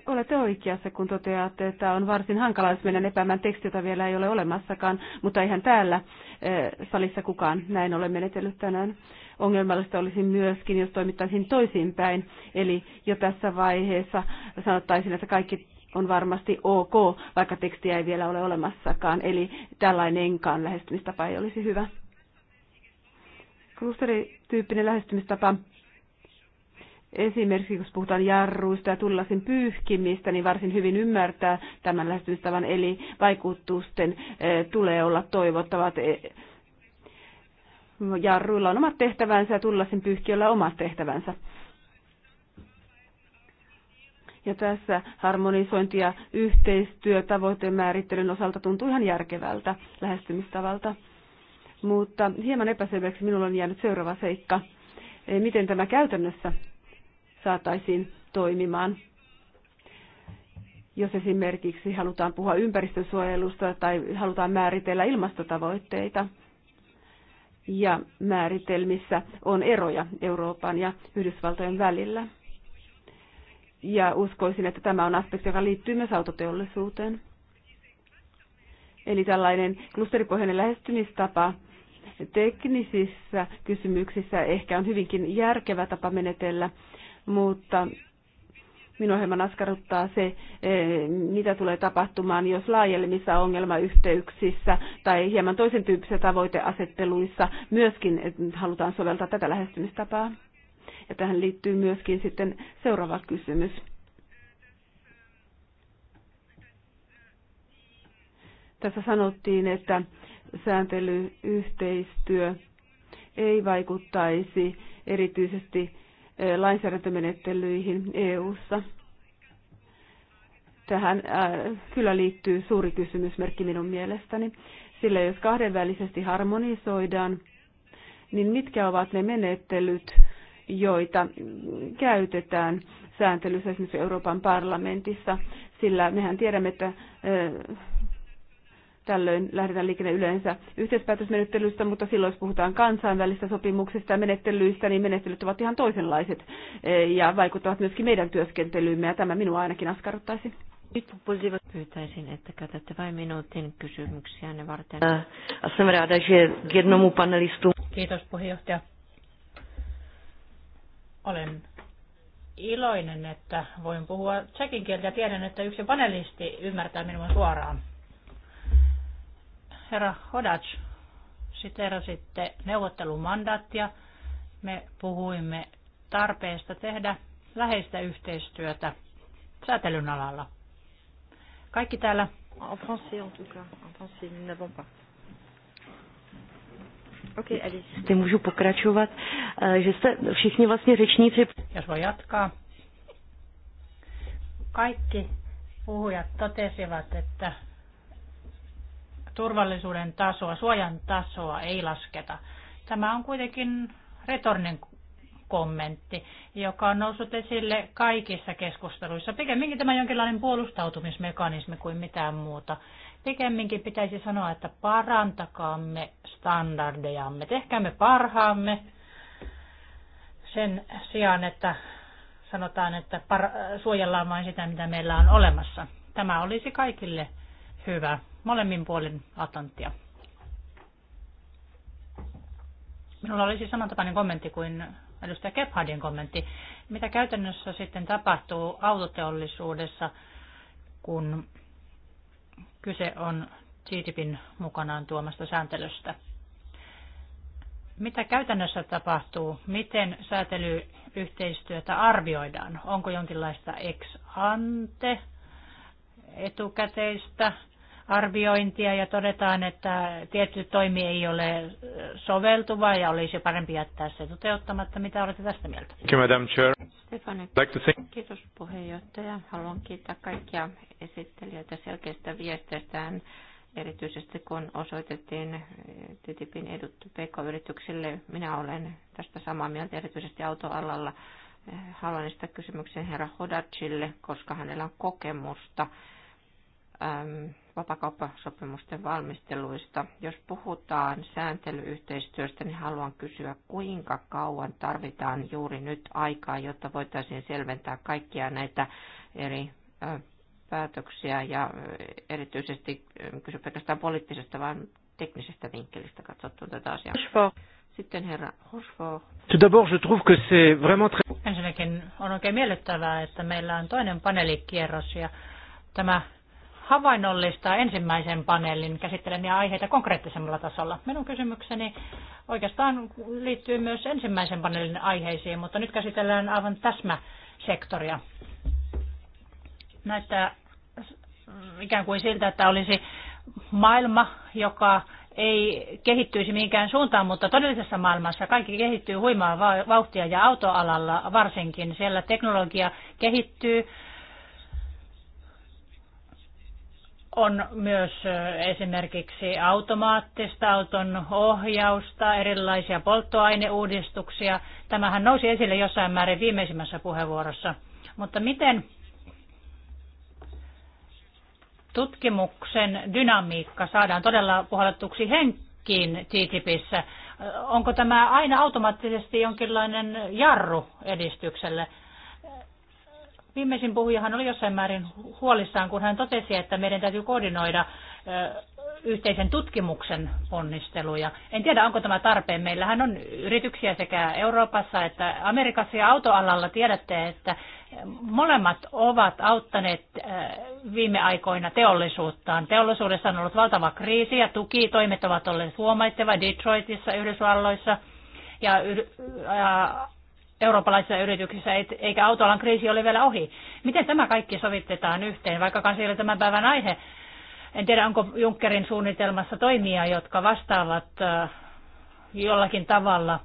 olette oikeassa, kun toteatte, että on varsin hankala, jos mennään epäämään teksti, jota vielä ei ole olemassakaan, mutta eihän täällä eh, salissa kukaan näin ole menetellyt tänään. Ongelmallista olisi myöskin, jos toimittaisiin toisinpäin, eli jo tässä vaiheessa sanottaisiin, että kaikki on varmasti ok, vaikka tekstiä ei vielä ole olemassakaan, eli tällainenkaan lähestymistapa ei olisi hyvä klusterityyppinen lähestymistapa. Esimerkiksi kun puhutaan jarruista ja tullasin pyyhkimistä, niin varsin hyvin ymmärtää tämän lähestymistavan, eli vaikutusten eh, tulee olla toivottavat. Eh, jarruilla on omat tehtävänsä ja tullasin pyyhkiöllä omat tehtävänsä. Ja tässä harmonisointi ja yhteistyö määrittelyn osalta tuntuu ihan järkevältä lähestymistavalta mutta hieman epäselväksi minulla on jäänyt seuraava seikka. Miten tämä käytännössä saataisiin toimimaan? Jos esimerkiksi halutaan puhua ympäristönsuojelusta tai halutaan määritellä ilmastotavoitteita, ja määritelmissä on eroja Euroopan ja Yhdysvaltojen välillä. Ja uskoisin, että tämä on aspekti, joka liittyy myös autoteollisuuteen. Eli tällainen klusteripohjainen lähestymistapa teknisissä kysymyksissä ehkä on hyvinkin järkevä tapa menetellä, mutta minua hieman askarruttaa se, eh, mitä tulee tapahtumaan, jos laajemmissa ongelmayhteyksissä tai hieman toisen tyyppisissä tavoiteasetteluissa myöskin halutaan soveltaa tätä lähestymistapaa. Ja tähän liittyy myöskin sitten seuraava kysymys. Tässä sanottiin, että sääntelyyhteistyö ei vaikuttaisi erityisesti lainsäädäntömenettelyihin EU-ssa. Tähän kyllä liittyy suuri kysymysmerkki minun mielestäni, sillä jos kahdenvälisesti harmonisoidaan, niin mitkä ovat ne menettelyt, joita käytetään sääntelyssä esimerkiksi Euroopan parlamentissa, sillä mehän tiedämme, että Tällöin lähdetään liikenne yleensä yhteispäätösmenettelystä, mutta silloin jos puhutaan kansainvälistä sopimuksista ja menettelyistä, niin menettelyt ovat ihan toisenlaiset eh, ja vaikuttavat myöskin meidän työskentelyymme ja tämä minua ainakin askarruttaisi. Pyytäisin, että käytätte vain minuutin ne varten. panelistu. Kiitos puheenjohtaja. Olen iloinen, että voin puhua tsekin kieltä ja tiedän, että yksi panelisti ymmärtää minua suoraan. Herra Hodats, siterasitte neuvottelumandaattia. Me puhuimme tarpeesta tehdä läheistä yhteistyötä säätelyn alalla. Kaikki täällä. En français en tout cas. En français, nous n'avons pas. Ok, Okay, Ty můžu pokračovat, eh, že jste všichni vlastně řečníci. Jos voi jatkaa. Kaikki puhujat totesivat, että turvallisuuden tasoa, suojan tasoa ei lasketa. Tämä on kuitenkin retornen kommentti, joka on noussut esille kaikissa keskusteluissa. Pikemminkin tämä jonkinlainen puolustautumismekanismi kuin mitään muuta. Pikemminkin pitäisi sanoa, että parantakaamme standardejamme, tehkäämme parhaamme sen sijaan, että sanotaan, että par- suojellaan vain sitä, mitä meillä on olemassa. Tämä olisi kaikille hyvä molemmin puolin Atlanttia. Minulla olisi siis samantapainen kommentti kuin edustaja Kephardin kommentti. Mitä käytännössä sitten tapahtuu autoteollisuudessa, kun kyse on TTIPin mukanaan tuomasta sääntelystä? Mitä käytännössä tapahtuu? Miten säätelyyhteistyötä arvioidaan? Onko jonkinlaista ex ante etukäteistä arviointia ja todetaan, että tietty toimi ei ole soveltuva ja olisi parempi jättää se toteuttamatta. Mitä olette tästä mieltä? Stefani. Kiitos puheenjohtaja. Haluan kiittää kaikkia esittelijöitä selkeistä viesteistään erityisesti kun osoitettiin TTIPin edut PK-yrityksille. Minä olen tästä samaa mieltä, erityisesti autoalalla. Haluan esittää kysymyksen herra Hodacille, koska hänellä on kokemusta vapakauppasopimusten valmisteluista. Jos puhutaan sääntelyyhteistyöstä, niin haluan kysyä, kuinka kauan tarvitaan juuri nyt aikaa, jotta voitaisiin selventää kaikkia näitä eri päätöksiä ja erityisesti kysy pelkästään poliittisesta, vaan teknisestä vinkkelistä katsottuna tätä asiaa. Sitten herra Rochefort. je trouve que c'est vraiment très... Ensinnäkin on oikein miellyttävää, että meillä on toinen paneelikierros ja tämä havainnollistaa ensimmäisen paneelin käsittelemiä aiheita konkreettisemmalla tasolla. Minun kysymykseni oikeastaan liittyy myös ensimmäisen paneelin aiheisiin, mutta nyt käsitellään aivan täsmäsektoria. Näyttää ikään kuin siltä, että olisi maailma, joka ei kehittyisi mihinkään suuntaan, mutta todellisessa maailmassa kaikki kehittyy huimaa vauhtia ja autoalalla varsinkin. Siellä teknologia kehittyy, On myös esimerkiksi automaattista auton ohjausta, erilaisia polttoaineuudistuksia. Tämähän nousi esille jossain määrin viimeisimmässä puheenvuorossa. Mutta miten tutkimuksen dynamiikka saadaan todella puhallettuksi henkiin TTIPissä? Onko tämä aina automaattisesti jonkinlainen jarru edistykselle? Viimeisin puhujahan oli jossain määrin huolissaan, kun hän totesi, että meidän täytyy koordinoida yhteisen tutkimuksen ponnisteluja. En tiedä, onko tämä tarpeen. Meillähän on yrityksiä sekä Euroopassa että Amerikassa ja autoalalla tiedätte, että molemmat ovat auttaneet viime aikoina teollisuuttaan. Teollisuudessa on ollut valtava kriisi ja tukitoimet ovat olleet huomaitteva Detroitissa, Yhdysvalloissa ja eurooppalaisissa yrityksissä, eikä autoalan kriisi ole vielä ohi. Miten tämä kaikki sovitetaan yhteen, vaikka se ei ole tämän päivän aihe? En tiedä, onko Junckerin suunnitelmassa toimia, jotka vastaavat äh, jollakin tavalla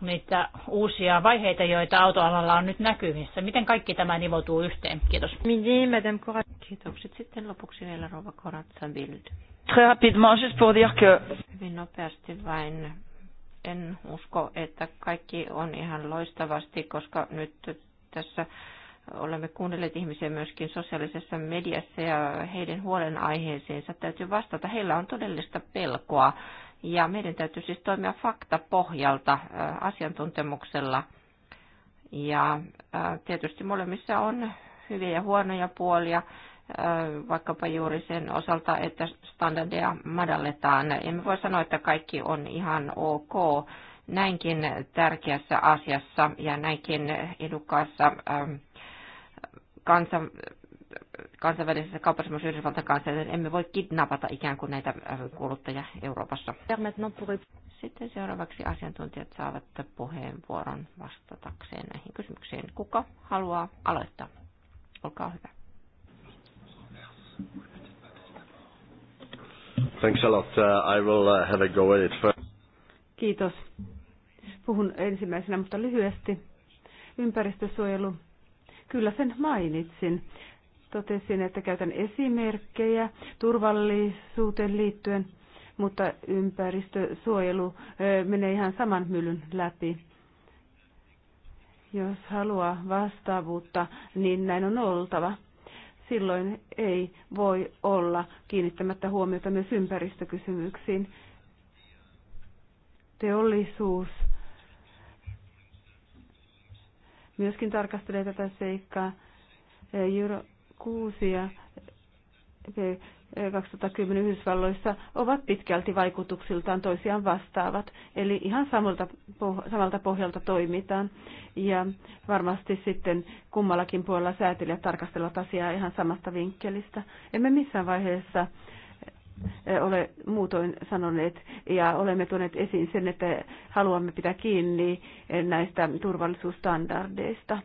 niitä uusia vaiheita, joita autoalalla on nyt näkyvissä. Miten kaikki tämä nivoutuu yhteen? Kiitos. Kiitokset. Sitten lopuksi vielä Rova Koratsa Bild. Hyvin nopeasti vain en usko, että kaikki on ihan loistavasti, koska nyt tässä olemme kuunnelleet ihmisiä myöskin sosiaalisessa mediassa ja heidän huolenaiheisiinsa täytyy vastata. Heillä on todellista pelkoa ja meidän täytyy siis toimia fakta-pohjalta asiantuntemuksella. Ja tietysti molemmissa on hyviä ja huonoja puolia vaikkapa juuri sen osalta, että standardeja madalletaan. Emme voi sanoa, että kaikki on ihan ok näinkin tärkeässä asiassa ja näinkin edukkaassa kansa, kansainvälisessä kauppasopimuksessa Yhdysvaltain kanssa, joten emme voi kidnapata ikään kuin näitä kuluttajia Euroopassa. Sitten seuraavaksi asiantuntijat saavat puheenvuoron vastatakseen näihin kysymyksiin. Kuka haluaa aloittaa? Olkaa hyvä. Thanks a lot. Uh, I will uh, have a go at it first. Kiitos. Puhun ensimmäisenä, mutta lyhyesti. Ympäristösuojelu. Kyllä sen mainitsin. Totesin, että käytän esimerkkejä turvallisuuteen liittyen, mutta ympäristösuojelu menee ihan saman myllyn läpi. Jos haluaa vastaavuutta, niin näin on oltava silloin ei voi olla kiinnittämättä huomiota myös ympäristökysymyksiin. Teollisuus myöskin tarkastelee tätä seikkaa. Euro 6 ja 2010 Yhdysvalloissa ovat pitkälti vaikutuksiltaan toisiaan vastaavat. Eli ihan samalta, samalta pohjalta toimitaan ja varmasti sitten kummallakin puolella säätelijät tarkastelevat asiaa ihan samasta vinkkelistä. Emme missään vaiheessa ole muutoin sanoneet ja olemme tuoneet esiin sen, että haluamme pitää kiinni näistä turvallisuusstandardeista.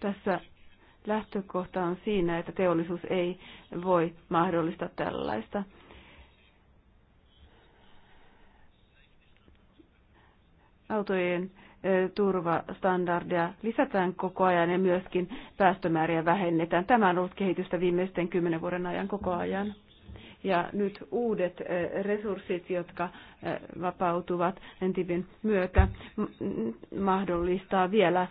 Tässä lähtökohta on siinä, että teollisuus ei voi mahdollista tällaista. Autojen turvastandardia. lisätään koko ajan ja myöskin päästömääriä vähennetään. Tämä on ollut kehitystä viimeisten kymmenen vuoden ajan koko ajan ja nyt uudet resurssit, jotka vapautuvat Entibin myötä, mahdollistaa vielä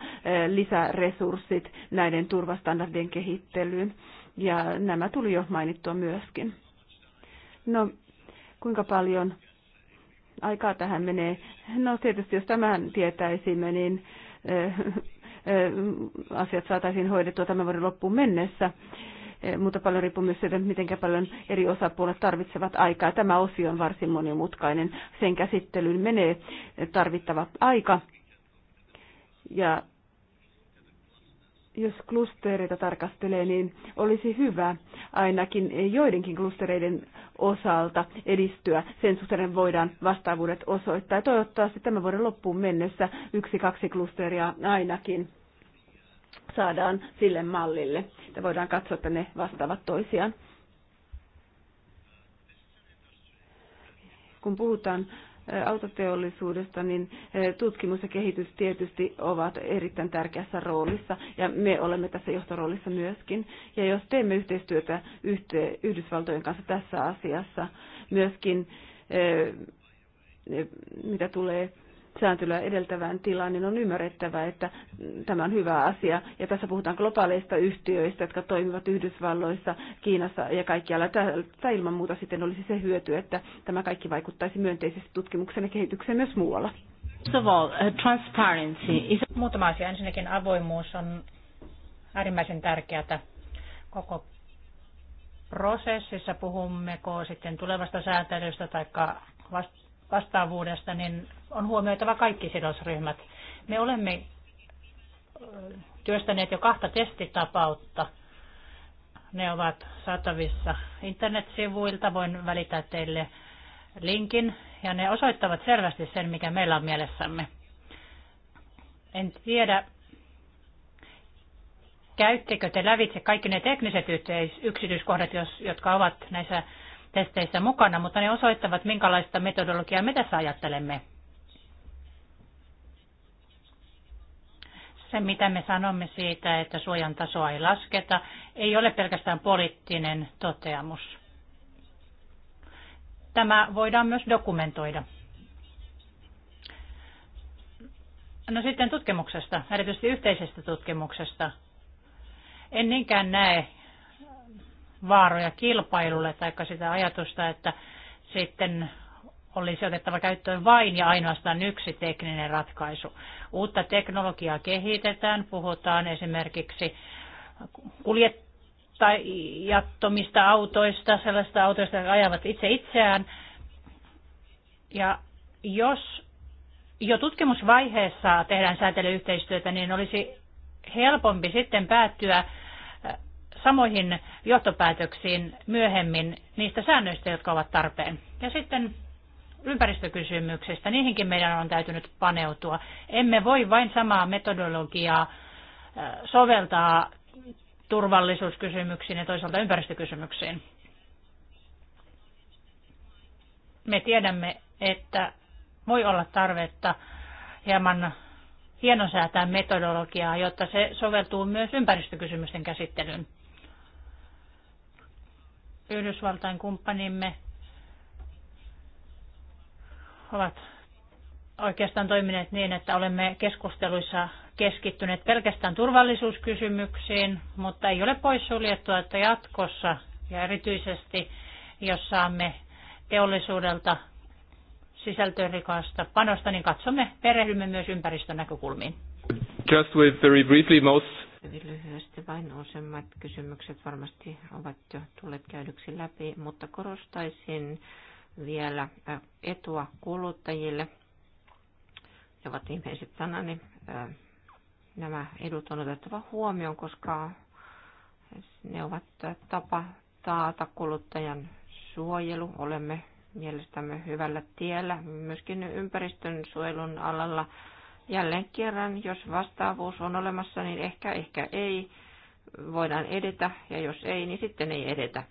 lisäresurssit näiden turvastandardien kehittelyyn. Ja nämä tuli jo mainittua myöskin. No, kuinka paljon aikaa tähän menee? No tietysti, jos tämän tietäisimme, niin asiat saataisiin hoidettua tämän vuoden loppuun mennessä. Eh, mutta paljon riippuu myös siitä, miten paljon eri osapuolet tarvitsevat aikaa. Tämä osio on varsin monimutkainen. Sen käsittelyyn menee tarvittava aika. Ja jos klustereita tarkastelee, niin olisi hyvä ainakin joidenkin klustereiden osalta edistyä. Sen suhteen voidaan vastaavuudet osoittaa. ja Toivottavasti tämän vuoden loppuun mennessä yksi, kaksi klusteria ainakin saadaan sille mallille. Ja voidaan katsoa, että ne vastaavat toisiaan. Kun puhutaan autoteollisuudesta, niin tutkimus ja kehitys tietysti ovat erittäin tärkeässä roolissa ja me olemme tässä johtoroolissa myöskin. Ja jos teemme yhteistyötä Yhdysvaltojen kanssa tässä asiassa, myöskin mitä tulee sääntelyä edeltävään tilaan, niin on ymmärrettävä, että tämä on hyvä asia. Ja tässä puhutaan globaaleista yhtiöistä, jotka toimivat Yhdysvalloissa, Kiinassa ja kaikkialla. Tämä ilman muuta sitten olisi se hyöty, että tämä kaikki vaikuttaisi myönteisesti tutkimuksen ja kehitykseen myös muualla. First of all, uh, transparency. Muutama asia. Ensinnäkin avoimuus on äärimmäisen tärkeää koko prosessissa, puhummeko sitten tulevasta säätelystä tai vastaavuudesta, niin on huomioitava kaikki sidosryhmät. Me olemme työstäneet jo kahta testitapautta. Ne ovat saatavissa internetsivuilta. Voin välittää teille linkin ja ne osoittavat selvästi sen, mikä meillä on mielessämme. En tiedä, käyttekö te lävitse kaikki ne tekniset yksityiskohdat, jotka ovat näissä testeissä mukana, mutta ne osoittavat, minkälaista metodologiaa me tässä ajattelemme Se, mitä me sanomme siitä, että suojan tasoa ei lasketa, ei ole pelkästään poliittinen toteamus. Tämä voidaan myös dokumentoida. No sitten tutkimuksesta, erityisesti yhteisestä tutkimuksesta. En niinkään näe vaaroja kilpailulle tai sitä ajatusta, että sitten olisi otettava käyttöön vain ja ainoastaan yksi tekninen ratkaisu. Uutta teknologiaa kehitetään, puhutaan esimerkiksi kuljettajattomista autoista, sellaista autoista, jotka ajavat itse itseään. Ja jos jo tutkimusvaiheessa tehdään säätelyyhteistyötä, niin olisi helpompi sitten päättyä äh, samoihin johtopäätöksiin myöhemmin niistä säännöistä, jotka ovat tarpeen. Ja sitten ympäristökysymyksistä. Niihinkin meidän on täytynyt paneutua. Emme voi vain samaa metodologiaa äh, soveltaa turvallisuuskysymyksiin ja toisaalta ympäristökysymyksiin. Me tiedämme, että voi olla tarvetta hieman hienosäätää metodologiaa, jotta se soveltuu myös ympäristökysymysten käsittelyyn. Yhdysvaltain kumppanimme ovat oikeastaan toimineet niin, että olemme keskusteluissa keskittyneet pelkästään turvallisuuskysymyksiin, mutta ei ole poissuljettua, että jatkossa ja erityisesti, jos saamme teollisuudelta sisältörikasta panosta, niin katsomme, perehdymme myös ympäristönäkökulmiin. Just with very briefly most hyvin lyhyesti vain useimmat kysymykset varmasti ovat jo tulleet käydyksi läpi, mutta korostaisin vielä etua kuluttajille. Ne ovat viimeiset sanani. Nämä edut on otettava huomioon, koska ne ovat tapa taata kuluttajan suojelu. Olemme mielestämme hyvällä tiellä myöskin ympäristön suojelun alalla. Jälleen kerran, jos vastaavuus on olemassa, niin ehkä, ehkä ei. Voidaan edetä, ja jos ei, niin sitten ei edetä.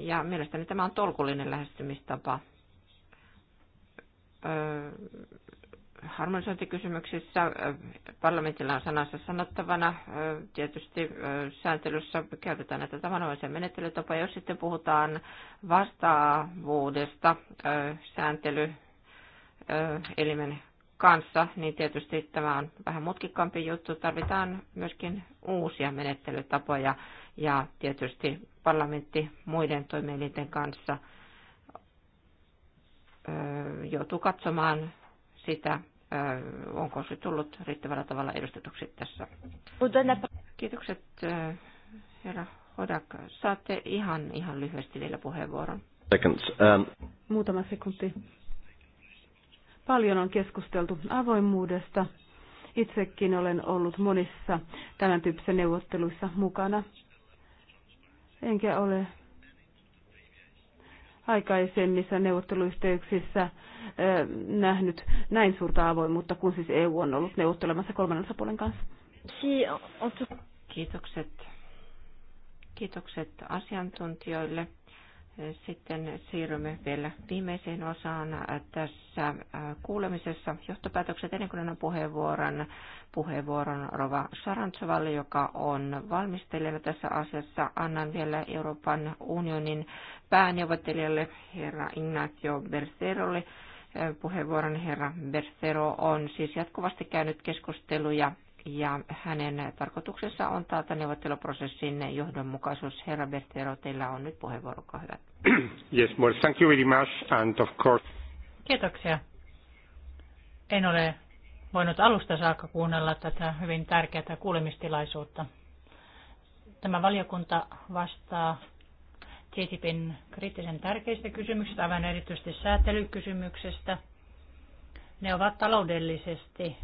Ja mielestäni tämä on tolkullinen lähestymistapa. Öö, harmonisointikysymyksissä parlamentilla on sanansa sanottavana. Tietysti sääntelyssä käytetään näitä tavanomaisia menettelytapoja. Jos sitten puhutaan vastaavuudesta sääntelyelimen kanssa, niin tietysti tämä on vähän mutkikkaampi juttu. Tarvitaan myöskin uusia menettelytapoja ja tietysti parlamentti muiden toimielinten kanssa joutuu katsomaan sitä, onko se tullut riittävällä tavalla edustetuksi tässä. Kiitokset, herra Hodak. Saatte ihan, ihan lyhyesti vielä puheenvuoron. Seconds. Um... Muutama sekunti. Paljon on keskusteltu avoimuudesta. Itsekin olen ollut monissa tämän tyyppisissä neuvotteluissa mukana. Enkä ole aikaisemmissa neuvotteluyhteyksissä nähnyt näin suurta avoimuutta, kun siis EU on ollut neuvottelemassa kolmannen osapuolen kanssa. Kiitokset. Kiitokset asiantuntijoille. Sitten siirrymme vielä viimeiseen osaan tässä äh, kuulemisessa. Johtopäätökset ennen kuin annan puheenvuoron, puheenvuoron Rova Sarantsovalle, joka on valmistelijana tässä asiassa. Annan vielä Euroopan unionin pääneuvottelijalle herra Ignacio Bercerolle äh, puheenvuoron. Herra Bercero on siis jatkuvasti käynyt keskusteluja ja hänen tarkoituksensa on taata neuvotteluprosessin johdonmukaisuus. Herra Bertero, teillä on nyt puheenvuoro, hyvä. Yes, well, thank you very much and of course... Kiitoksia. En ole voinut alusta saakka kuunnella tätä hyvin tärkeää kuulemistilaisuutta. Tämä valiokunta vastaa TTIPin kriittisen tärkeistä kysymyksistä, aivan erityisesti säätelykysymyksestä. Ne ovat taloudellisesti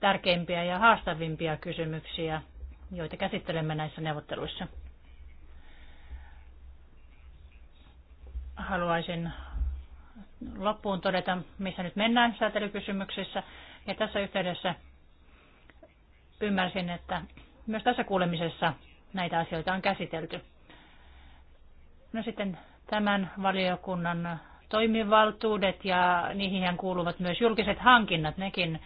tärkeimpiä ja haastavimpia kysymyksiä, joita käsittelemme näissä neuvotteluissa. Haluaisin loppuun todeta, missä nyt mennään säätelykysymyksissä. Ja tässä yhteydessä ymmärsin, että myös tässä kuulemisessa näitä asioita on käsitelty. No sitten tämän valiokunnan toimivaltuudet ja niihin kuuluvat myös julkiset hankinnat. Nekin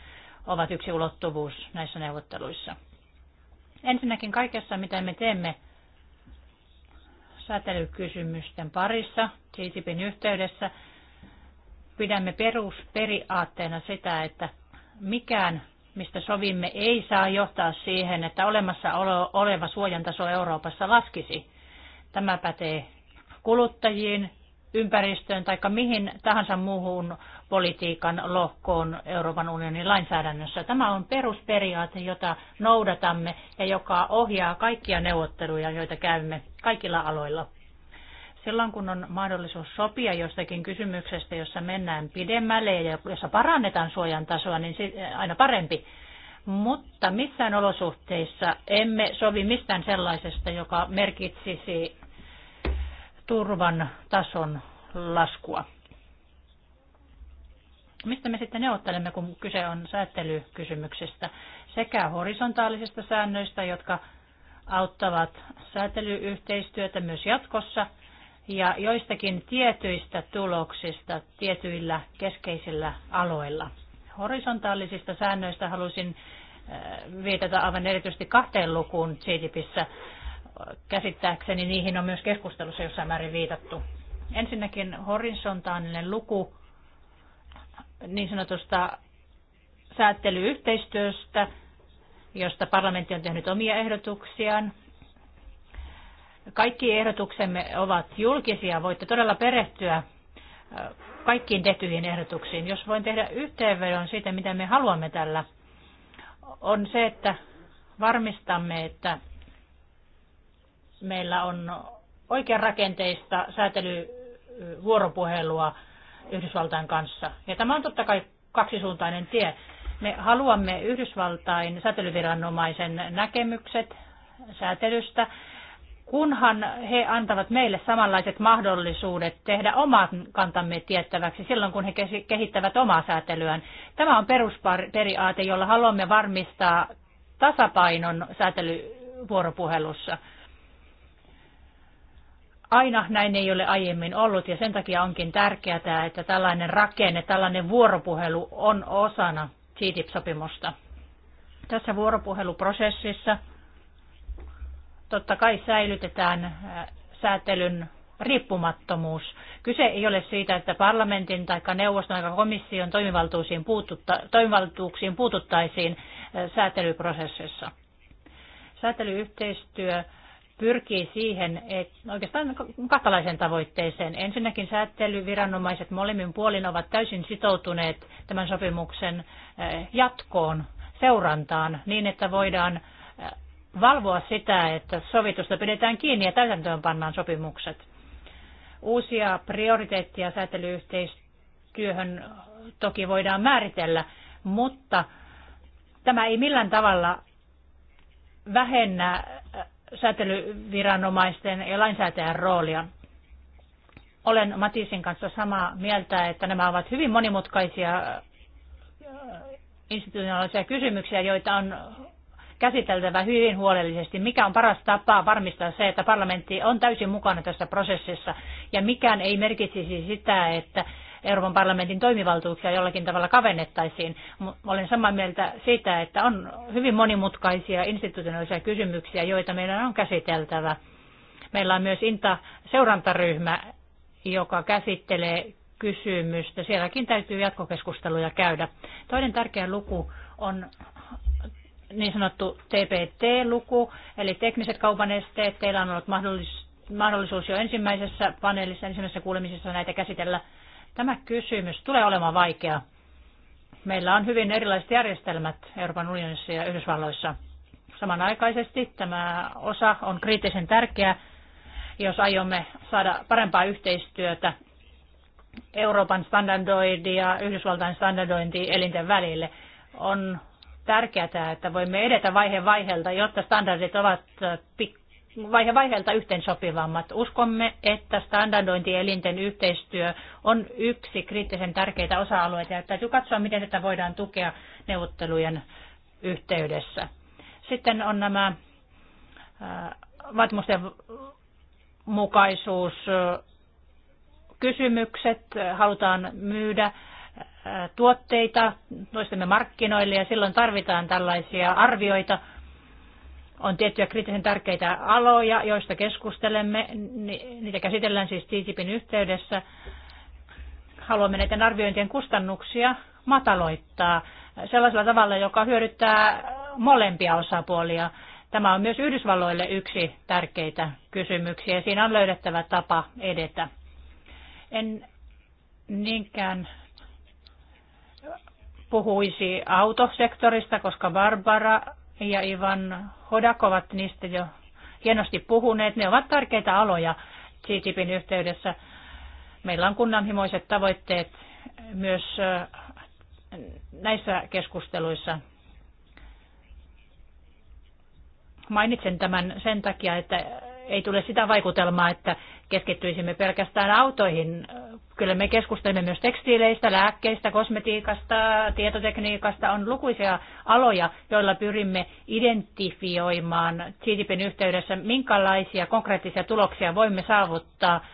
ovat yksi ulottuvuus näissä neuvotteluissa. Ensinnäkin kaikessa, mitä me teemme säätelykysymysten parissa, TTIPin yhteydessä, pidämme perusperiaatteena sitä, että mikään, mistä sovimme, ei saa johtaa siihen, että olemassa oleva suojantaso Euroopassa laskisi. Tämä pätee kuluttajiin, ympäristöön tai mihin tahansa muuhun politiikan lohkoon Euroopan unionin lainsäädännössä. Tämä on perusperiaate, jota noudatamme ja joka ohjaa kaikkia neuvotteluja, joita käymme kaikilla aloilla. Silloin kun on mahdollisuus sopia jostakin kysymyksestä, jossa mennään pidemmälle ja jossa parannetaan suojan tasoa, niin aina parempi. Mutta missään olosuhteissa emme sovi mistään sellaisesta, joka merkitsisi turvan tason laskua. Mistä me sitten neuvottelemme, kun kyse on säätelykysymyksistä? Sekä horisontaalisista säännöistä, jotka auttavat säätelyyhteistyötä myös jatkossa, ja joistakin tietyistä tuloksista tietyillä keskeisillä aloilla. Horisontaalisista säännöistä halusin äh, viitata aivan erityisesti kahteen lukuun CDPissä. Käsittääkseni niihin on myös keskustelussa jossain määrin viitattu. Ensinnäkin horisontaalinen luku niin sanotusta säätelyyhteistyöstä, josta parlamentti on tehnyt omia ehdotuksiaan. Kaikki ehdotuksemme ovat julkisia. Voitte todella perehtyä äh, kaikkiin tehtyihin ehdotuksiin. Jos voin tehdä yhteenvedon siitä, mitä me haluamme tällä, on se, että varmistamme, että meillä on oikean rakenteista säätelyvuoropuhelua vuoropuhelua Yhdysvaltain kanssa. Ja tämä on totta kai kaksisuuntainen tie. Me haluamme Yhdysvaltain säätelyviranomaisen näkemykset säätelystä, kunhan he antavat meille samanlaiset mahdollisuudet tehdä omat kantamme tiettäväksi silloin, kun he kehittävät omaa säätelyään. Tämä on perusperiaate, jolla haluamme varmistaa tasapainon säätelyvuoropuhelussa. Aina näin ei ole aiemmin ollut ja sen takia onkin tärkeää, että tällainen rakenne, tällainen vuoropuhelu on osana ctip sopimusta Tässä vuoropuheluprosessissa totta kai säilytetään äh, säätelyn riippumattomuus. Kyse ei ole siitä, että parlamentin tai neuvoston tai komission toimivaltuuksiin, puututta, toimivaltuuksiin puututtaisiin äh, säätelyprosessissa. Säätelyyhteistyö pyrkii siihen, että oikeastaan kahtalaisen tavoitteeseen. Ensinnäkin säätelyviranomaiset molemmin puolin ovat täysin sitoutuneet tämän sopimuksen eh, jatkoon, seurantaan, niin että voidaan eh, valvoa sitä, että sovitusta pidetään kiinni ja täytäntöön pannaan sopimukset. Uusia prioriteetteja säätelyyhteistyöhön toki voidaan määritellä, mutta tämä ei millään tavalla vähennä eh, säätelyviranomaisten ja lainsäätäjän roolia. Olen Matisin kanssa samaa mieltä, että nämä ovat hyvin monimutkaisia äh, institutionaalisia kysymyksiä, joita on käsiteltävä hyvin huolellisesti, mikä on paras tapa varmistaa se, että parlamentti on täysin mukana tässä prosessissa ja mikään ei merkitsisi sitä, että Euroopan parlamentin toimivaltuuksia jollakin tavalla kavennettaisiin. Olen samaa mieltä siitä, että on hyvin monimutkaisia institutionaalisia kysymyksiä, joita meidän on käsiteltävä. Meillä on myös INTA-seurantaryhmä, joka käsittelee kysymystä. Sielläkin täytyy jatkokeskusteluja käydä. Toinen tärkeä luku on niin sanottu TPT-luku, eli tekniset kaupan esteet. Teillä on ollut mahdollisuus jo ensimmäisessä paneelissa, ensimmäisessä kuulemisessa näitä käsitellä. Tämä kysymys tulee olemaan vaikea. Meillä on hyvin erilaiset järjestelmät Euroopan unionissa ja Yhdysvalloissa. Samanaikaisesti tämä osa on kriittisen tärkeä, jos aiomme saada parempaa yhteistyötä Euroopan standardointi ja Yhdysvaltain standardointi elinten välille. On tärkeää, että voimme edetä vaihe vaiheelta, jotta standardit ovat vaihe vaiheelta sopivammat. Uskomme, että standardointielinten yhteistyö on yksi kriittisen tärkeitä osa-alueita ja täytyy katsoa, miten tätä voidaan tukea neuvottelujen yhteydessä. Sitten on nämä äh, vaatimusten mukaisuus äh, kysymykset, halutaan myydä äh, tuotteita toistemme markkinoille ja silloin tarvitaan tällaisia arvioita – on tiettyjä kriittisen tärkeitä aloja, joista keskustelemme. Niitä käsitellään siis TTIPin yhteydessä. Haluamme näiden arviointien kustannuksia mataloittaa sellaisella tavalla, joka hyödyttää molempia osapuolia. Tämä on myös Yhdysvalloille yksi tärkeitä kysymyksiä. Siinä on löydettävä tapa edetä. En niinkään puhuisi autosektorista, koska Barbara ja Ivan Hodak ovat niistä jo hienosti puhuneet. Ne ovat tärkeitä aloja TTIPin yhteydessä. Meillä on kunnanhimoiset tavoitteet myös näissä keskusteluissa. Mainitsen tämän sen takia, että ei tule sitä vaikutelmaa, että keskittyisimme pelkästään autoihin. Kyllä me keskustelemme myös tekstiileistä, lääkkeistä, kosmetiikasta, tietotekniikasta. On lukuisia aloja, joilla pyrimme identifioimaan GDPn yhteydessä, minkälaisia konkreettisia tuloksia voimme saavuttaa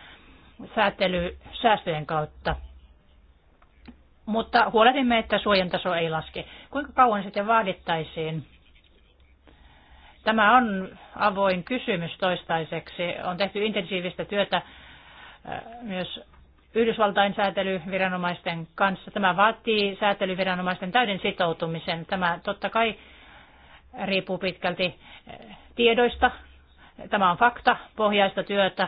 säätelysäästöjen kautta. Mutta huolehdimme, että suojantaso ei laske. Kuinka kauan sitten vaadittaisiin Tämä on avoin kysymys toistaiseksi. On tehty intensiivistä työtä äh, myös Yhdysvaltain säätelyviranomaisten kanssa. Tämä vaatii säätelyviranomaisten täyden sitoutumisen. Tämä totta kai riippuu pitkälti äh, tiedoista. Tämä on fakta, pohjaista työtä.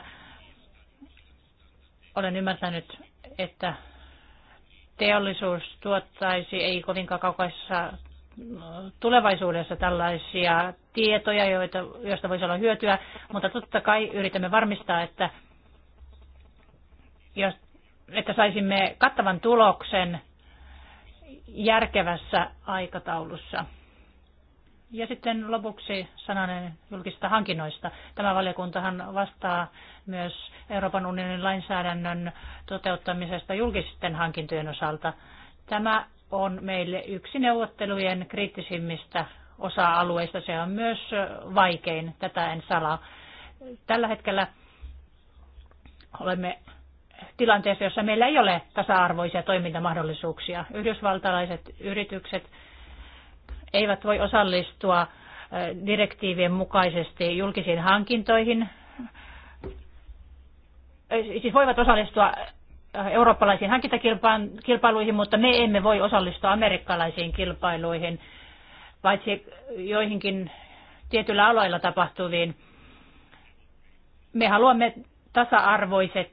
Olen ymmärtänyt, että teollisuus tuottaisi ei kovinkaan kaukaisessa tulevaisuudessa tällaisia tietoja, joita, joista voisi olla hyötyä, mutta totta kai yritämme varmistaa, että, jos, että saisimme kattavan tuloksen järkevässä aikataulussa. Ja sitten lopuksi sananen julkisista hankinnoista. Tämä valiokuntahan vastaa myös Euroopan unionin lainsäädännön toteuttamisesta julkisten hankintojen osalta. Tämä on meille yksi neuvottelujen kriittisimmistä osa-alueista. Se on myös vaikein, tätä en salaa. Tällä hetkellä olemme tilanteessa, jossa meillä ei ole tasa-arvoisia toimintamahdollisuuksia. Yhdysvaltalaiset yritykset eivät voi osallistua direktiivien mukaisesti julkisiin hankintoihin, siis voivat osallistua eurooppalaisiin hankintakilpailuihin, mutta me emme voi osallistua amerikkalaisiin kilpailuihin, paitsi joihinkin tietyillä aloilla tapahtuviin. Me haluamme tasa-arvoiset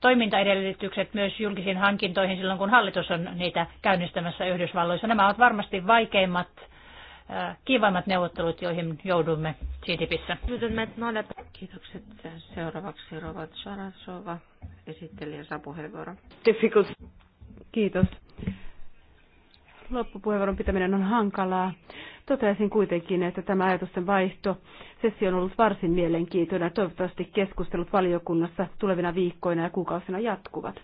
toimintaedellytykset myös julkisiin hankintoihin silloin, kun hallitus on niitä käynnistämässä Yhdysvalloissa. Nämä ovat varmasti vaikeimmat Äh, kiivaimmat neuvottelut, joihin joudumme GDPissä. Kiitokset. Seuraavaksi Rovat Sarasova, esittelijä saa puheenvuoron. Kiitos. Loppupuheenvuoron pitäminen on hankalaa. Toteaisin kuitenkin, että tämä ajatusten vaihto, sessio on ollut varsin mielenkiintoinen. Toivottavasti keskustelut valiokunnassa tulevina viikkoina ja kuukausina jatkuvat.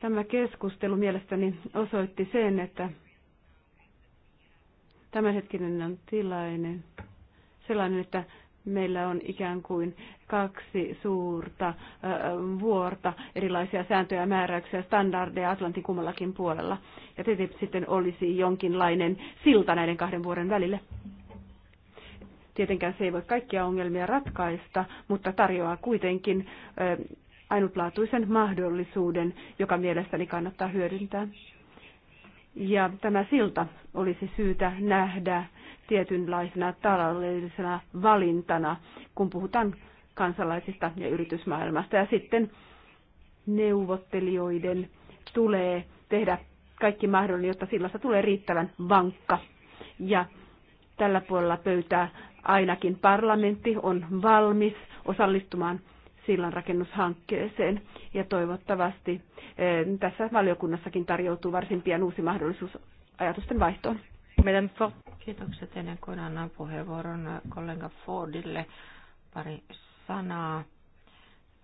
Tämä keskustelu mielestäni osoitti sen, että tämänhetkinen on tilanne sellainen, että meillä on ikään kuin kaksi suurta vuorta, erilaisia sääntöjä, määräyksiä, standardeja Atlantin kummallakin puolella. Ja TTIP sitten olisi jonkinlainen silta näiden kahden vuoden välille. Tietenkään se ei voi kaikkia ongelmia ratkaista, mutta tarjoaa kuitenkin ainutlaatuisen mahdollisuuden, joka mielestäni kannattaa hyödyntää. Ja tämä silta olisi syytä nähdä tietynlaisena taloudellisena valintana, kun puhutaan kansalaisista ja yritysmaailmasta. Ja sitten neuvottelijoiden tulee tehdä kaikki mahdollinen, jotta sillasta tulee riittävän vankka. Ja tällä puolella pöytää ainakin parlamentti on valmis osallistumaan sillanrakennushankkeeseen. Ja toivottavasti eh, tässä valiokunnassakin tarjoutuu varsin pian uusi mahdollisuus ajatusten vaihtoon. Meidän Kiitokset ennen kuin annan puheenvuoron eh, kollega Fordille. Pari sanaa.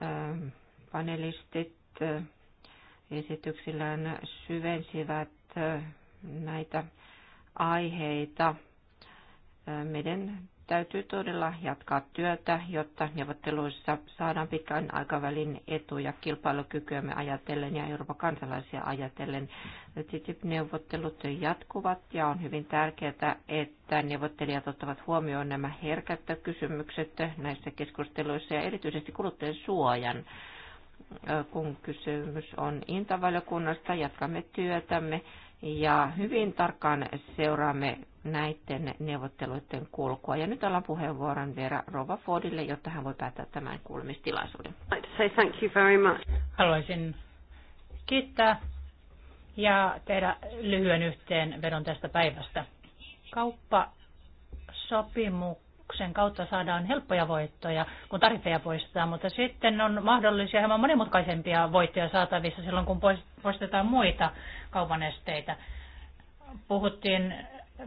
Ehm, panelistit eh, esityksillään syvensivät näitä aiheita. Meidän täytyy todella jatkaa työtä, jotta neuvotteluissa saadaan pitkän aikavälin etuja kilpailukykyämme ajatellen ja Euroopan kansalaisia ajatellen. TTIP-neuvottelut jatkuvat ja on hyvin tärkeää, että neuvottelijat ottavat huomioon nämä herkät kysymykset näissä keskusteluissa ja erityisesti kuluttajien suojan kun kysymys on intavaliokunnasta. Jatkamme työtämme ja hyvin tarkkaan seuraamme näiden neuvotteluiden kulkua. Ja nyt ollaan puheenvuoron vielä Rova Fordille, jotta hän voi päättää tämän kuulemistilaisuuden. Haluaisin kiittää ja tehdä lyhyen yhteenvedon tästä päivästä. Kauppa sopimuksen sen kautta saadaan helppoja voittoja, kun tarifeja poistetaan, mutta sitten on mahdollisia hieman monimutkaisempia voittoja saatavissa silloin, kun poistetaan muita kaupan esteitä. Puhuttiin 50-50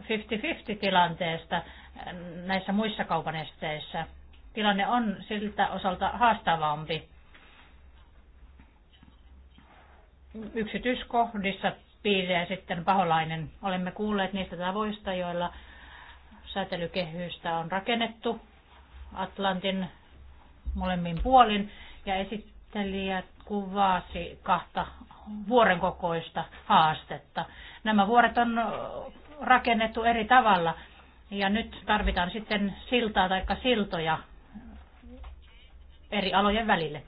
tilanteesta näissä muissa kaupan esteissä. Tilanne on siltä osalta haastavampi. Yksityiskohdissa piilee sitten paholainen. Olemme kuulleet niistä tavoista, joilla säätelykehystä on rakennettu Atlantin molemmin puolin ja esittelijä kuvasi kahta vuoren kokoista haastetta. Nämä vuoret on rakennettu eri tavalla ja nyt tarvitaan sitten siltaa tai siltoja eri alojen välille.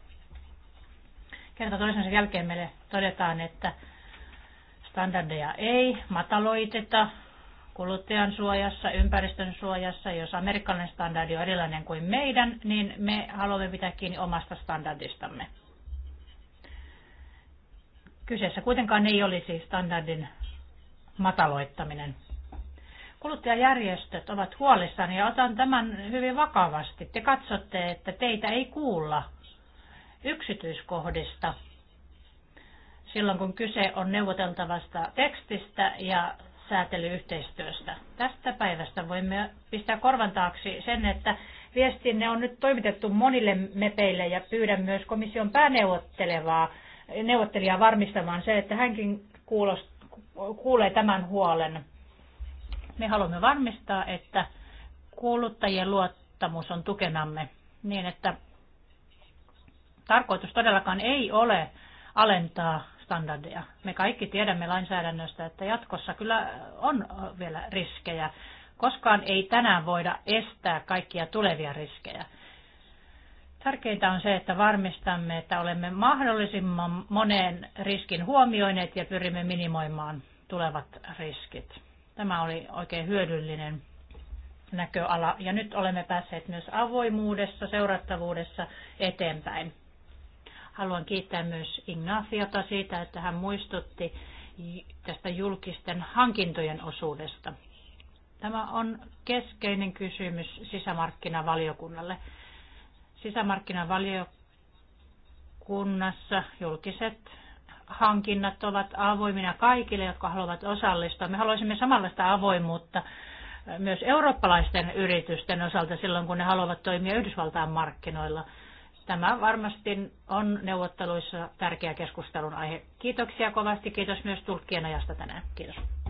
Kerta toisensa jälkeen meille todetaan, että standardeja ei mataloiteta, kuluttajan suojassa, ympäristön suojassa, jos amerikkalainen standardi on erilainen kuin meidän, niin me haluamme pitää kiinni omasta standardistamme. Kyseessä kuitenkaan ei olisi standardin mataloittaminen. Kuluttajajärjestöt ovat huolissaan ja otan tämän hyvin vakavasti. Te katsotte, että teitä ei kuulla yksityiskohdista silloin, kun kyse on neuvoteltavasta tekstistä ja säätelyyhteistyöstä. Tästä päivästä voimme pistää korvan taakse sen, että viestinne on nyt toimitettu monille mepeille ja pyydän myös komission pääneuvottelevaa neuvottelijaa varmistamaan se, että hänkin kuulost, kuulee tämän huolen. Me haluamme varmistaa, että kuluttajien luottamus on tukenamme niin, että tarkoitus todellakaan ei ole alentaa standardeja. Me kaikki tiedämme lainsäädännöstä, että jatkossa kyllä on vielä riskejä. Koskaan ei tänään voida estää kaikkia tulevia riskejä. Tärkeintä on se, että varmistamme, että olemme mahdollisimman moneen riskin huomioineet ja pyrimme minimoimaan tulevat riskit. Tämä oli oikein hyödyllinen näköala ja nyt olemme päässeet myös avoimuudessa, seurattavuudessa eteenpäin. Haluan kiittää myös Ignaciota siitä, että hän muistutti tästä julkisten hankintojen osuudesta. Tämä on keskeinen kysymys sisämarkkinavaliokunnalle. Sisämarkkinavaliokunnassa julkiset hankinnat ovat avoimina kaikille, jotka haluavat osallistua. Me haluaisimme samanlaista avoimuutta myös eurooppalaisten yritysten osalta silloin, kun ne haluavat toimia Yhdysvaltain markkinoilla – Tämä varmasti on neuvotteluissa tärkeä keskustelun aihe. Kiitoksia kovasti. Kiitos myös tulkkien ajasta tänään. Kiitos.